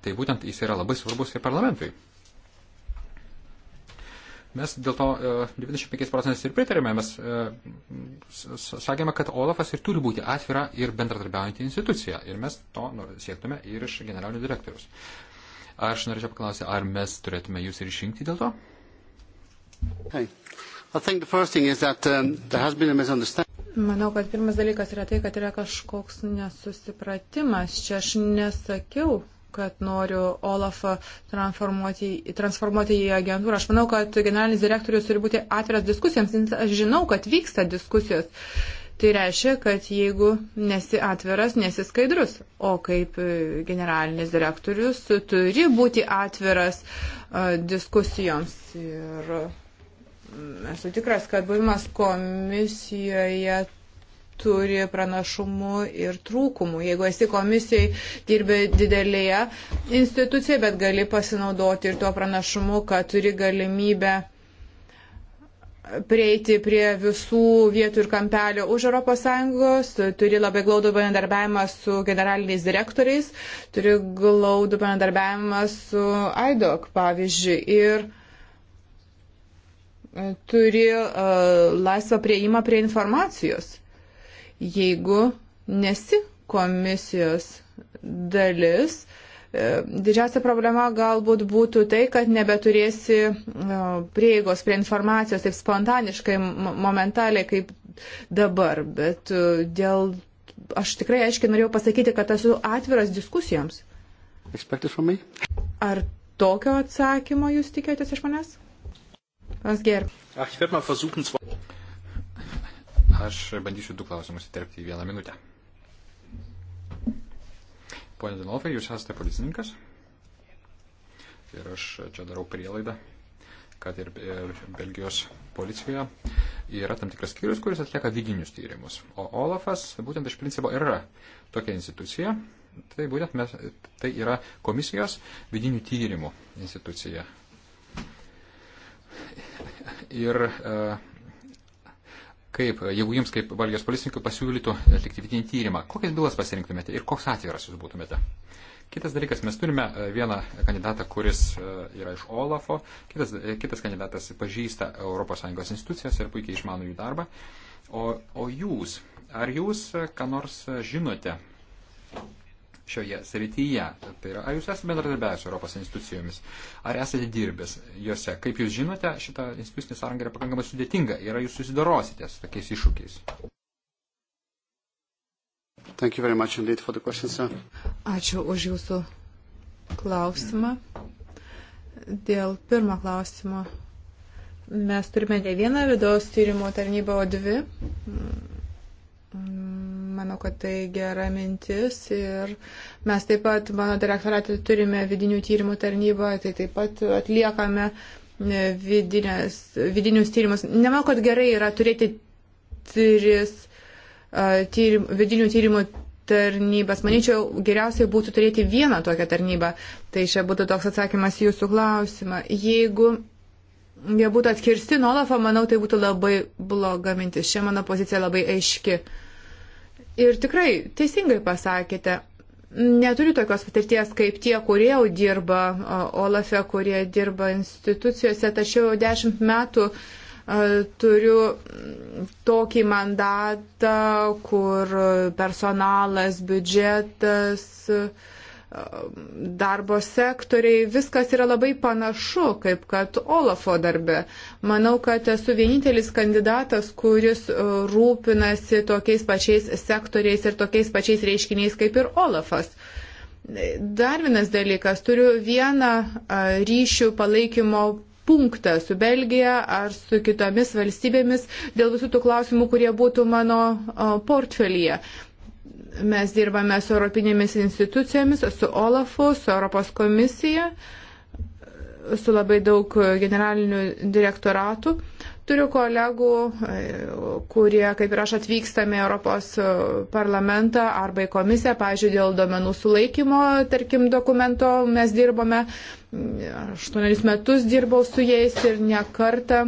tai būtent jis yra labai svarbus ir parlamentui. Mes dėl to 25 procentais ir pritarėme, mes sakėme, kad Olafas ir turi būti atvira ir bendradarbiaujanti institucija ir mes to nu, siektume ir iš generalinio direktorius. Aš norėčiau paklausyti, ar mes turėtume jūs ir išrinkti dėl to? Okay. That, um, Manau, kad pirmas dalykas yra tai, kad yra kažkoks nesusipratimas. Čia aš nesakiau, kad noriu Olafą transformuoti, transformuoti į agentūrą. Aš manau, kad generalinis direktorius turi būti atviras diskusijoms. Aš žinau, kad vyksta diskusijos. Tai reiškia, kad jeigu nesi atviras, nesi skaidrus, o kaip e, generalinis direktorius turi būti atviras e, diskusijoms. Ir mm, esu tikras, kad buvimas komisijoje turi pranašumų ir trūkumų. Jeigu esi komisijai, dirbi didelėje institucijoje, bet gali pasinaudoti ir tuo pranašumu, kad turi galimybę prieiti prie visų vietų ir kampelio už ES, turi labai glaudų bendarbiavimą su generaliniais direktoriais, turi glaudų bendarbiavimą su AIDOC, pavyzdžiui, ir e, turi uh, laisvą prieimą prie informacijos. Jeigu nesi komisijos dalis, E, didžiausia problema galbūt būtų tai, kad nebeturėsi e, prieigos prie informacijos taip spontaniškai, momentaliai kaip dabar, bet e, dėl, aš tikrai aiškiai norėjau pasakyti, kad esu atviras diskusijoms. Ar tokio atsakymo jūs tikėtės iš manęs? Vas ger. Aš bandysiu du klausimus įterpti į vieną minutę. Pone Dinolfai, jūs esate policininkas. Ir aš čia darau prielaidą, kad ir Belgijos policijoje yra tam tikras skyrius, kuris atlieka vidinius tyrimus. O Olafas būtent iš principo yra tokia institucija. Tai būtent mes, tai yra komisijos vidinių tyrimų institucija. Ir uh, kaip, jeigu jums kaip Belgijos policininkui pasiūlytų atlikti vidinį tyrimą, kokias bylas pasirinktumėte ir koks atviras jūs būtumėte? Kitas dalykas, mes turime e, vieną kandidatą, kuris e, yra iš Olafo, kitas, e, kitas kandidatas pažįsta ES institucijas ir puikiai išmano jų darbą. O, o jūs, ar jūs ką nors žinote šioje srityje. Tai yra, ar jūs esate bendradarbiavęs su Europos institucijomis, ar esate dirbęs juose. Kaip jūs žinote, šita institucinė sąranga yra pakankamai sudėtinga ir jūs susidorosite su tokiais iššūkiais. Question, Ačiū už jūsų klausimą. Dėl pirmo klausimo mes turime ne vieną vidaus tyrimo tarnybą, o dvi. Manau, kad tai gera mintis ir mes taip pat, mano direktoratė, turime vidinių tyrimų tarnybą, tai taip pat atliekame e, vidinės, vidinius tyrimus. Nemanau, kad gerai yra turėti tris e, tyrim, vidinių tyrimų tarnybas. Manyčiau, geriausiai būtų turėti vieną tokią tarnybą. Tai čia būtų toks atsakymas jūsų klausimą. Jeigu jie būtų atkirsti nuo Olafo, manau, tai būtų labai bloga mintis. Čia mano pozicija labai aiški. Uh, Ir tikrai teisingai pasakėte, neturiu tokios patirties kaip tie, kurie jau dirba Olafe, kurie dirba institucijose, tačiau jau dešimt metų e, turiu tokį mandatą, kur personalas, biudžetas, uh, darbo sektoriai, viskas yra labai panašu, kaip kad Olafo darbe. Manau, kad esu vienintelis kandidatas, kuris e, rūpinasi tokiais pačiais sektoriais ir tokiais pačiais reiškiniais kaip ir Olafas. Dar vienas dalykas, turiu vieną e, ryšių palaikymo punktą su Belgija ar su kitomis valstybėmis dėl visų tų klausimų, kurie būtų mano e, portfelyje. Mes dirbame su Europinėmis institucijomis, su OLAFu, su Europos komisija, su labai daug generalinių direktoratų. Turiu kolegų, e, kurie, kaip ir aš, atvykstame Europos parlamentą arba į komisiją, pažiūrėjau, dėl domenų sulaikymo, tarkim, dokumento mes dirbome, aštuonerius metus dirbau su jais ir ne kartą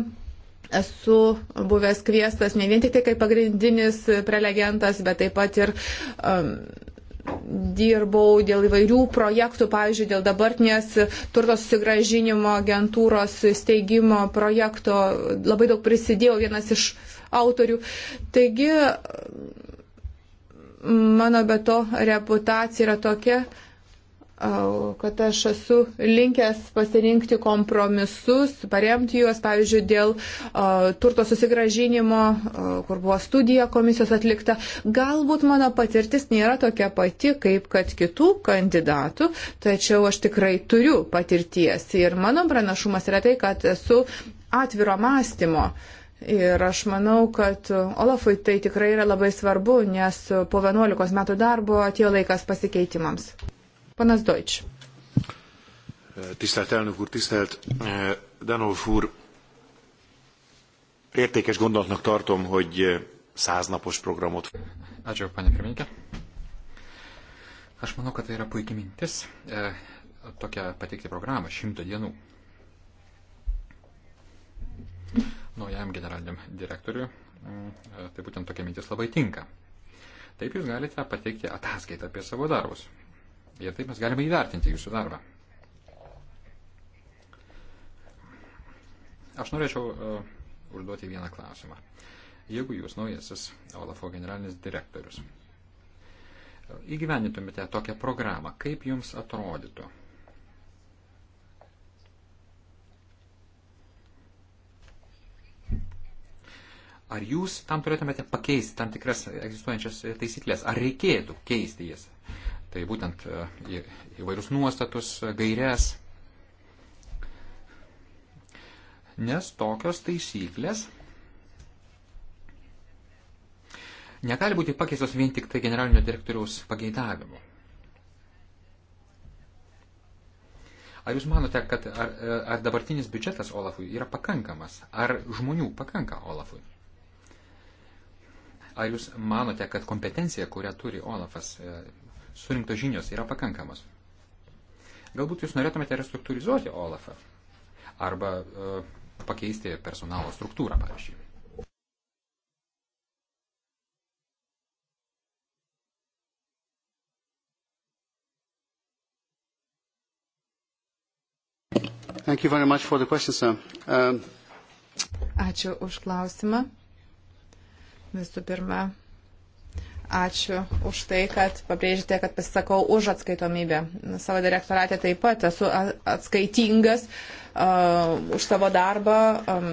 esu buvęs kviestas ne vien tik tai kaip pagrindinis prelegentas, bet taip pat ir um, dirbau dėl įvairių projektų, pavyzdžiui, dėl dabartinės turto susigražinimo agentūros steigimo projekto, labai daug prisidėjau, vienas iš autorių. Taigi, mano be to reputacija yra tokia, kad aš esu linkęs pasirinkti kompromisus, paremti juos, pavyzdžiui, dėl uh, turto susigražinimo, uh, kur buvo studija komisijos atlikta. Galbūt mano patirtis nėra tokia pati kaip kad kitų kandidatų, tačiau aš tikrai turiu patirties ir mano pranašumas yra tai, kad esu atviro mąstymo. Ir aš manau, kad Olafui tai tikrai yra labai svarbu, nes po 11 metų darbo atėjo laikas pasikeitimams. Panas Deutsch. Tisztelt elnök úr, tisztelt eh, Danov úr! Értékes gondolatnak tartom, hogy eh, száznapos programot. Ačiū, panė pirmininkė. Aš manau, kad tai yra puikia mintis e, eh, tokią pateikti programą šimto dienų. Naujam generaliniam direktoriui e, tai būtent tokia mintis labai tinka. Taip jūs galite pateikti ataskaitą apie savo darbus. Ir taip mes galime įvertinti jūsų darbą. Aš norėčiau uh, užduoti vieną klausimą. Jeigu jūs naujasis Olafo generalinis direktorius e, įgyvenintumėte tokią programą, kaip jums atrodytų? Ar jūs tam turėtumėte pakeisti tam tikras egzistuojančias taisyklės? Ar reikėtų keisti jas? Tai būtent e, į, įvairius nuostatus, e, gairias. Nes tokios taisyklės negali būti pakeistos vien tik tai generalinio direktoriaus pageidavimu. Ar jūs manote, kad ar, e, ar dabartinis biudžetas Olafui yra pakankamas? Ar žmonių pakanka Olafui? Ar jūs manote, kad kompetencija, kurią turi Olafas, surinktos žinios yra pakankamos. Galbūt jūs norėtumėte restruktūrizuoti Olafą arba e, pakeisti personalo struktūrą, pavyzdžiui. Thank you very much for the question, sir. Um... Ačiū už klausimą. Visų pirma, Ačiū už tai, kad pabrėžite, kad pasisakau už atskaitomybę. Savo direktoratė taip pat esu atskaitingas uh, už savo darbą. Um,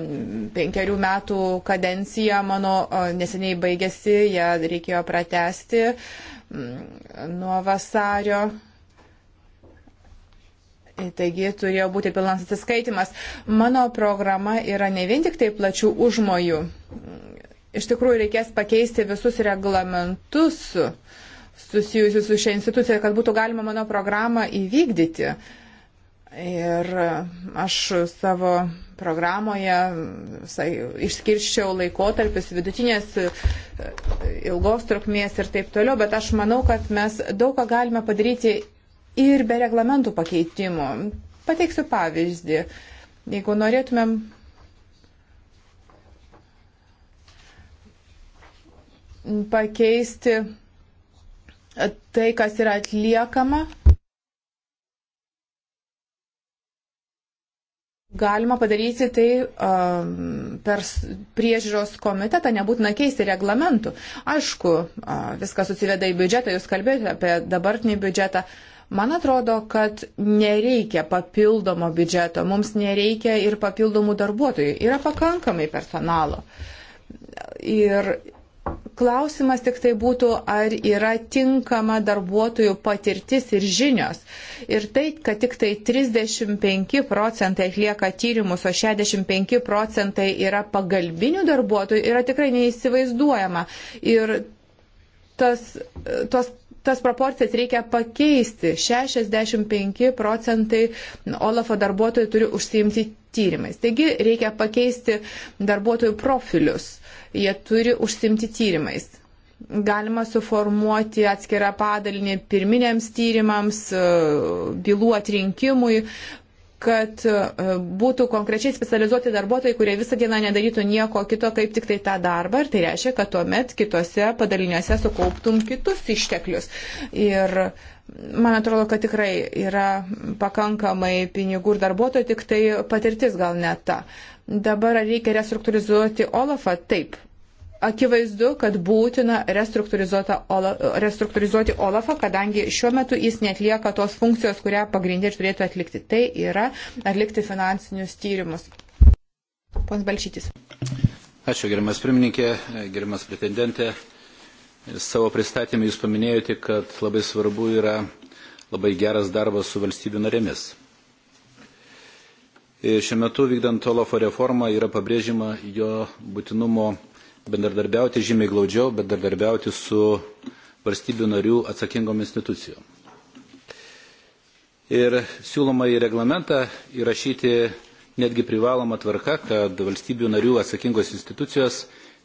penkerių metų kadencija mano uh, neseniai baigėsi, ją reikėjo pratesti um, nuo vasario. Taigi turėjo būti pilnas atsiskaitimas. Mano programa yra ne vien tik tai plačių užmojų iš tikrųjų reikės pakeisti visus reglamentus susijusius su šia institucija, kad būtų galima mano programą įvykdyti. Ir aš savo programoje išskirščiau laikotarpius vidutinės ilgos trukmės ir taip toliau, bet aš manau, kad mes daug ką galime padaryti ir be reglamentų pakeitimų. Pateiksiu pavyzdį. Jeigu norėtumėm pakeisti tai, kas yra atliekama. Galima padaryti tai um, per priežiūros komitetą, nebūtina keisti reglamentų. Aišku, uh, viskas susiveda į biudžetą, jūs kalbėjote apie dabartinį biudžetą. Man atrodo, kad nereikia papildomo biudžeto, mums nereikia ir papildomų darbuotojų, yra pakankamai personalo. Ir Klausimas tik tai būtų, ar yra tinkama darbuotojų patirtis ir žinios. Ir tai, kad tik tai 35 procentai atlieka tyrimus, o 65 procentai yra pagalbinių darbuotojų, yra tikrai neįsivaizduojama. Ir tas, tos tas proporcijas reikia pakeisti. 65 procentai Olafo darbuotojų turi užsiimti tyrimais. Taigi reikia pakeisti darbuotojų profilius jie turi užsimti tyrimais. Galima suformuoti atskirą padalinį pirminiams tyrimams, e, bylų atrinkimui, kad e, būtų konkrečiai specializuoti darbuotojai, kurie visą dieną nedarytų nieko kito, kaip tik tai tą darbą. Ir tai reiškia, kad tuomet kitose padaliniuose sukauptum kitus išteklius. Ir uh, Man atrodo, kad tikrai yra pakankamai pinigų ir darbuotojų, tik tai patirtis gal ne ta. Dabar reikia restruktūrizuoti Olafą? Taip. Akivaizdu, kad būtina restruktūrizuoti Olafą, kadangi šiuo metu jis netlieka tos funkcijos, kurią pagrindė turėtų atlikti. Tai yra atlikti finansinius tyrimus. Pons Balšytis. Ačiū, gerimas pirmininkė, gerimas pretendentė. Savo pristatymą jūs paminėjote, kad labai svarbu yra labai geras darbas su valstybių narėmis. Šiuo metu vykdant Olafo reformą yra pabrėžima jo būtinumo bendradarbiauti žymiai glaudžiau, bendradarbiauti su valstybių narių atsakingom institucijom. Ir siūloma į reglamentą įrašyti netgi privaloma tvarka, kad valstybių narių atsakingos institucijos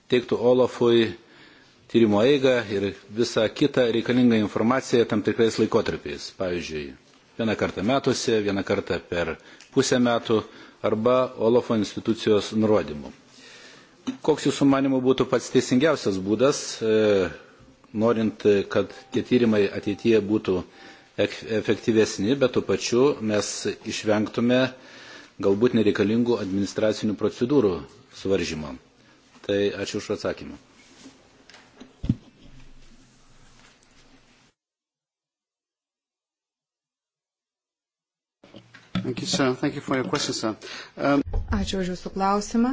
teiktų Olafui tyrimo eigą ir visą kitą reikalingą informaciją tam tikrais laikotarpiais. Pavyzdžiui, vieną kartą metuose, vieną kartą per pusę metų arba Olofo institucijos nurodymu. Koks jūsų manimo būtų pats teisingiausias būdas, e, norint, kad tie tyrimai ateityje būtų efektyvesni, bet tuo pačiu mes išvengtume galbūt nereikalingų administracinių procedūrų suvaržymo. Tai ačiū už atsakymą. Um, Ačiū už Jūsų klausimą.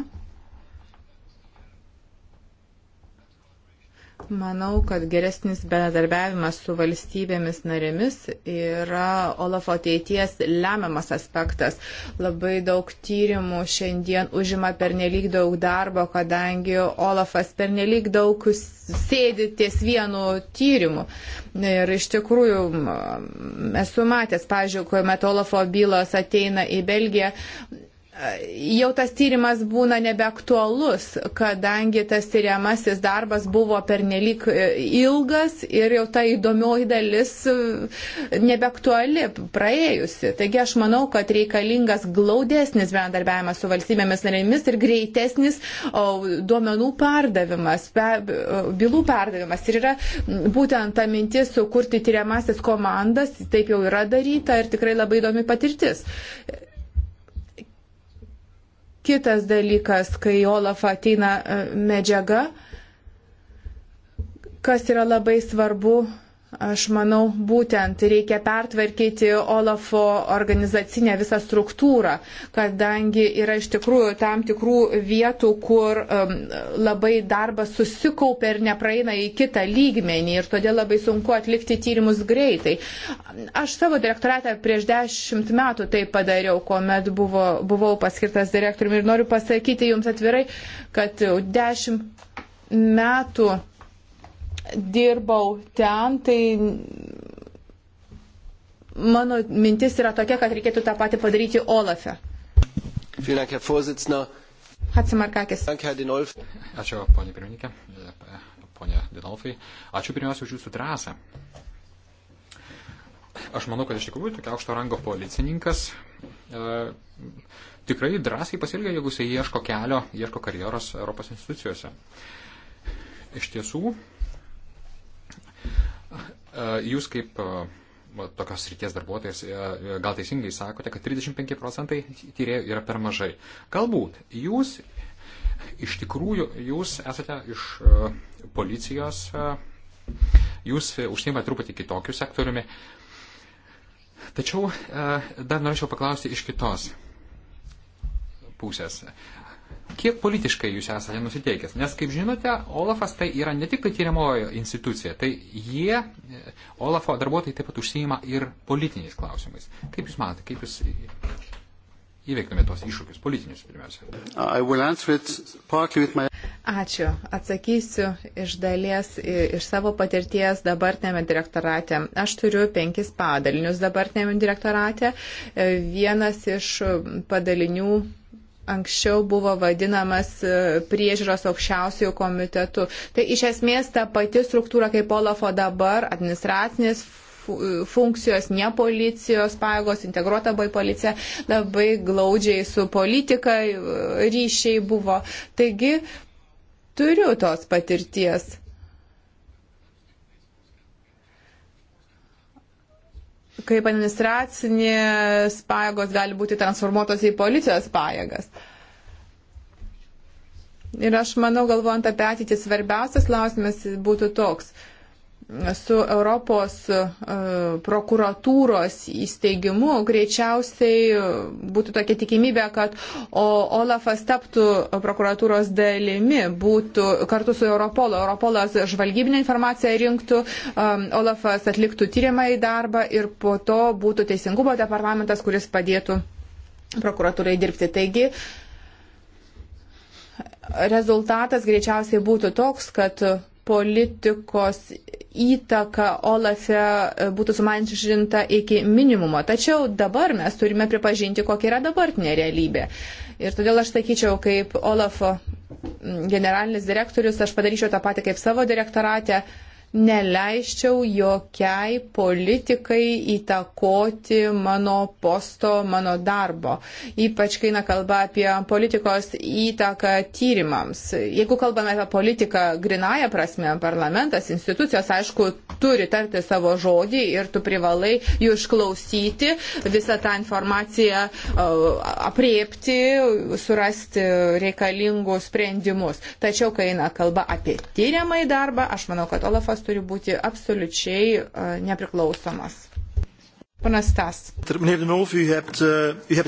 Manau, kad geresnis bendradarbiavimas su valstybėmis narėmis yra Olafo ateities lemiamas aspektas. Labai daug tyrimų šiandien užima pernelyg daug darbo, kadangi Olafas pernelyg daug sėdi ties vienu tyrimu. Ir iš tikrųjų esu matęs, pažiūrėjau, kuomet Olafo bylos ateina į Belgiją, jau tas tyrimas būna nebeaktualus, kadangi tas tyriamasis darbas buvo pernelyg e, ilgas ir jau ta įdomioji dalis e, nebeaktuali, praėjusi. Taigi aš manau, kad reikalingas glaudesnis bendarbiavimas su valstybėmis narėmis ir greitesnis duomenų perdavimas, e, bylų perdavimas. Ir yra būtent ta mintis sukurti tyriamasis komandas, taip jau yra daryta ir tikrai labai įdomi patirtis. Kitas dalykas, kai Olafą ateina e, medžiaga, kas yra labai svarbu Aš manau, būtent reikia pertvarkyti Olafo organizacinę visą struktūrą, kadangi yra iš tikrųjų tam tikrų vietų, kur um, labai darbas susikaupia ir nepraeina į kitą lygmenį ir todėl labai sunku atlikti tyrimus greitai. Aš savo direktoratą prieš dešimt metų tai padariau, kuomet buvo, buvau paskirtas direktoriumi ir noriu pasakyti jums atvirai, kad dešimt metų dirbau ten, tai mano mintis yra tokia, kad reikėtų tą patį padaryti Olafe. Hatsimarkakis. Ačiū, ponė pirmininkė, ponė Dinolfai. Ačiū pirmiausia už jūsų drąsą. Aš manau, kad iš tikrųjų tokia aukšto rango policininkas e, tikrai drąsiai pasielgia, jeigu jis ieško kelio, ieško karjeros Europos institucijose. Iš tiesų, E, jūs kaip e, tokios ryties darbuotojas e, gal teisingai sakote, kad 35 procentai tyrėjų yra per mažai. Galbūt jūs iš tikrųjų jūs esate iš policijos, jūs užsiimate truputį kitokiu sektoriumi. Tačiau dar norėčiau paklausti iš kitos pusės kiek politiškai jūs esate nusiteikęs. Nes, kaip žinote, Olafas tai yra ne tik tai tyriamojo institucija, tai jie, e, Olafo darbuotojai taip pat užsijima ir politiniais klausimais. Kaip jūs manote, kaip jūs įveiktumėte tos iššūkius, politinius pirmiausia? My... Ačiū. Atsakysiu iš dalies iš savo patirties dabartinėme direktorate. Aš turiu penkis padalinius dabartinėme direktorate. E, vienas iš padalinių anksčiau buvo vadinamas e, priežiūros aukščiausiųjų komitetų. Tai iš esmės ta pati struktūra kaip Olafo dabar, administracinės funkcijos, ne policijos pajėgos, integruota buvo į policiją, labai glaudžiai su politika e, ryšiai buvo. Taigi turiu tos patirties. kaip administracinės pajėgos gali būti transformuotos į policijos pajėgas. Ir aš manau, galvojant apie ateitį, svarbiausias klausimas būtų toks. Uh, su Europos e, prokuratūros įsteigimu greičiausiai būtų tokia tikimybė, kad Olafas taptų prokuratūros dalimi, būtų kartu su Europolo. Europolas žvalgybinę informaciją rinktų, Olafas atliktų tyriamą į darbą ir po to būtų Teisingumo departamentas, kuris padėtų prokuratūrai dirbti. Taigi, rezultatas greičiausiai būtų toks, kad politikos įtaka Olafe e, būtų sumažinta iki minimumo. Tačiau dabar mes turime pripažinti, kokia yra dabartinė realybė. Ir todėl aš sakyčiau, kaip Olafo generalinis direktorius, aš padaryčiau tą patį kaip savo direktorate. Uh, neleisčiau jokiai politikai įtakoti mano posto, mano darbo. Ypač, kai eina kalba apie politikos įtaką tyrimams. Jeigu kalbame apie politiką grinąją prasme, parlamentas, institucijos, aišku, turi tarti savo žodį ir tu privalai jų išklausyti, visą tą informaciją e, apriepti, surasti reikalingus sprendimus. Tačiau, kai eina kalba apie tyriamąjį darbą, aš manau, kad Olafas tyrimas turi būti absoliučiai nepriklausomas. Panas Tas. Eh,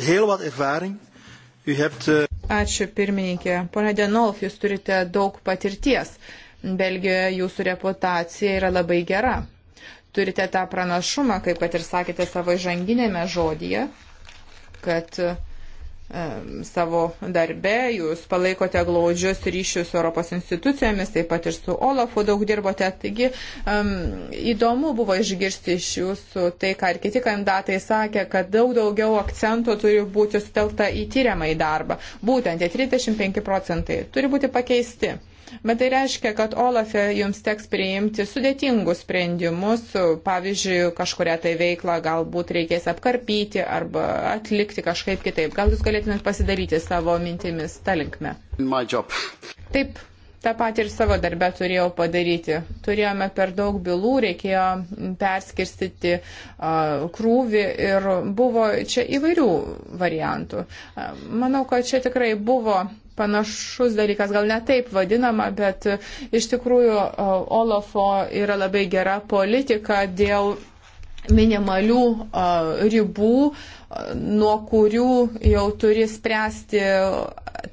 eh, Ačiū pirmininkė. Pone Denolf, jūs turite daug patirties. Belgijoje jūsų reputacija yra labai gera. Turite tą pranašumą, kaip kad ir sakėte savo žanginėme žodyje, kad uh, savo darbe, jūs palaikote glaudžius ryšius su Europos institucijomis, taip pat ir su Olafu daug dirbote. Taigi um, įdomu buvo išgirsti iš jūsų tai, ką ir kiti kandidatai sakė, kad daug daugiau akcentų turi būti sutelta į tyriamą į darbą. Būtent tie 35 procentai turi būti pakeisti. Bet tai reiškia, kad Olafe jums teks priimti sudėtingus sprendimus, pavyzdžiui, kažkuria tai veikla galbūt reikės apkarpyti arba atlikti kažkaip kitaip. Gal jūs galėtumėt pasidaryti savo mintimis tą linkmę? Taip, tą patį ir savo darbę turėjau padaryti. Turėjome per daug bylų, reikėjo perskirstyti uh, krūvį ir buvo čia įvairių variantų. Uh, manau, kad čia tikrai buvo panašus dalykas, gal ne taip vadinama, bet e, iš tikrųjų e, Olafo yra labai gera politika dėl minimalių e, ribų, nuo kurių jau turi spręsti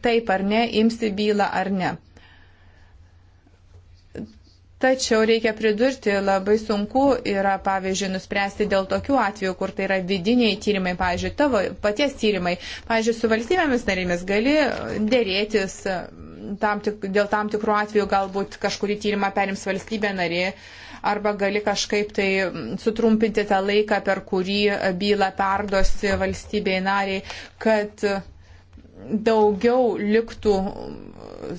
taip ar ne, imsi bylą ar ne. Tačiau reikia pridurti, labai sunku yra, pavyzdžiui, nuspręsti dėl tokių atvejų, kur tai yra vidiniai tyrimai, pavyzdžiui, tavo paties tyrimai. Pavyzdžiui, su valstybėmis narėmis gali dėrėtis e, tam tik, dėl tam tikrų atvejų, galbūt kažkurį tyrimą perims valstybė narė, arba gali kažkaip tai sutrumpinti tą laiką, per kurį bylą perdosi valstybėje nariai, kad daugiau liktų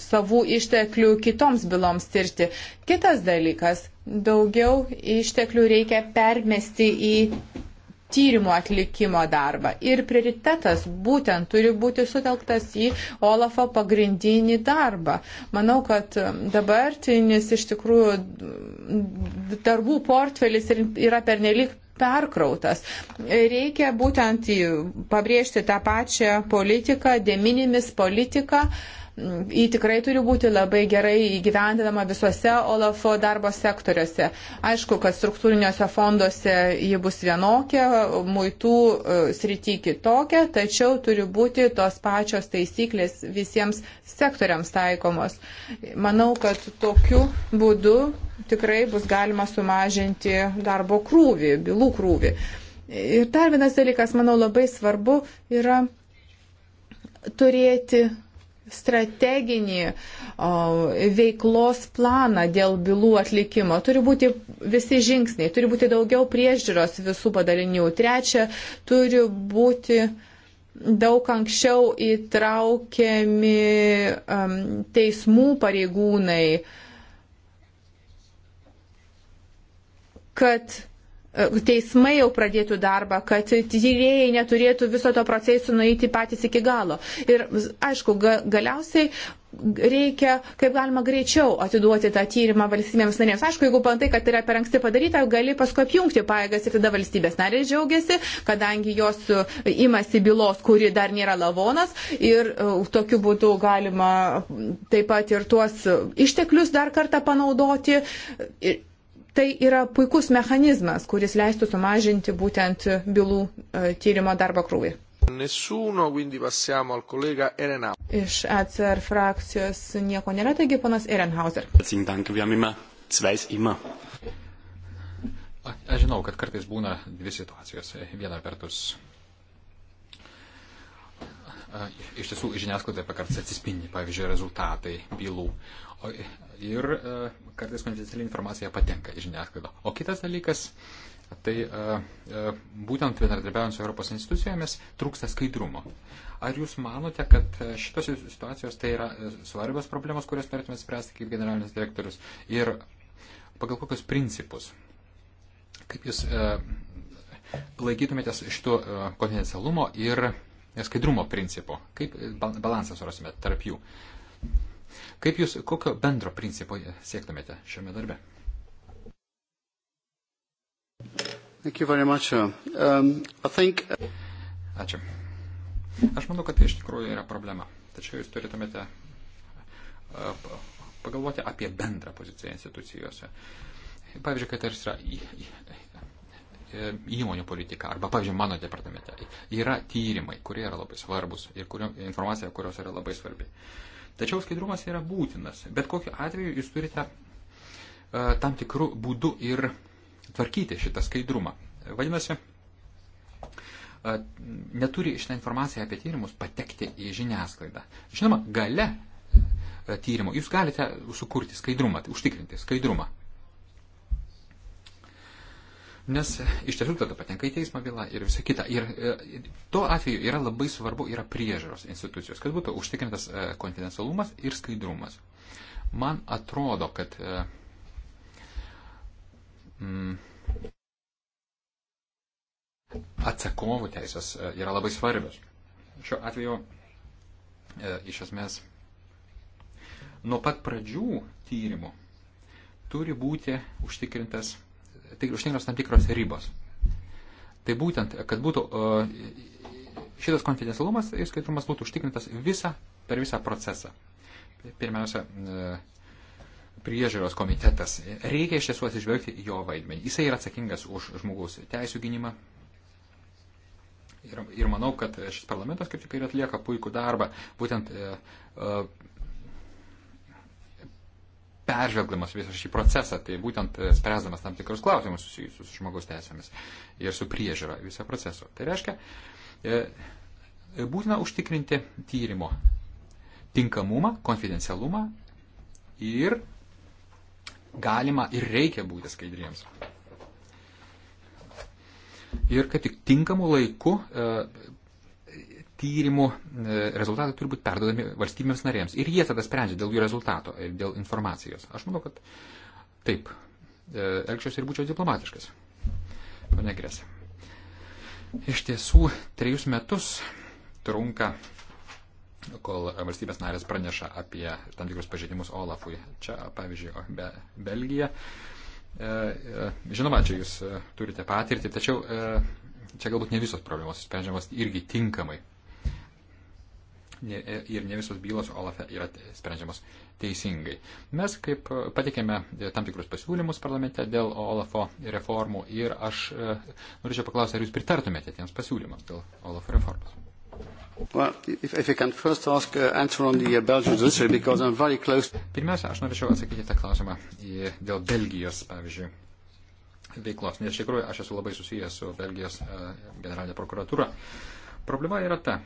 savų išteklių kitoms byloms tirti. Kitas dalykas, daugiau išteklių reikia permesti į tyrimo atlikimo darbą. Ir prioritetas būtent turi būti sutelktas į Olafo pagrindinį darbą. Manau, kad dabartinis iš tikrųjų darbų portfelis yra pernelyg perkrautas. Reikia būtent pabrėžti tą pačią politiką, deminimis politiką. Uh, Į tikrai turi būti labai gerai įgyvendinama visuose OLAFO darbo sektoriuose. Aišku, kad struktūriniuose fonduose ji bus vienokia, muitų e, srity kitokia, tačiau turi būti tos pačios taisyklės visiems sektoriams taikomos. Manau, kad tokiu būdu tikrai bus galima sumažinti darbo krūvį, bylų krūvį. Ir dar vienas dalykas, manau, labai svarbu yra turėti strateginį o, veiklos planą dėl bylų atlikimo. Turi būti visi žingsniai, turi būti daugiau priežiūros visų padalinių. Trečia, turi būti daug anksčiau įtraukiami um, teismų pareigūnai, kad E, teismai jau pradėtų darbą, kad tyrėjai neturėtų viso to proceso nueiti patys iki galo. Ir aišku, ga, galiausiai reikia kaip galima greičiau atiduoti tą tyrimą valstybėms narėms. Aišku, jeigu pantai, kad yra per anksti padaryta, gali paskui apjungti paėgas ir tada valstybės narės džiaugiasi, kadangi jos e, imasi bylos, kuri dar nėra lavonas ir e, tokiu būdu galima taip pat ir tuos išteklius dar kartą panaudoti. Ir, Tai yra puikus mechanizmas, kuris leistų sumažinti būtent bylų e, tyrimo darbo krūvį. Nessuno, quindi passiamo al collega Erenhauser. Iš ECR frakcijos nieko nėra, taigi ponas Erenhauser. Aš žinau, kad kartais būna dvi situacijos. Viena vertus iš tiesų žiniasklaidoje pakartas atsispindi, pavyzdžiui, rezultatai bylų. O, ir e, kartais konfidenciali informacija patenka į žiniasklaidą. O kitas dalykas, tai e, e, būtent bendradarbiaujant su Europos institucijomis trūksta skaidrumo. Ar jūs manote, kad šitos situacijos tai yra svarbios problemos, kurias turėtume spręsti kaip generalinis direktorius? Ir pagal kokius principus? Kaip jūs laikytumėtės šito konfidencialumo ir skaidrumo principo. Kaip e, balansą surasime tarp jų? Kaip jūs, kokio bendro principo siektumėte šiame darbe? Much, uh, um, think... Uh, Ačiū. Aš manau, kad tai iš tikrųjų yra problema. Tačiau jūs turėtumėte uh, pagalvoti apie bendrą poziciją institucijose. Pavyzdžiui, kad ar yra E, įmonių politika, arba, pavyzdžiui, mano departamente, yra tyrimai, kurie yra labai svarbus ir kurio, informacija, kurios yra labai svarbi. Tačiau skaidrumas yra būtinas. Bet kokiu atveju jūs turite e, tam tikrų būdų ir tvarkyti šitą skaidrumą. Vadinasi, e, neturi šitą informaciją apie tyrimus patekti į žiniasklaidą. Žinoma, gale tyrimo jūs galite sukurti skaidrumą, tai užtikrinti skaidrumą. Nes iš tiesų tada patenka į teismo bylą ir visą kitą. Ir e, tuo atveju yra labai svarbu, yra priežaros institucijos, kad būtų užtikrintas e, konfidencialumas ir skaidrumas. Man atrodo, kad. E, mm, atsakovų teisės e, yra labai svarbios. Šiuo atveju, e, iš esmės, nuo pat pradžių tyrimų turi būti užtikrintas tai užtikrintos tam tikros ribos. Tai būtent, kad būtų e, šitas konfidencialumas ir skaitumas būtų užtikrintas visą, per visą procesą. Pirmiausia, e, priežiūros komitetas. Reikia iš tiesų atsižvelgti jo vaidmenį. Jisai yra atsakingas už žmogaus teisų gynimą. Ir, ir manau, kad šis parlamentas kaip tik ir atlieka puikų darbą, būtent e, e, peržvelgdamas visą šį procesą, tai būtent e, spręsdamas tam tikrus klausimus susijusius su žmogaus teisėmis ir su priežiūra viso proceso. Tai reiškia, e, e, būtina užtikrinti tyrimo tinkamumą, konfidencialumą ir galima ir reikia būti skaidriems. Ir kad tik tinkamu laiku tyrimų e, rezultatai turi būti perdodami valstybėms narėms. Ir jie tada sprendžia dėl jų rezultato ir dėl informacijos. Aš manau, kad taip, e, elgčiausi ir būčiau diplomatiškas. Pane Grėsė. Iš tiesų, trejus metus trunka, kol valstybės narės praneša apie tam tikrus pažeidimus Olafui. Čia, pavyzdžiui, be, Belgija. E, žinoma, čia jūs turite patirtį, tačiau čia galbūt ne visos problemos sprendžiamas irgi tinkamai ir ne visos bylos Olafe yra sprendžiamos teisingai. Mes kaip patikėme e, tam tikrus pasiūlymus parlamente dėl Olafo reformų ir aš e, norėčiau paklausti, ar jūs pritartumėte tiems pasiūlymams dėl Olafo reformos. Well, if, if ask, uh, the, uh, close... Pirmiausia, aš norėčiau atsakyti tą klausimą dėl Belgijos, pavyzdžiui, veiklos, nes iš tikrųjų aš esu labai susijęs su Belgijos uh, generalinė prokuratūra. Problema yra ta,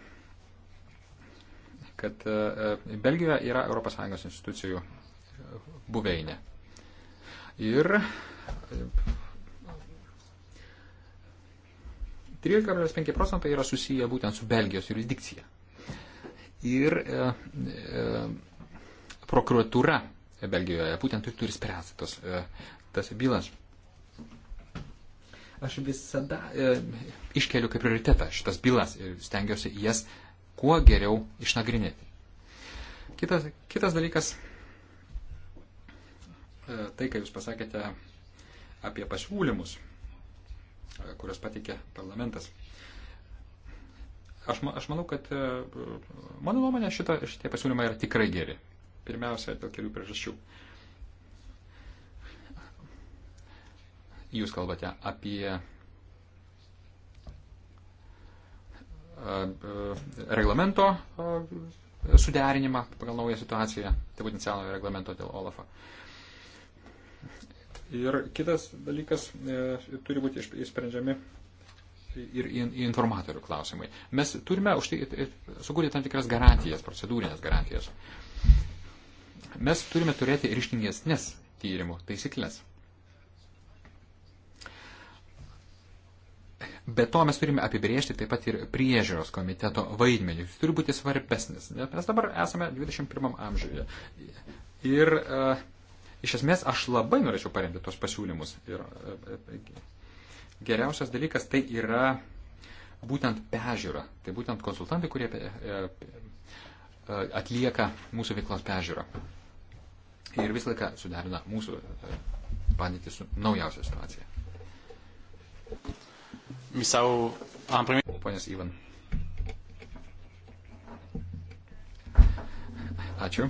kad e, e, Belgijoje yra ES institucijų buveinė. Ir 13,5 e, procentai yra susiję būtent su Belgijos jurisdikcija. Ir e, e, prokuratūra Belgijoje būtent ir turi spręsti tos, e, tas bylas. Aš visada e, iškeliu kaip prioritetą šitas bylas ir stengiuosi jas e, kuo geriau išnagrinėti. Kitas, kitas dalykas, e, tai, ką Jūs pasakėte apie pasiūlymus, e, kurios pateikė parlamentas. Aš, aš manau, kad e, mano nuomonė šita, šitie pasiūlymai yra tikrai geri. Pirmiausia, dėl kelių priežasčių. Jūs kalbate apie E, reglamento e, suderinimą pagal naują situaciją, tai būtent senojo reglamento dėl Olafo. Ir kitas dalykas e, turi būti išsprendžiami ir informatorių klausimai. Mes turime tai, e, sukurti tam tikras garantijas, procedūrinės garantijas. Mes turime turėti ryštingesnės tyrimų taisyklės. Be to mes turime apibriežti taip pat ir priežiūros komiteto vaidmenį. Jis turi būti svarbesnis. Mes dabar esame 21 amžiuje. Ir e, iš esmės aš labai norėčiau paremti tos pasiūlymus. Ir, e, geriausias dalykas tai yra būtent pežiūra. Tai būtent konsultantai, kurie e, e, atlieka mūsų veiklos pežiūrą. Ir visą laiką suderina mūsų e, padėtį su naujausia situacija mi s-au... am primit... Ponas Ivan. Ačiū.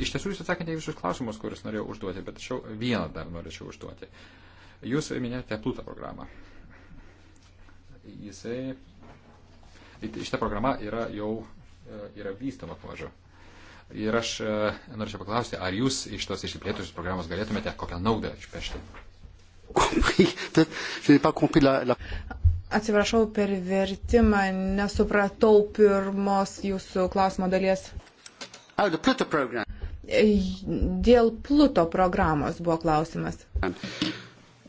Iš tiesų jūs atsakėte į visus klausimus, kuriuos norėjau užduoti, bet tačiau vieną dar norėčiau užduoti. Jūs minėjote Plutą programą. Jisai... Šita programa yra jau yra vystoma pamažu. Ir aš e, norėčiau paklausti, ar jūs iš tos išsiplėtusios programos galėtumėte kokią naudą išpešti? compris, je n'ai pas compris la, la... Atsiprašau per vertimą, nesupratau pirmos jūsų klausimo dalies. Oh, the Pluto program. Dėl Pluto programos buvo klausimas.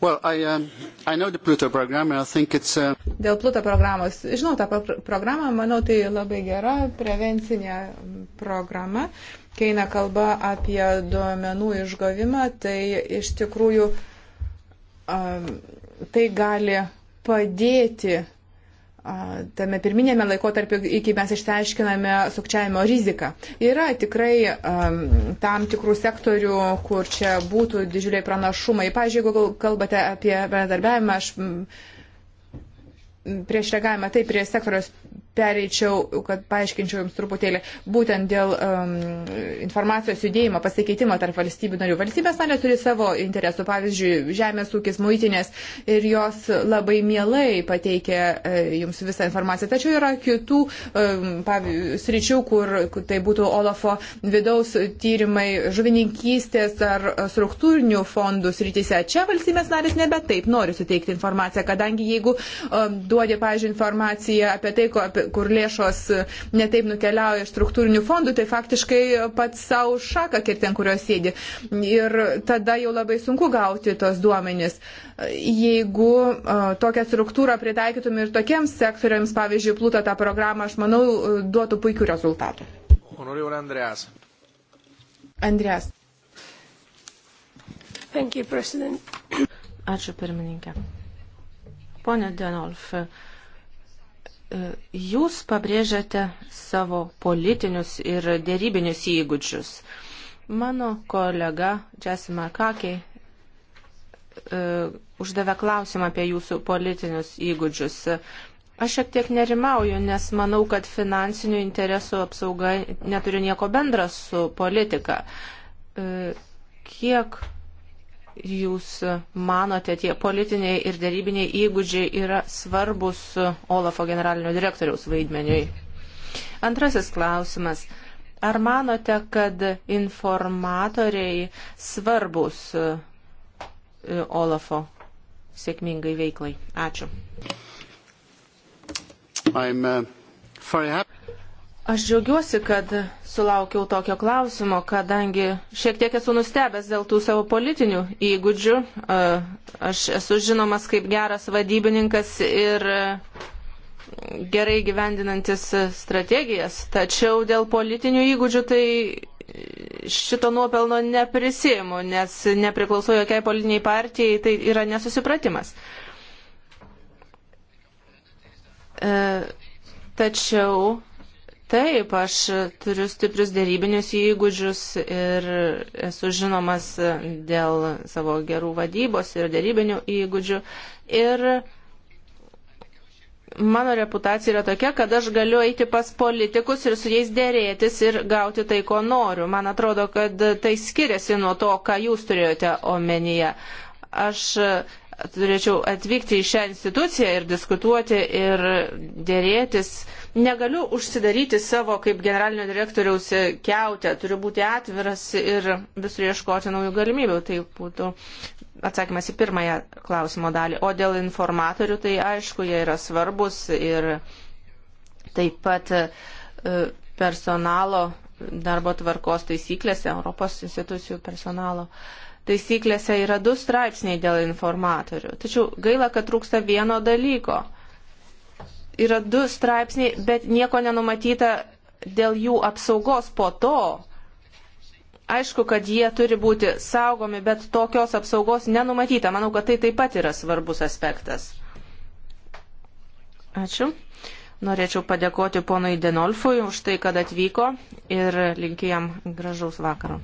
Well, I, um, I know the Pluto program and I think it's... Uh... Dėl Pluto programos. Žinau tą pro programą, manau, tai labai gera prevencinė programa. Kai eina kalba apie duomenų išgavimą, tai iš tikrųjų uh, tai gali padėti tame pirminėme laikotarpiu, iki mes išteiškiname sukčiavimo riziką. Yra tikrai um, tam tikrų sektorių, kur čia būtų didžiuliai pranašumai. Pavyzdžiui, jeigu kalbate apie bendradarbiavimą, aš prieš reagavimą taip prie sektoriaus pereičiau, kad paaiškinčiau Jums truputėlį, būtent dėl um, informacijos judėjimo pasikeitimo tarp valstybių narių. Valstybės narės turi savo interesų, pavyzdžiui, žemės ūkis, muitinės ir jos labai mielai pateikia uh, Jums visą informaciją. Tačiau yra kitų um, sričių, kur tai būtų Olafo vidaus tyrimai, žuvininkystės ar struktūrinių fondų srityse. Čia valstybės narės nebe taip nori suteikti informaciją, kadangi jeigu um, duodė, pavyzdžiui, informaciją apie tai, ko apie kur lėšos netaip nukeliauja iš struktūrinių fondų, tai faktiškai pats savo šaką kirtin, kurio sėdi. Ir tada jau labai sunku gauti tos duomenys. Jeigu tokią struktūrą pritaikytum ir tokiems sektoriams, pavyzdžiui, plūto tą programą, aš manau, duotų puikių rezultatų. Honorėjau Andreas. Andreas. Thank you, President. Ačiū pirmininkė. Pone Denolf, uh, Jūs pabrėžiate savo politinius ir dėrybinius įgūdžius. Mano kolega Džesima Kakiai e, uždavė klausimą apie jūsų politinius įgūdžius. Aš šiek tiek nerimauju, nes manau, kad finansinių interesų apsauga neturi nieko bendra su politika. E, kiek jūs manote, tie politiniai ir darybiniai įgūdžiai yra svarbus Olafo generalinio direktoriaus vaidmeniui? Antrasis klausimas. Ar manote, kad informatoriai svarbus e, Olafo sėkmingai veiklai? Ačiū. I'm, uh, Aš džiaugiuosi, kad sulaukiau tokio klausimo, kadangi šiek tiek esu nustebęs dėl tų savo politinių įgūdžių. Aš esu žinomas kaip geras vadybininkas ir gerai gyvendinantis strategijas, tačiau dėl politinių įgūdžių tai šito nuopelno neprisimu, nes nepriklausau jokiai politiniai partijai, tai yra nesusipratimas. E, tačiau Taip, aš turiu stiprius dėrybinius įgūdžius ir esu žinomas dėl savo gerų vadybos ir dėrybinių įgūdžių. Ir mano reputacija yra tokia, kad aš galiu eiti pas politikus ir su jais dėrėtis ir gauti tai, ko noriu. Man atrodo, kad tai skiriasi nuo to, ką jūs turėjote omenyje. Aš turėčiau atvykti į šią instituciją ir diskutuoti ir dėrėtis. Negaliu užsidaryti savo kaip generalinio direktoriaus keutę, turiu būti atviras ir visur ieškoti naujų galimybių. Tai būtų atsakymas į pirmąją klausimo dalį. O dėl informatorių, tai aišku, jie yra svarbus ir taip pat e, personalo darbo tvarkos taisyklėse, Europos institucijų personalo uh, taisyklėse yra du straipsniai dėl informatorių. Tačiau gaila, kad trūksta vieno dalyko. Yra du straipsniai, bet nieko nenumatyta dėl jų apsaugos po to. Aišku, kad jie turi būti saugomi, bet tokios apsaugos nenumatyta. Manau, kad tai taip pat yra svarbus aspektas. Ačiū. Norėčiau padėkoti ponui Denolfui už tai, kad atvyko ir linkiu jam gražaus vakaro.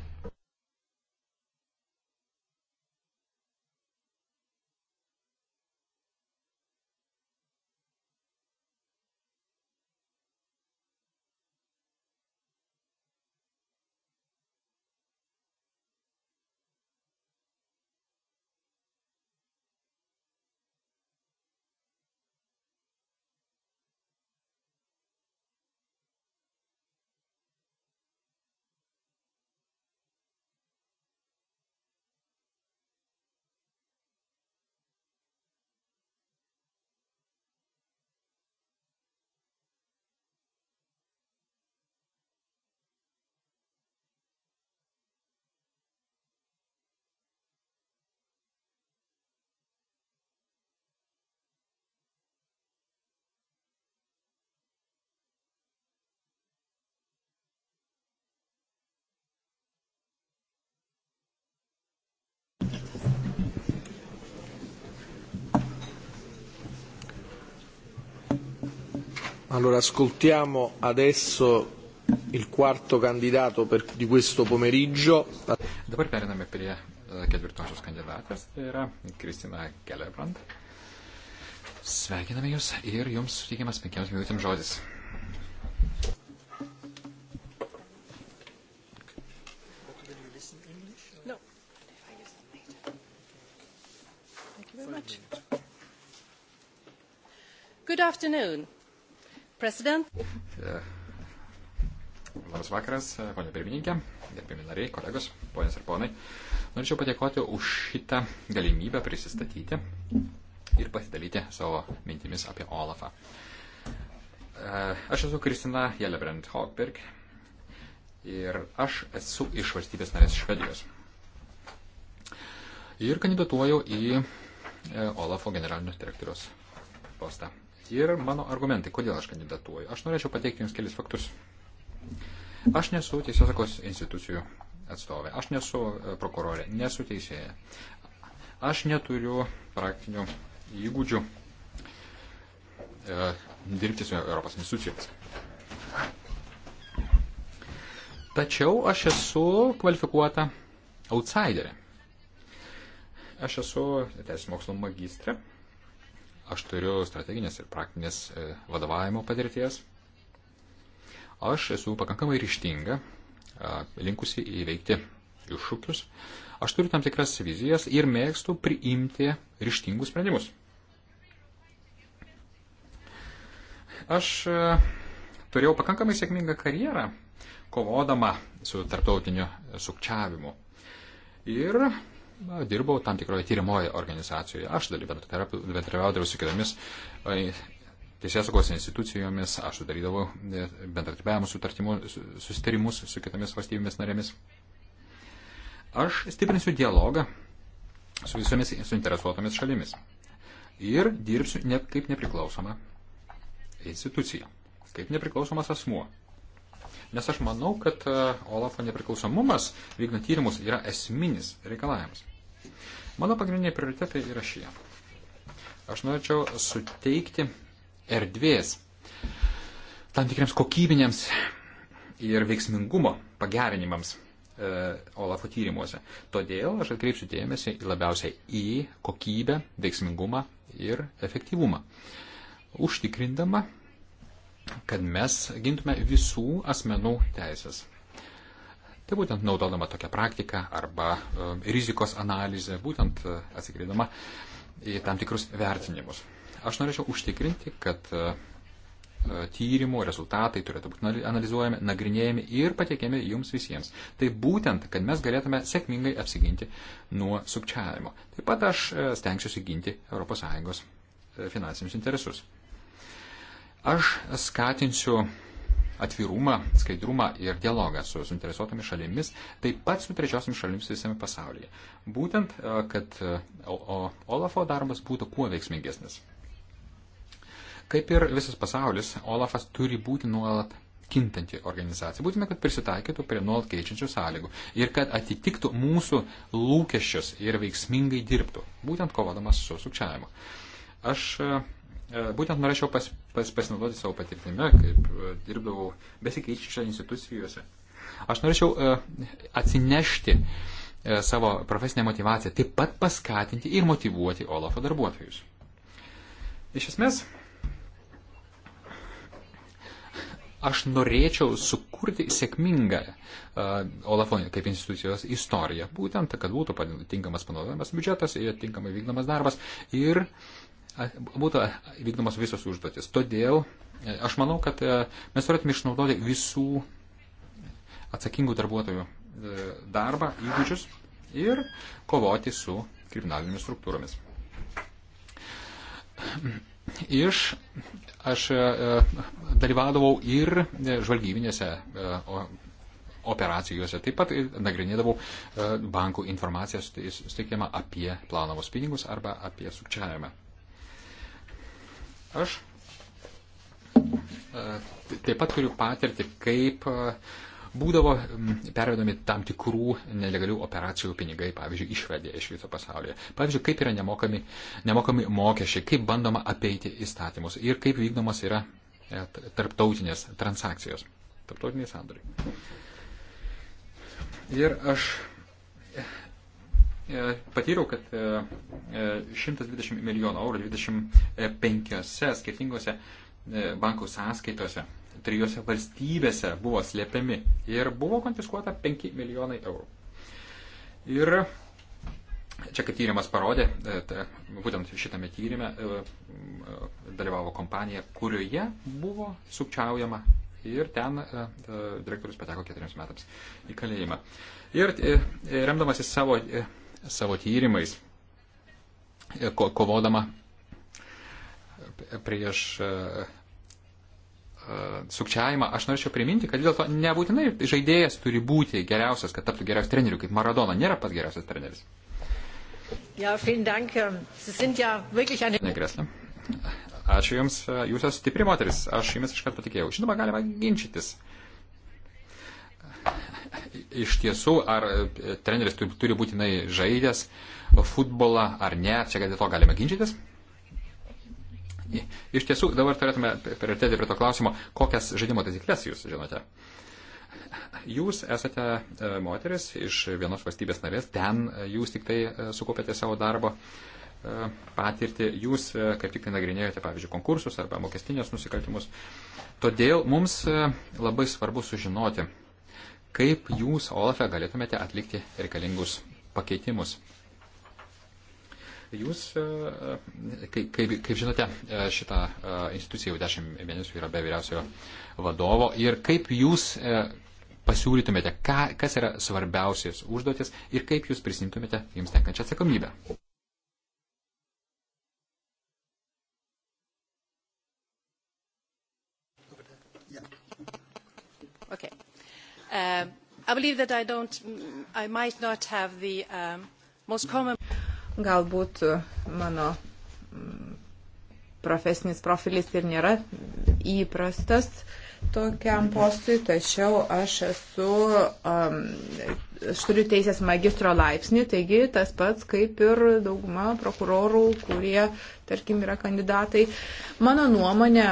Allora ascoltiamo adesso il quarto candidato per, di questo pomeriggio. Dabar periname prie eh, ketvirtosios kandidatės, tai yra Kristina Gellerbrand. Sveikiname Jūs ir Jums suteikiamas penkiems minutėms žodis. No. Good afternoon. President. E, labas vakaras, e, ponė pirmininkė, gerbėmi nariai, kolegos, ponės ir ponai. Norėčiau padėkoti už šitą galimybę prisistatyti ir pasidalyti savo mintimis apie Olafą. E, aš esu Kristina Jelebrand Hogberg ir aš esu iš valstybės narės Švedijos. Ir kandidatuoju į Olafo generalinio direktoriaus postą ir mano argumentai, kodėl aš kandidatuoju. Aš norėčiau pateikti Jums kelis faktus. Aš nesu teisėsakos institucijų atstovė, aš nesu e, prokurorė, nesu teisėja. Aš neturiu praktinių įgūdžių e, dirbti su Europos institucijomis. Tačiau aš esu kvalifikuota outsiderė. Aš esu teisės mokslo magistrė aš turiu strateginės ir praktinės e, vadovavimo patirties. Aš esu pakankamai ryštinga, linkusi įveikti iššūkius. Aš turiu tam tikras vizijas ir mėgstu priimti ryštingus sprendimus. Aš e, turėjau pakankamai sėkmingą karjerą, kovodama su tarptautiniu sukčiavimu. Ir dirbau tam tikroje tyrimoje organizacijoje. Aš bendradarbiaudavau su kitomis e, teisėsaugos institucijomis, aš sudarydavau e, bendradarbiavimo susitarimus su kitomis valstybėmis narėmis. Aš stiprinsiu dialogą su visomis suinteresuotomis šalimis ir dirbsiu ne, kaip nepriklausoma institucija, kaip nepriklausomas asmuo. Nes aš manau, kad e, Olafo nepriklausomumas vykdant tyrimus yra esminis reikalavimas. Mano pagrindiniai prioritetai yra šie. Aš norėčiau suteikti erdvės tam tikriams kokybinėms ir veiksmingumo pagerinimams e, Olafo tyrimuose. Todėl aš atkreipsiu dėmesį labiausiai į kokybę, veiksmingumą ir efektyvumą. Užtikrindama, kad mes gintume visų asmenų teisės Tai būtent naudodama tokią praktiką arba rizikos analizę, būtent e, atsikrydama į tam tikrus vertinimus. Aš norėčiau užtikrinti, kad e, e, tyrimų rezultatai turėtų būti analizuojami, nagrinėjami ir patiekiami jums visiems. Tai būtent, kad mes galėtume sėkmingai apsiginti nuo sukčiavimo. Taip pat aš stengsiuosi ginti ES finansinius interesus. Aš skatinsiu atvirumą, skaidrumą ir dialogą su suinteresuotomis šalimis, taip pat su trečiosiomis šalimis visame pasaulyje. Būtent, e, kad e, Olafo darbas būtų kuo veiksmingesnis. Kaip ir visas pasaulis, Olafas turi būti nuolat kintanti organizacija. Būtina, kad prisitaikytų prie nuolat keičiančių sąlygų ir kad atitiktų mūsų lūkesčius ir veiksmingai dirbtų, būtent kovodamas su sukčiavimu. Aš e, būtent norėčiau pas, pas, pasinaudoti savo patirtimi, kaip e, dirbdavau besikeičiančiose institucijose. Aš norėčiau e, atsinešti e, savo profesinę motivaciją, taip pat paskatinti ir motivuoti Olafo darbuotojus. Iš esmės, aš norėčiau sukurti sėkmingą uh, Olafo kaip institucijos istoriją. Būtent, kad būtų tinkamas panaudojamas biudžetas ir tinkamai vykdomas darbas ir uh, būtų vykdomas visos užduotis. Todėl e, aš manau, kad e, mes turėtume išnaudoti visų atsakingų darbuotojų e, darbą, įgūdžius ir kovoti su kriminalinėmis struktūromis. Iš aš dalyvaudavau ir žvalgybinėse operacijose. Taip pat nagrinėdavau bankų informaciją suteikiamą apie planavos pinigus arba apie sukčiavimą. Aš e, taip pat turiu patirti, kaip e, būdavo pervedami tam tikrų nelegalių operacijų pinigai, pavyzdžiui, išvedė iš viso pasaulyje. Pavyzdžiui, kaip yra nemokami, nemokami mokesčiai, kaip bandoma apeiti įstatymus ir kaip vykdomas yra e, tarptautinės transakcijos, tarptautiniai sandoriai. Ir aš E, patyriau, kad 120 e, e, milijonų eurų 25 skirtingose bankų sąskaitose, trijose valstybėse buvo slėpiami ir buvo konfiskuota 5 milijonai eurų. Ir čia, kaip tyrimas parodė, ta, būtent šitame tyrimė dalyvavo kompanija, kurioje buvo sukčiaujama ir ten direktorius pateko keturiems metams į kalėjimą. Ir remdamasis savo savo tyrimais, ko, kovodama prieš e, e, sukčiavimą, aš norėčiau priminti, kad vis dėlto nebūtinai žaidėjas turi būti geriausias, kad taptų geriausias treneriu, kaip Maradona nėra pats geriausias treneris. Ja, dank. Ähm, ja eine... Negresle. Ačiū Jums, Jūs esate stipri moteris, aš Jumis iškart patikėjau. Žinoma, galima ginčytis. Uh, iš tiesų, ar e, treneris turi, turi būtinai žaidęs futbolą ar ne, čia dėl to galime ginčytis. Iš tiesų, dabar turėtume prioritėti prie to klausimo, kokias žaidimo taisyklės jūs žinote. Jūs esate e, moteris iš vienos valstybės narės, ten e, jūs tik tai sukopėte savo darbo patirtį, jūs kaip tik tai nagrinėjote, pavyzdžiui, konkursus arba mokestinės nusikaltimus. Todėl mums labai svarbu sužinoti, kaip jūs, Olafe, galėtumėte atlikti reikalingus pakeitimus. Jūs, e, kaip, kaip, kaip žinote, e, šita e, institucija jau dešimt mėnesių yra be vyriausiojo vadovo ir kaip jūs pasiūlytumėte, ką, kas yra svarbiausias užduotis ir kaip jūs prisimtumėte jums tenkančią atsakomybę. Okay. Um, I believe that I don't, I might not have the um, most common. Galbūt uh, mano mm, profesinis profilis ir nėra įprastas tokiam postui, tačiau aš esu, um, aš turiu teisės magistro laipsnį, taigi tas pats kaip ir dauguma prokurorų, kurie, tarkim, yra kandidatai. Mano nuomonė,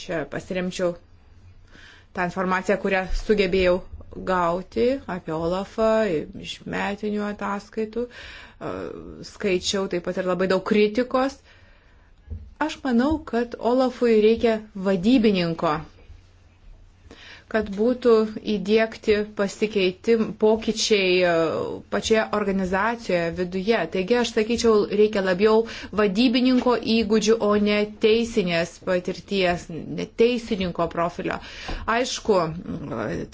čia pasiremčiau tą informaciją, kurią sugebėjau gauti apie Olafą iš metinių ataskaitų. Skaičiau taip pat ir labai daug kritikos. Aš manau, kad Olafui reikia vadybininko, kad būtų įdėkti pasikeitim, pokyčiai e, pačioje organizacijoje viduje. Taigi aš sakyčiau, reikia labiau vadybininko įgūdžių, o ne teisinės patirties, ne teisininko profilio. Aišku,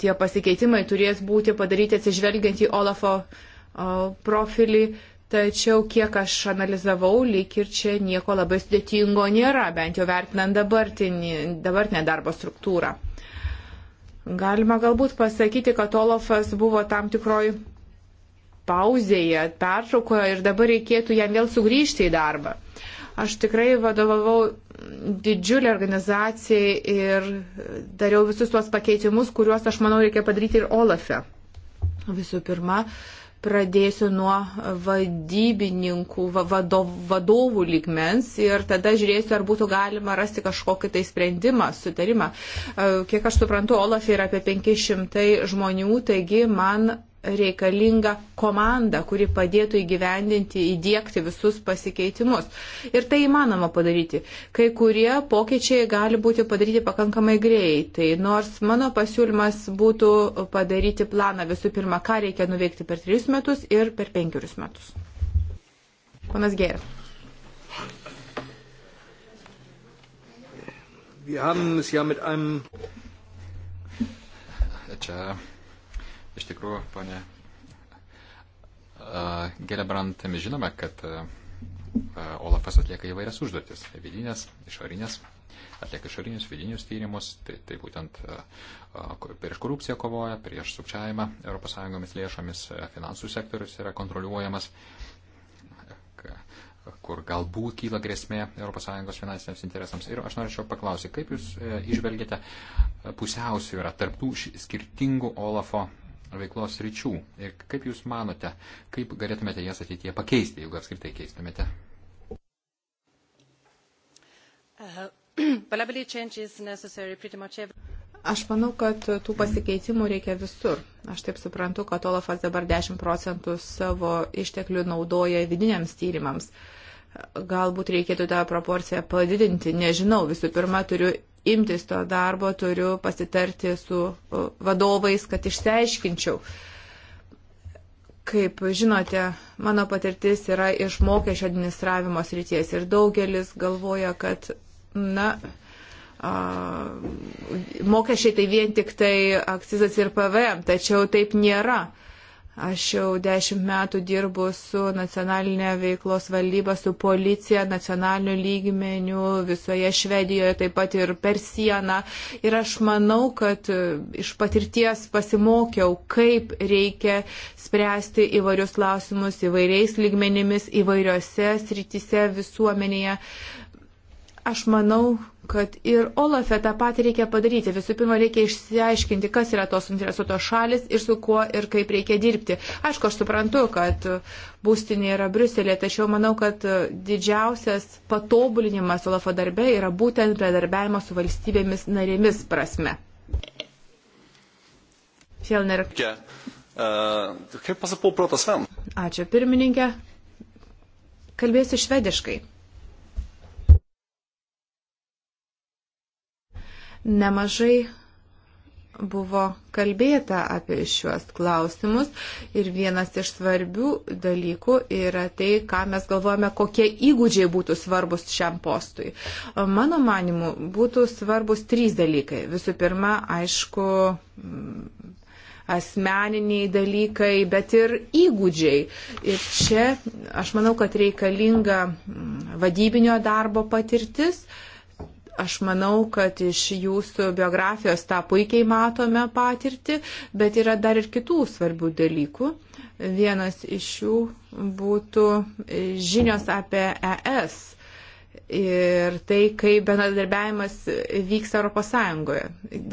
tie pasikeitimai turės būti padaryti atsižvelgiant į Olafo e, profilį, Tačiau, kiek aš analizavau, lyg ir čia nieko labai sudėtingo nėra, bent jau vertinant dabartinę darbo struktūrą. Galima galbūt pasakyti, kad Olofas buvo tam tikroj pauzėje, pertraukoje ir dabar reikėtų jam vėl sugrįžti į darbą. Aš tikrai vadovavau didžiulį organizaciją ir dariau visus tuos pakeitimus, kuriuos aš manau reikia padaryti ir Olafe. Visų pirma, uh, Pradėsiu nuo vadybininkų, vadov, vadovų lygmens ir tada žiūrėsiu, ar būtų galima rasti kažkokį tai sprendimą, sutarimą. E, kiek aš suprantu, Olaf yra apie 500 žmonių, taigi man reikalinga komanda, kuri padėtų įgyvendinti, įdėkti visus pasikeitimus. Ir tai įmanoma padaryti. Kai kurie pokyčiai gali būti padaryti pakankamai greitai, nors mano pasiūlymas būtų padaryti planą visų pirma, ką reikia nuveikti per tris metus ir per penkerius metus. Ponas Gėrė. Čia Iš tikrųjų, ponė Gelebrant, mes žinome, kad Olafas atlieka įvairias užduotis - vidinės, išorinės, atlieka išorinius, vidinius tyrimus, tai, tai būtent prieš korupciją kovoja, prieš sukčiavimą ES lėšomis, finansų sektorius yra kontroliuojamas, kur galbūt kyla grėsmė ES finansiniams interesams. Ir aš norėčiau paklausyti, kaip Jūs e, išvelgėte pusiausvyrą tarptų skirtingų Olafo veiklos ryčių. Ir kaip Jūs manote, kaip galėtumėte jas ateityje pakeisti, jeigu apskritai keistumėte? Uh, Aš manau, kad tų pasikeitimų reikia visur. Aš taip suprantu, kad Olafas dabar 10 procentų savo išteklių naudoja vidiniams tyrimams galbūt reikėtų tą proporciją padidinti, nežinau, visų pirma turiu imtis to darbo, turiu pasitarti su uh, vadovais, kad išsiaiškinčiau. Kaip žinote, mano patirtis yra iš mokesčio administravimo srities ir daugelis galvoja, kad, na, a, uh, mokesčiai tai vien tik tai akcizas ir PVM, tačiau taip nėra. A, Aš jau dešimt metų dirbu su nacionalinė veiklos valdyba, su policija, nacionaliniu lygmeniu, visoje Švedijoje, taip pat ir per sieną. Ir aš manau, kad e, iš patirties pasimokiau, kaip reikia spręsti įvairius klausimus įvairiais lygmenimis, įvairiose srityse visuomenėje. Uh, Aš manau, kad ir Olafe tą patį reikia padaryti. Visų pirma, reikia išsiaiškinti, kas yra tos interesuotos šalis ir su kuo ir kaip reikia dirbti. Aišku, aš suprantu, kad būstinė yra Briuselė, tačiau manau, kad didžiausias patobulinimas Olafo darbe yra būtent bedarbiavimo su valstybėmis narėmis prasme. Fjellner. Ačiū e, pirmininkė. Kalbėsiu švediškai. nemažai buvo kalbėta apie šiuos klausimus ir vienas iš svarbių dalykų yra tai, ką mes galvojame, kokie įgūdžiai būtų svarbus šiam postui. Mano manimu, būtų svarbus trys dalykai. Visų pirma, aišku, mm, asmeniniai dalykai, bet ir įgūdžiai. Ir čia aš manau, kad reikalinga mm, vadybinio darbo patirtis. Uh, Aš manau, kad iš jūsų biografijos tą puikiai matome patirtį, bet yra dar ir kitų svarbių dalykų. Vienas iš jų būtų e, žinios apie ES ir tai, kaip bendradarbiavimas vyks ES.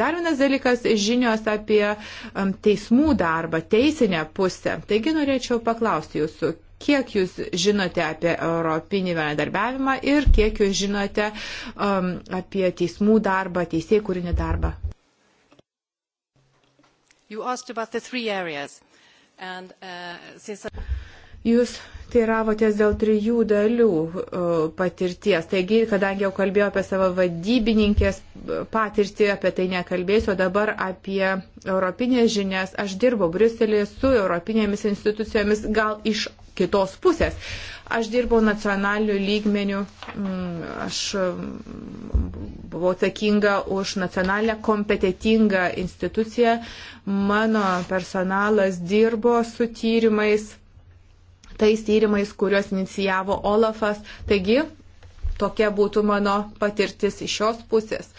Dar vienas dalykas - žinios apie teismų darbą, teisinę pusę. Taigi norėčiau paklausti jūsų, Kiek jūs žinote apie europinį bendradarbiavimą ir kiek jūs žinote um, apie teismų darbą, teisėjų kūrinį darbą? Uh, jūs teiravotės dėl trijų dalių e, patirties. Taigi, kadangi jau kalbėjau apie savo vadybininkės e, patirtį, apie tai nekalbėsiu, o dabar apie europinės žinias. Aš dirbau Briuselėje su europinėmis institucijomis, gal iš kitos pusės. Aš dirbau nacionaliniu lygmeniu, aš buvau atsakinga už nacionalinę kompetitingą instituciją, mano personalas dirbo su tyrimais tais tyrimais, kuriuos inicijavo Olafas. Taigi, tokia būtų mano patirtis iš šios pusės.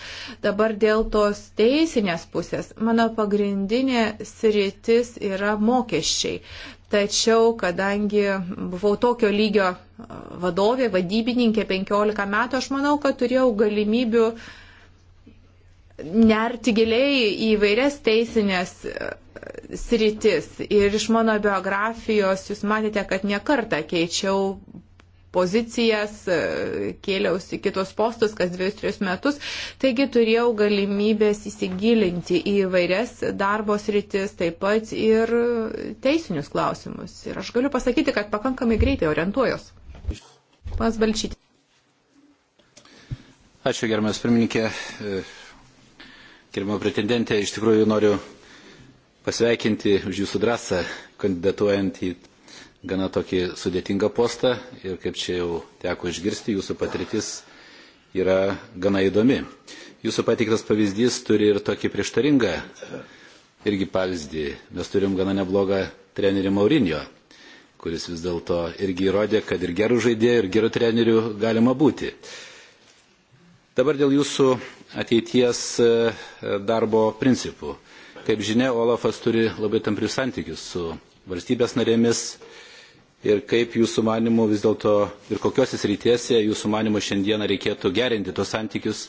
Dabar dėl tos teisinės pusės, mano pagrindinė sritis yra mokesčiai. Tačiau, kadangi buvau tokio lygio vadovė, vadybininkė 15 metų, aš manau, kad turėjau galimybių nerti giliai į vairias teisinės e, sritis. Ir iš mano biografijos jūs matėte, kad nekartą keičiau pozicijas, e, kėliausi kitos postus kas dviejus, tris metus. Taigi turėjau galimybės įsigilinti į vairias darbos rytis, taip pat ir teisinius klausimus. Ir aš galiu pasakyti, kad pakankamai greitai orientuojos. Pas Balčytė. Ačiū, gerbiamas pirmininkė. E, Gerimo pretendentė, iš tikrųjų noriu pasveikinti už jūsų drąsą kandidatuojant į gana tokį sudėtingą postą ir kaip čia jau teko išgirsti, jūsų patirtis yra gana įdomi. Jūsų pateiktas pavyzdys turi ir tokį prieštaringą irgi pavyzdį. Mes turim gana neblogą trenerį Maurinio, kuris vis dėlto irgi įrodė, kad ir gerų žaidėjų, ir gerų trenerių galima būti. Dabar dėl jūsų ateities e, e, darbo principų. Kaip žinia, Olafas turi labai tamprius santykius su valstybės narėmis ir kaip jūsų manimų vis dėlto ir kokiuose srityse jūsų manimų šiandieną reikėtų gerinti tos santykius,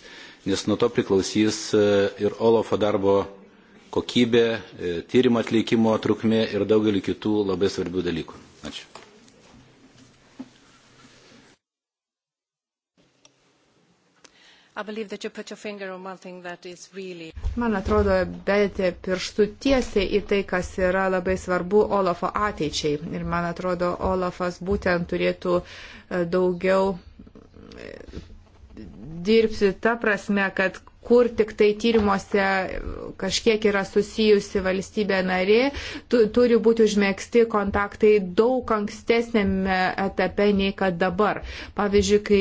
nes nuo to priklausys e, ir Olofo darbo kokybė, tyrimo atlikimo trukmė ir daugelį kitų labai svarbių dalykų. Ačiū. Really... Man atrodo, bedėte pirštų tiesiai į tai, kas yra labai svarbu Olafo ateičiai. Ir man atrodo, Olafas būtent turėtų e, daugiau e, dirbsiu ta prasme, kad kur tik tai tyrimuose kažkiek yra susijusi valstybė narė, tu, turi būti užmėgsti kontaktai daug ankstesnėme etape nei kad dabar. Pavyzdžiui, kai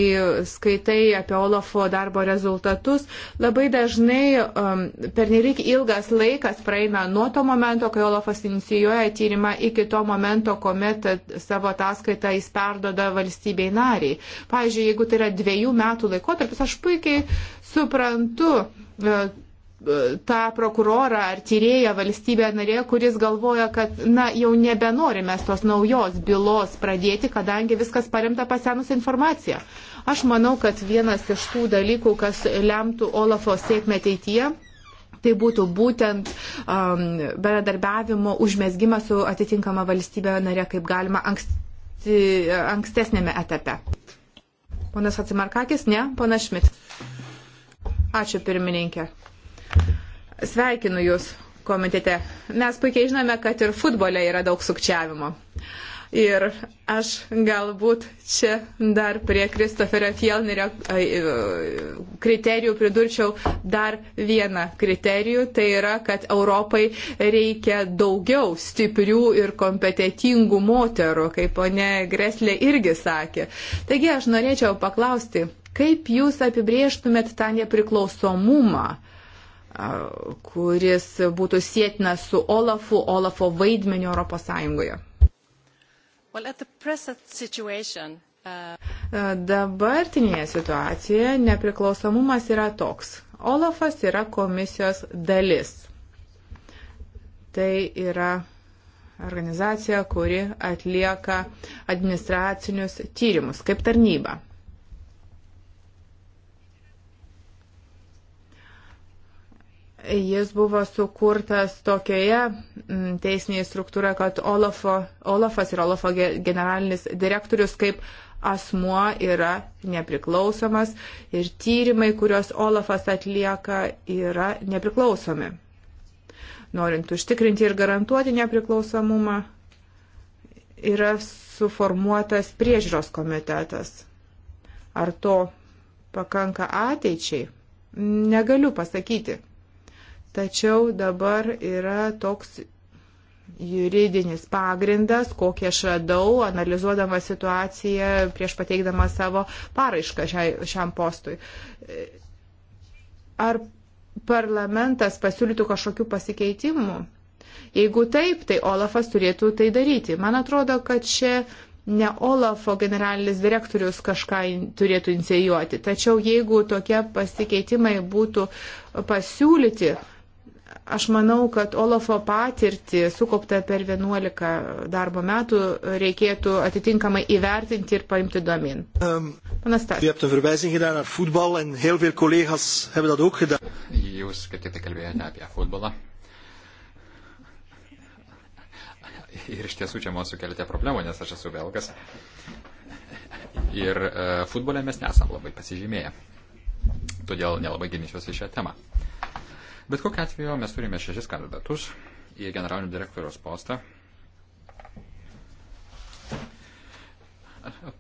skaitai apie Olafo darbo rezultatus, labai dažnai um, per nereik ilgas laikas praeina nuo to momento, kai Olafas inicijuoja tyrimą iki to momento, kuomet savo ataskaitą jis perdoda valstybei nariai. Pavyzdžiui, jeigu tai yra dviejų metų laikotarpis, dalykus. Aš puikiai suprantu e, e, tą prokurorą ar tyrėją valstybę narė, kuris galvoja, kad na, jau nebenorime tos naujos bylos pradėti, kadangi viskas paremta pasenusią informaciją. Aš manau, kad vienas iš tų dalykų, kas lemtų Olafo sėkmę ateityje, tai būtų būtent um, bendradarbiavimo užmėsgymas su atitinkama valstybė narė, kaip galima anksti, ankstesnėme etape. Ponas Atsimarkakis, ne, pana Šmit. Ačiū pirmininkė. Sveikinu Jūs komitete. Mes puikiai žinome, kad ir futbole yra daug sukčiavimo. Uh, Ir aš galbūt čia dar prie Kristoferio Fjellnerio e, kriterijų pridurčiau dar vieną kriterijų, tai yra, kad Europai reikia daugiau stiprių ir kompetitingų moterų, kaip ponė Greslė irgi sakė. Taigi aš norėčiau paklausti, kaip jūs apibrieštumėt tą nepriklausomumą? kuris būtų sėtinas su Olafu, Olafo vaidmeniu Europos Sąjungoje. Well, at the present situation, uh, uh... Dabartinėje situacijoje nepriklausomumas yra toks. Olafas yra komisijos dalis. Tai yra organizacija, kuri atlieka administracinius tyrimus kaip tarnyba. Jis buvo sukurtas tokioje mm, teisinėje struktūroje, kad Olofo, Olofas ir Olofo generalinis direktorius kaip asmuo yra nepriklausomas ir tyrimai, kuriuos Olafas atlieka, yra nepriklausomi. Norint užtikrinti ir garantuoti nepriklausomumą, yra suformuotas priežiūros komitetas. Ar to pakanka ateičiai? Negaliu pasakyti. Tačiau dabar yra toks juridinis pagrindas, kokį aš radau, analizuodama situaciją prieš pateikdama savo paraišką šiai, šiam postui. Ar parlamentas pasiūlytų kažkokių pasikeitimų? Jeigu taip, tai Olafas turėtų tai daryti. Man atrodo, kad čia ne Olafo generalinis direktorius kažką turėtų inicijuoti. Tačiau jeigu tokie pasikeitimai būtų pasiūlyti, Aš manau, kad Olafo patirtį sukauptą per 11 darbo metų reikėtų atitinkamai įvertinti ir paimti domin. Ehm, Panas Tas. Jūs kaip tik tai kalbėjote apie futbolą. Ir iš tiesų čia man sukelite problemų, nes aš esu belgas. Ir e, futbolė mes nesam labai pasižymėję. Todėl nelabai ginčiuosi šią temą. E, Bet kokiu atveju mes turime šešis kandidatus į generalinio direktoriaus postą.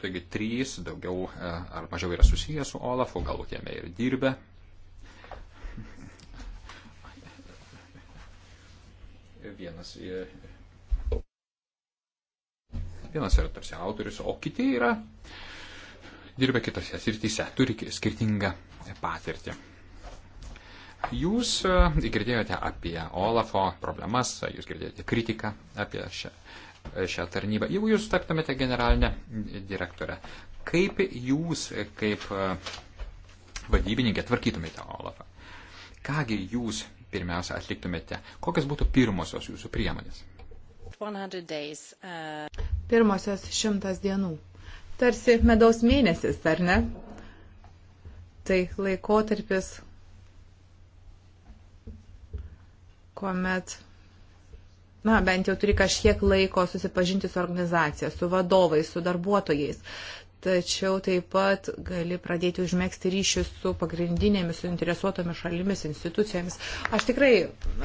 Taigi trys daugiau e, ar mažiau yra susiję su Olafu, galbūt jame ir dirbę. Vienas, vienas yra tarsi autorius, o kiti yra dirbę kitose srityse, turi skirtingą patirtį. Jūs e, girdėjote apie Olafo problemas, jūs girdėjote kritiką apie šią, šią tarnybą. Jeigu jūs taptumėte generalinę direktorę, kaip jūs, kaip e, vadybininkė, tvarkytumėte Olafą? Kągi jūs pirmiausia atliktumėte? Kokios būtų pirmosios jūsų priemonės? Days, uh... Pirmosios šimtas dienų. Tarsi medaus mėnesis, ar ne? Tai laikotarpis, kuomet na, bent jau turi kažkiek laiko susipažinti su organizacija, su vadovais, su darbuotojais. Tačiau taip pat gali pradėti užmėgsti ryšius su pagrindinėmis suinteresuotomis šalimis, institucijomis. Aš tikrai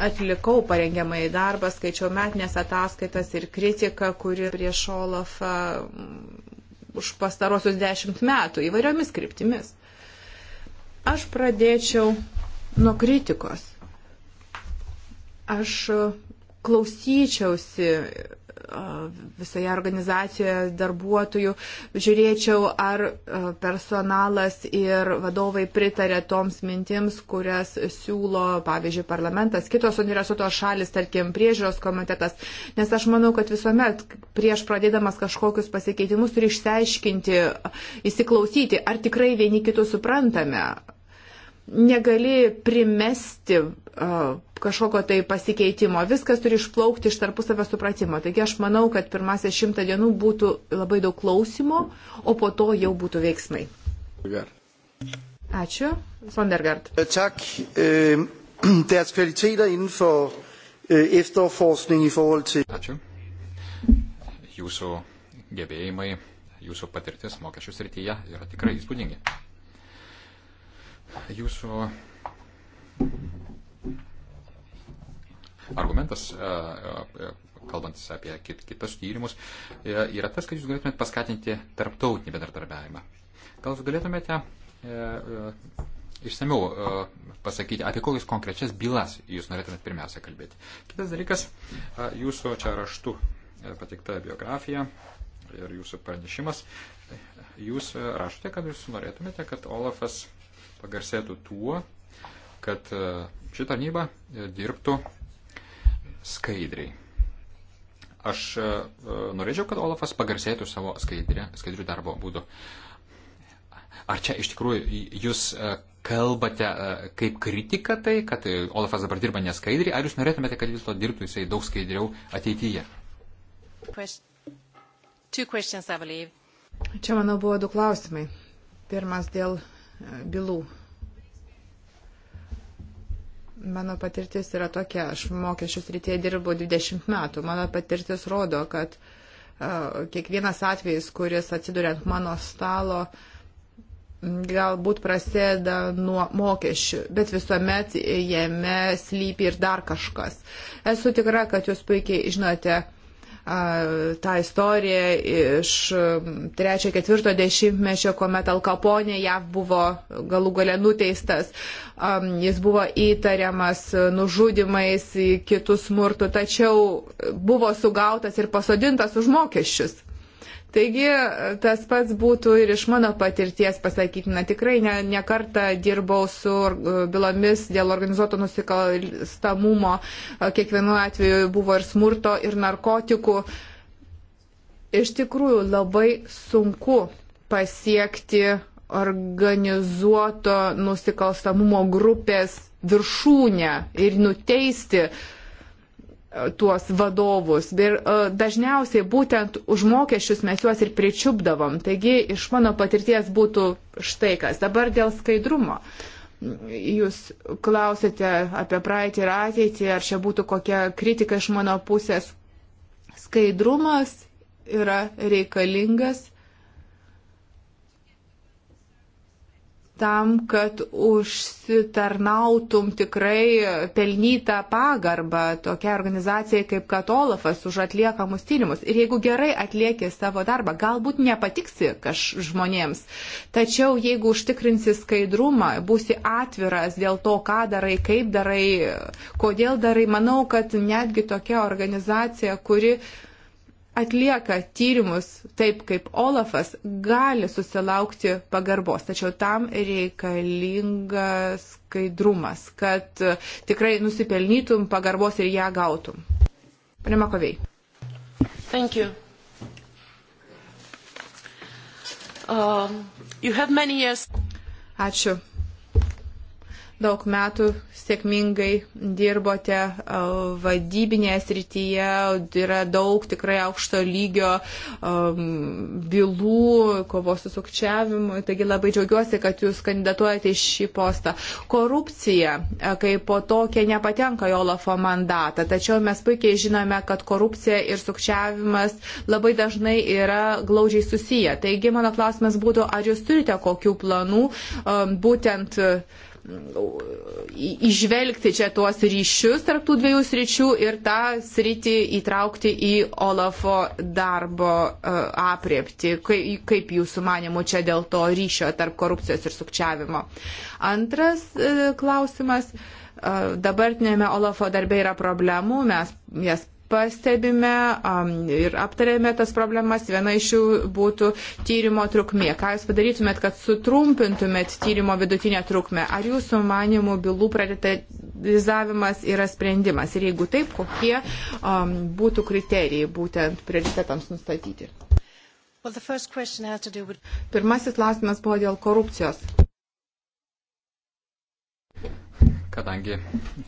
atlikau parengiamąjį darbą, skaičiau metinės ataskaitas ir kritiką, kuri prieš Olafą mm, už pastarosius dešimt metų įvairiomis kryptimis. Aš pradėčiau nuo kritikos aš klausyčiausi visoje organizacijoje darbuotojų, žiūrėčiau, ar personalas ir vadovai pritarė toms mintims, kurias siūlo, pavyzdžiui, parlamentas, kitos universitetos šalis, tarkim, priežiūros komitetas, nes aš manau, kad visuomet prieš pradėdamas kažkokius pasikeitimus turi išsiaiškinti, įsiklausyti, ar tikrai vieni kitus suprantame. Negali primesti uh, kažkokio tai pasikeitimo. Viskas turi išplaukti iš tarpusavio supratimo. Taigi aš manau, kad pirmasis šimtą dienų būtų labai daug klausimo, o po to jau būtų veiksmai. Ačiū. Sondergaard. Tak. Deres kvaliteter inden for øh, efterforskning i forhold til. Ačiū. Jūsų gebėjimai, jūsų patirtis mokesčių srityje yra tikrai įspūdingi. Jūsų argumentas, e, e, kalbant apie kitus tyrimus, e, yra tas, kad jūs galėtumėte paskatinti tarptautinį bendradarbiavimą. Gal jūs galėtumėte išsameu pasakyti, apie kokias konkrečias bylas jūs norėtumėt pirmiausia kalbėti. Kitas dalykas, jūsų čia raštu pateikta biografija ir jūsų pranešimas. Jūs rašote, kad jūs norėtumėte, kad Olafas pagarsėtų tuo, kad ši tarnyba dirbtų skaidriai. Aš e, e, norėčiau, kad Olafas pagarsėtų savo skaidrė, skaidrių darbo būdu. Ar čia iš tikrųjų jūs e, kalbate kaip kritika tai, kad Olafas dabar dirba neskaidriai, ar jūs norėtumėte, kad vis to dirbtų jisai daug skaidriau ateityje? Čia, manau, buvo du klausimai. Pirmas dėl bylų Mano patirtis yra tokia, aš mokesčius rytėje dirbu 20 metų. Mano patirtis rodo, kad uh, kiekvienas atvejis, kuris atsiduria ant mano stalo, galbūt prasideda nuo mokesčių, bet visuomet jame slypi ir dar kažkas. Esu tikra, kad jūs puikiai žinote, uh, tą istoriją iš trečio, ketvirto dešimtmečio, kuomet Alkaponė jav buvo galų gale nuteistas, jis buvo įtariamas nužudimais, kitų smurtų, tačiau buvo sugautas ir pasodintas už mokesčius. Taigi tas pats būtų ir iš mano patirties pasakytina. Tikrai ne, ne kartą dirbau su bylomis dėl organizuoto nusikalstamumo. Kiekvienu atveju buvo ir smurto, ir narkotikų. Iš tikrųjų labai sunku pasiekti organizuoto nusikalstamumo grupės viršūnę ir nuteisti uh, tuos vadovus. Ir e, dažniausiai būtent už mokesčius mes juos ir pričiupdavom. Taigi iš mano patirties būtų štai kas. Dabar dėl skaidrumo. Jūs klausėte apie praeitį ir ateitį, ar čia būtų kokia kritika iš mano pusės. Skaidrumas yra reikalingas tam, kad užsitarnautum tikrai pelnytą pagarbą tokia organizacija kaip Katolafas už atliekamus tyrimus. Ir jeigu gerai atlieki savo darbą, galbūt nepatiksi kaž žmonėms, tačiau jeigu užtikrinsi skaidrumą, būsi atviras dėl to, ką darai, kaip darai, kodėl darai, manau, kad netgi tokia organizacija, kuri uh, atlieka tyrimus taip kaip Olafas, gali susilaukti pagarbos. Tačiau tam reikalingas skaidrumas, kad uh, tikrai nusipelnytum pagarbos ir ją gautum. Pane Makovei. Thank you. Um, you have many years. Ačiū daug metų sėkmingai dirbote vadybinėje srityje, yra daug tikrai aukšto lygio um, bylų, kovos su sukčiavimu, taigi labai džiaugiuosi, kad jūs kandidatuojate į šį postą. Korupcija, kai po tokia nepatenka į Olafo mandatą, tačiau mes puikiai žinome, kad korupcija ir sukčiavimas labai dažnai yra glaudžiai susiję. Taigi mano klausimas būtų, ar jūs turite kokių planų um, būtent uh, išvelgti čia tuos ryšius tarptų dviejų sričių ir tą sritį įtraukti į Olafo darbo e, apriepti. Kaip jūsų manimų čia dėl to ryšio tarp korupcijos ir sukčiavimo? Antras e, klausimas e, dabartinėme Olafo darbe yra problemų, mes jas pastebime ir aptarėme tas problemas. Viena iš jų būtų tyrimo trukmė. Ką jūs padarytumėt, kad sutrumpintumėt tyrimo vidutinę trukmę? Ar jūsų manimų bylų prioritizavimas yra sprendimas? Ir jeigu taip, kokie um, būtų kriterijai būtent prioritetams nustatyti? Well, with... Pirmasis klausimas buvo dėl korupcijos. Kadangi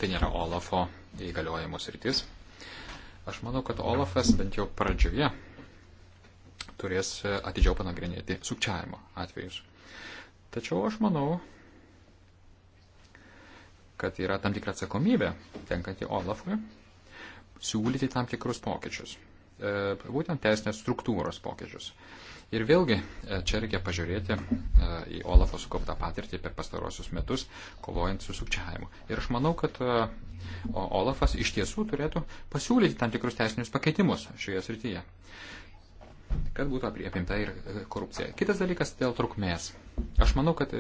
tai nėra Olafo įgaliojimų sritis, Aš manau, kad Olafas bent jau pradžioje turės e, atidžiau panagrinėti sukčiavimo atvejus. Tačiau aš manau, kad yra tam tikra atsakomybė tenkanti Olafui siūlyti tam tikrus pokyčius. E, būtent teisinės struktūros pokyčius. Ir vėlgi, e, čia reikia pažiūrėti e, į Olafo sukauptą patirtį per pastarosius metus, kovojant su sukčiavimu. Ir aš manau, kad e, Olafas iš tiesų turėtų pasiūlyti tam tikrus teisinius pakeitimus šioje srityje, kad būtų apriepinta ir korupcija. Kitas dalykas dėl trukmės. Aš manau, kad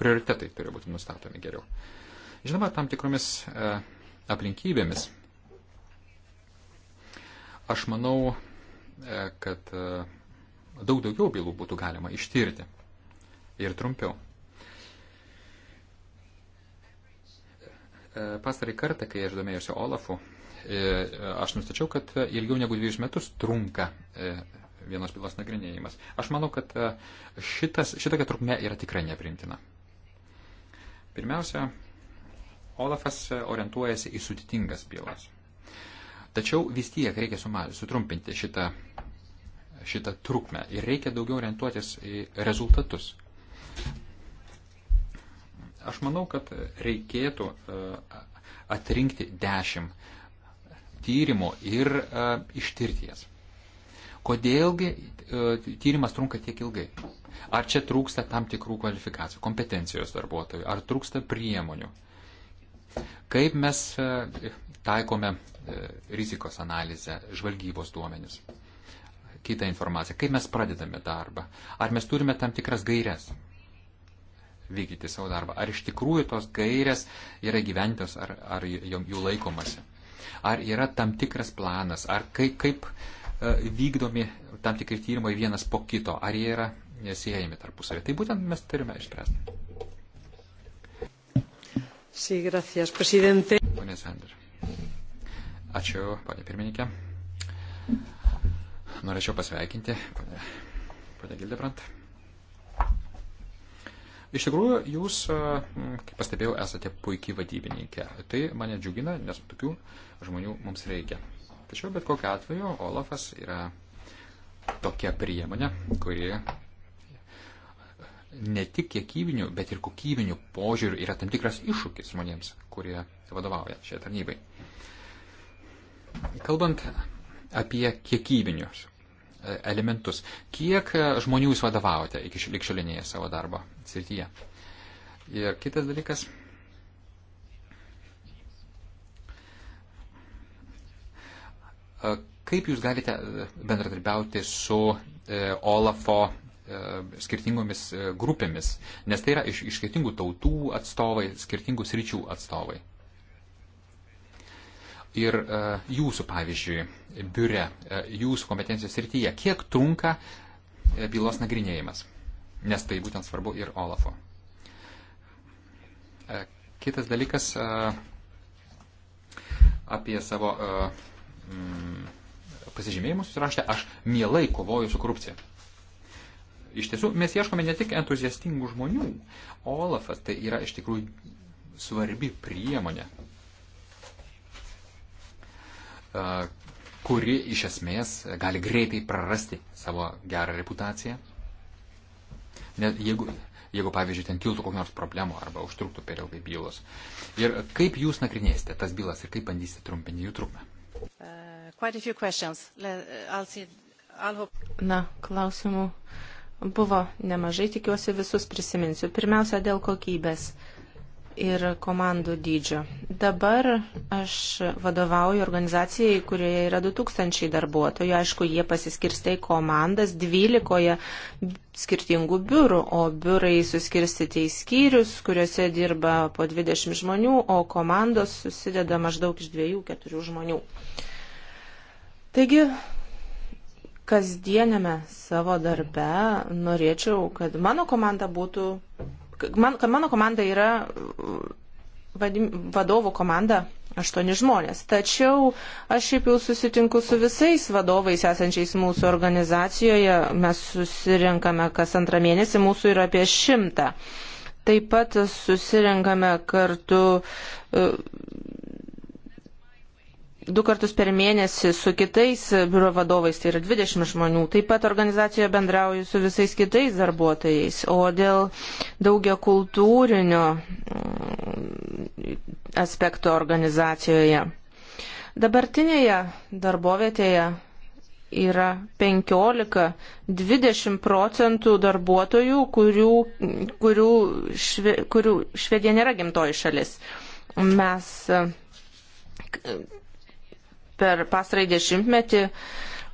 prioritetai turi būti nustatomi geriau. Žinoma, tam tikromis aplinkybėmis. Aš manau, kad daug daugiau bylų būtų galima ištirti ir trumpiau. E, Pastarį kartą, kai aš domėjusi Olafu, e, aš nustačiau, kad ilgiau negu dviejus metus trunka e, vienos bylos nagrinėjimas. Aš manau, kad šitas, šitokia trukmė yra tikrai neprimtina. Pirmiausia, Olafas orientuojasi į sudėtingas bylas. Tačiau vis tiek reikia sutrumpinti šitą šitą trukmę ir reikia daugiau orientuotis į rezultatus. Aš manau, kad reikėtų e, atrinkti dešimt tyrimų ir e, ištirti jas. Kodėlgi e, tyrimas trunka tiek ilgai? Ar čia trūksta tam tikrų kvalifikacijų, kompetencijos darbuotojų, ar trūksta priemonių? Kaip mes taikome rizikos analizę, žvalgybos duomenis? kitą informaciją. Kaip mes pradedame darbą? Ar mes turime tam tikras gairias vykdyti savo darbą? Ar iš tikrųjų tos gairias yra gyventos, ar, ar jų laikomasi? Ar yra tam tikras planas? Ar kaip, kaip e, vykdomi tam tikri tyrimai vienas po kito? Ar jie yra siejami tarpusavį? Tai būtent mes turime išspręsti. Sí, gracias, presidente. Ačiū, panė pirmininkė. Norėčiau pasveikinti, ponė, ponė Gildebrant. Iš tikrųjų, jūs, kaip pastebėjau, esate puikiai vadybininkė. Tai mane džiugina, nes tokių žmonių mums reikia. Tačiau bet kokiu atveju Olafas yra tokia priemonė, kuri ne tik kiekybinių, bet ir kokybinių požiūrių yra tam tikras iššūkis žmonėms, kurie vadovauja šiai tarnybai. Kalbant apie kiekybinius e, elementus. Kiek e, žmonių jūs vadovavote iki likščiolinėje savo darbo srityje? Ir kitas dalykas. E, kaip jūs galite bendradarbiauti su Olafo skirtingomis grupėmis, nes tai yra iš, iš skirtingų tautų atstovai, skirtingų sričių atstovai ir e, jūsų, pavyzdžiui, biure, e, jūsų kompetencijos srityje, kiek trunka e, bylos nagrinėjimas, nes tai būtent svarbu ir Olafo. Kitas dalykas apie savo mm, pasižymėjimus raštę, aš mielai kovoju su korupcija. Iš tiesų, mes ieškome ne tik entuziastingų žmonių, Olafas tai yra iš tikrųjų svarbi priemonė kuri iš esmės gali greitai prarasti savo gerą reputaciją. Net jeigu, jeigu, pavyzdžiui, ten kiltų kokių nors problemų arba užtruktų per ilgai bylos. Ir kaip jūs nagrinėsite tas bylas ir kaip bandysite trumpinti jų trukmę? Uh, uh, Na, klausimų buvo nemažai, tikiuosi visus prisiminsiu. Pirmiausia, dėl kokybės. Uh, ir komandų dydžio. Dabar aš vadovauju organizacijai, kurioje yra 2000 darbuotojų. Aišku, jie pasiskirstai komandas 12 skirtingų biurų, o biurai suskirstyti į skyrius, kuriuose dirba po 20 žmonių, o komandos susideda maždaug iš 2-4 žmonių. Taigi, kasdienėme savo darbe norėčiau, kad mano komanda būtų man, kad mano komanda yra uh, vadovų komanda aštuoni žmonės. Tačiau aš šiaip jau susitinku su visais vadovais esančiais mūsų organizacijoje. Mes susirinkame kas antrą mėnesį, mūsų yra apie šimtą. Taip pat susirinkame kartu uh, du kartus per mėnesį su kitais biuro vadovais, tai yra 20 žmonių. Taip pat organizacijoje bendrauju su visais kitais darbuotojais. O dėl daugia kultūrinio mm, aspekto organizacijoje. Dabartinėje darbovietėje yra 15-20 procentų darbuotojų, kurių, kurių, šve, kurių Švedija nėra gimtoji šalis. Mes per pastarąjį dešimtmetį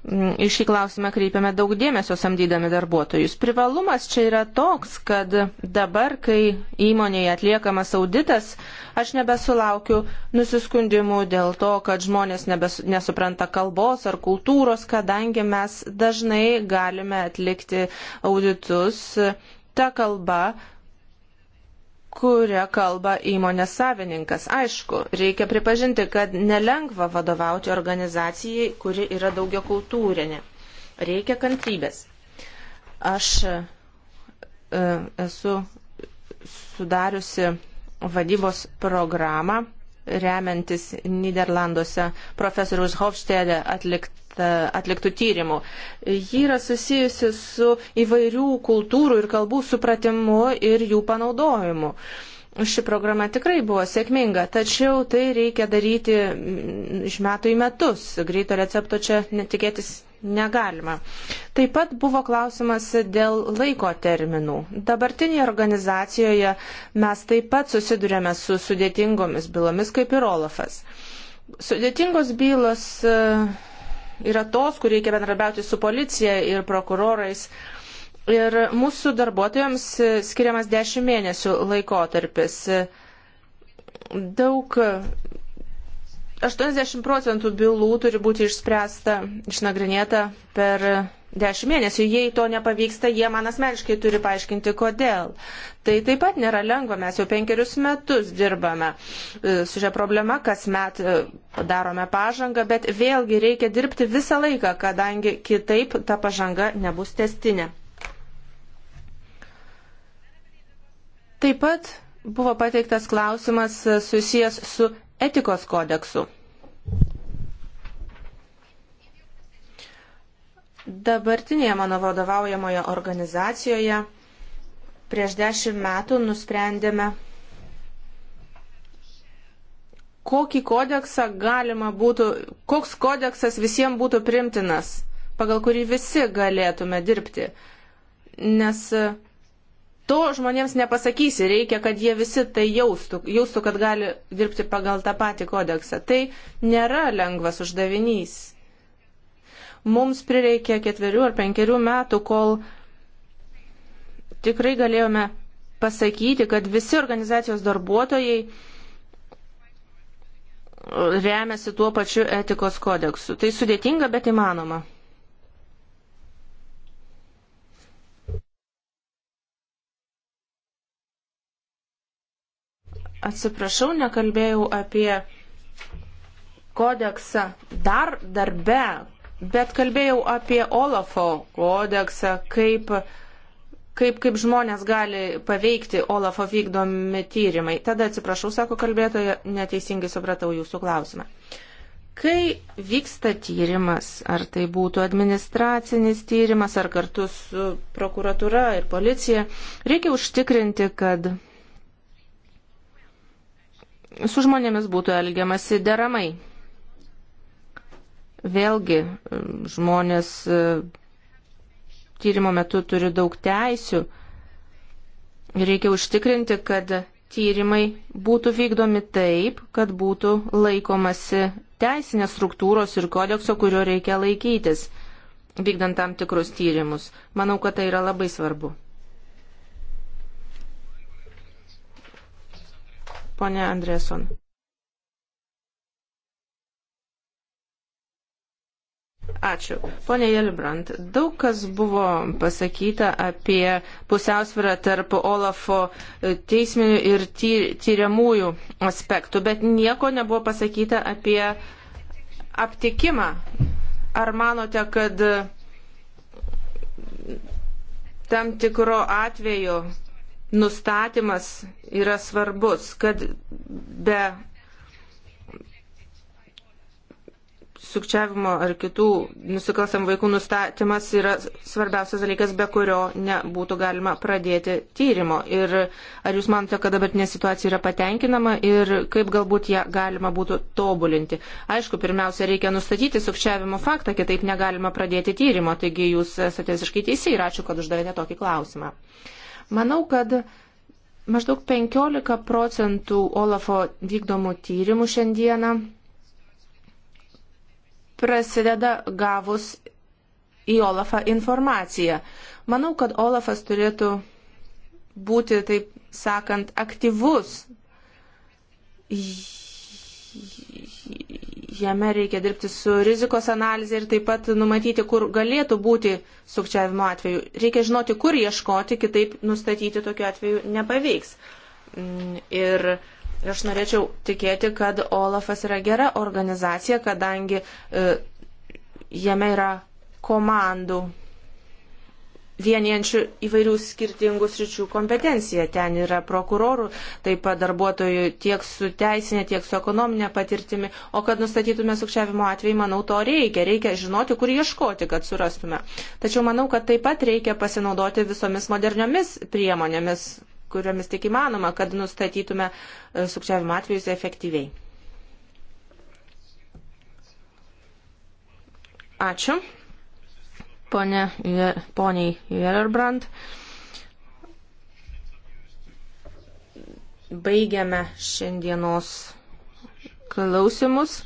į šį klausimą kreipiame daug dėmesio samdydami darbuotojus. Privalumas čia yra toks, kad dabar, kai įmonėje atliekamas auditas, aš nebesulaukiu nusiskundimų dėl to, kad žmonės nebes, nesupranta kalbos ar kultūros, kadangi mes dažnai galime atlikti auditus ta kalba, kuria kalba įmonės savininkas. Aišku, reikia pripažinti, kad nelengva vadovauti organizacijai, kuri yra daugia kultūrinė. Reikia kantrybės. Aš e, esu sudariusi vadybos programą remiantis Niderlanduose profesoriaus Hofstede atliktų tyrimų. Ji yra susijusi su įvairių kultūrų ir kalbų supratimu ir jų panaudojimu. Uh, ši programa tikrai buvo sėkminga, tačiau tai reikia daryti iš metų į metus. Greito recepto čia netikėtis negalima. Taip pat buvo klausimas dėl laiko terminų. Dabartinėje organizacijoje mes taip pat susidurėme su sudėtingomis bylomis kaip ir Olafas. Sudėtingos bylos e, yra tos, kur reikia bendrabiauti su policija ir prokurorais. Uh, Ir mūsų darbuotojams skiriamas 10 mėnesių laikotarpis. Daug 80 procentų bylų turi būti išspręsta, išnagrinėta per 10 mėnesių. Jei to nepavyksta, jie man asmeniškai turi paaiškinti, kodėl. Tai taip pat nėra lengva, mes jau penkerius metus dirbame e, su šia problema, kasmet e, darome pažangą, bet vėlgi reikia dirbti visą laiką, kadangi kitaip ta pažanga nebus testinė. Taip pat buvo pateiktas klausimas susijęs su etikos kodeksu. Dabartinėje mano vadovaujamoje organizacijoje prieš dešimt metų nusprendėme, kokį kodeksą galima būtų, koks kodeksas visiems būtų primtinas, pagal kurį visi galėtume dirbti. Nes To žmonėms nepasakysi, reikia, kad jie visi tai jaustų, jaustų, kad gali dirbti pagal tą patį kodeksą. Tai nėra lengvas uždavinys. Mums prireikė ketverių ar penkerių metų, kol tikrai galėjome pasakyti, kad visi organizacijos darbuotojai remiasi tuo pačiu etikos kodeksu. Tai sudėtinga, bet įmanoma. Atsiprašau, nekalbėjau apie kodeksą dar darbe, bet kalbėjau apie Olafo kodeksą, kaip, kaip, kaip žmonės gali paveikti Olafo vykdomi tyrimai. Tada atsiprašau, sako kalbėtoja, neteisingai supratau jūsų klausimą. Kai vyksta tyrimas, ar tai būtų administracinis tyrimas, ar kartu su prokuratūra ir policija, reikia užtikrinti, kad su žmonėmis būtų elgiamasi deramai. Vėlgi, žmonės e, tyrimo metu turi daug teisių. Reikia užtikrinti, kad tyrimai būtų vykdomi taip, kad būtų laikomasi teisinės struktūros ir kodekso, kurio reikia laikytis, vykdant tam tikrus tyrimus. Manau, kad tai yra labai svarbu. ponė Andreson. Ačiū. Pone Jelbrant, daug kas buvo pasakyta apie pusiausvyrą tarp Olafo teisminių ir tyriamųjų aspektų, bet nieko nebuvo pasakyta apie aptikimą. Ar manote, kad tam tikro atveju nustatymas yra svarbus, kad be sukčiavimo ar kitų nusikalstamų vaikų nustatymas yra svarbiausias dalykas, be kurio nebūtų galima pradėti tyrimo. Ir ar jūs manote, kad dabartinė situacija yra patenkinama ir kaip galbūt ją galima būtų tobulinti? Aišku, pirmiausia, reikia nustatyti sukčiavimo faktą, kitaip negalima pradėti tyrimo. Taigi jūs esate visiškai teisi ir ačiū, kad uždavėte tokį klausimą. Manau, kad maždaug 15 procentų Olafo vykdomų tyrimų šiandieną prasideda gavus į Olafą informaciją. Manau, kad Olafas turėtų būti, taip sakant, aktyvus Jame reikia dirbti su rizikos analizė ir taip pat numatyti, kur galėtų būti sukčiavimo atveju. Reikia žinoti, kur ieškoti, kitaip nustatyti tokiu atveju nepavyks. Mm, ir aš norėčiau tikėti, kad Olafas yra gera organizacija, kadangi e, jame yra komandų vienijančių įvairių skirtingų sričių kompetencija. Ten yra prokurorų, taip pat darbuotojų tiek su teisinė, tiek su ekonominė patirtimi. O kad nustatytume sukčiavimo atvejį, manau, to reikia. Reikia žinoti, kur ieškoti, kad surastume. Tačiau manau, kad taip pat reikia pasinaudoti visomis moderniomis priemonėmis, kuriomis tik įmanoma, kad nustatytume e, sukčiavimo atvejus efektyviai. Ačiū pone, poniai Jerbrand. Baigiame šiandienos klausimus.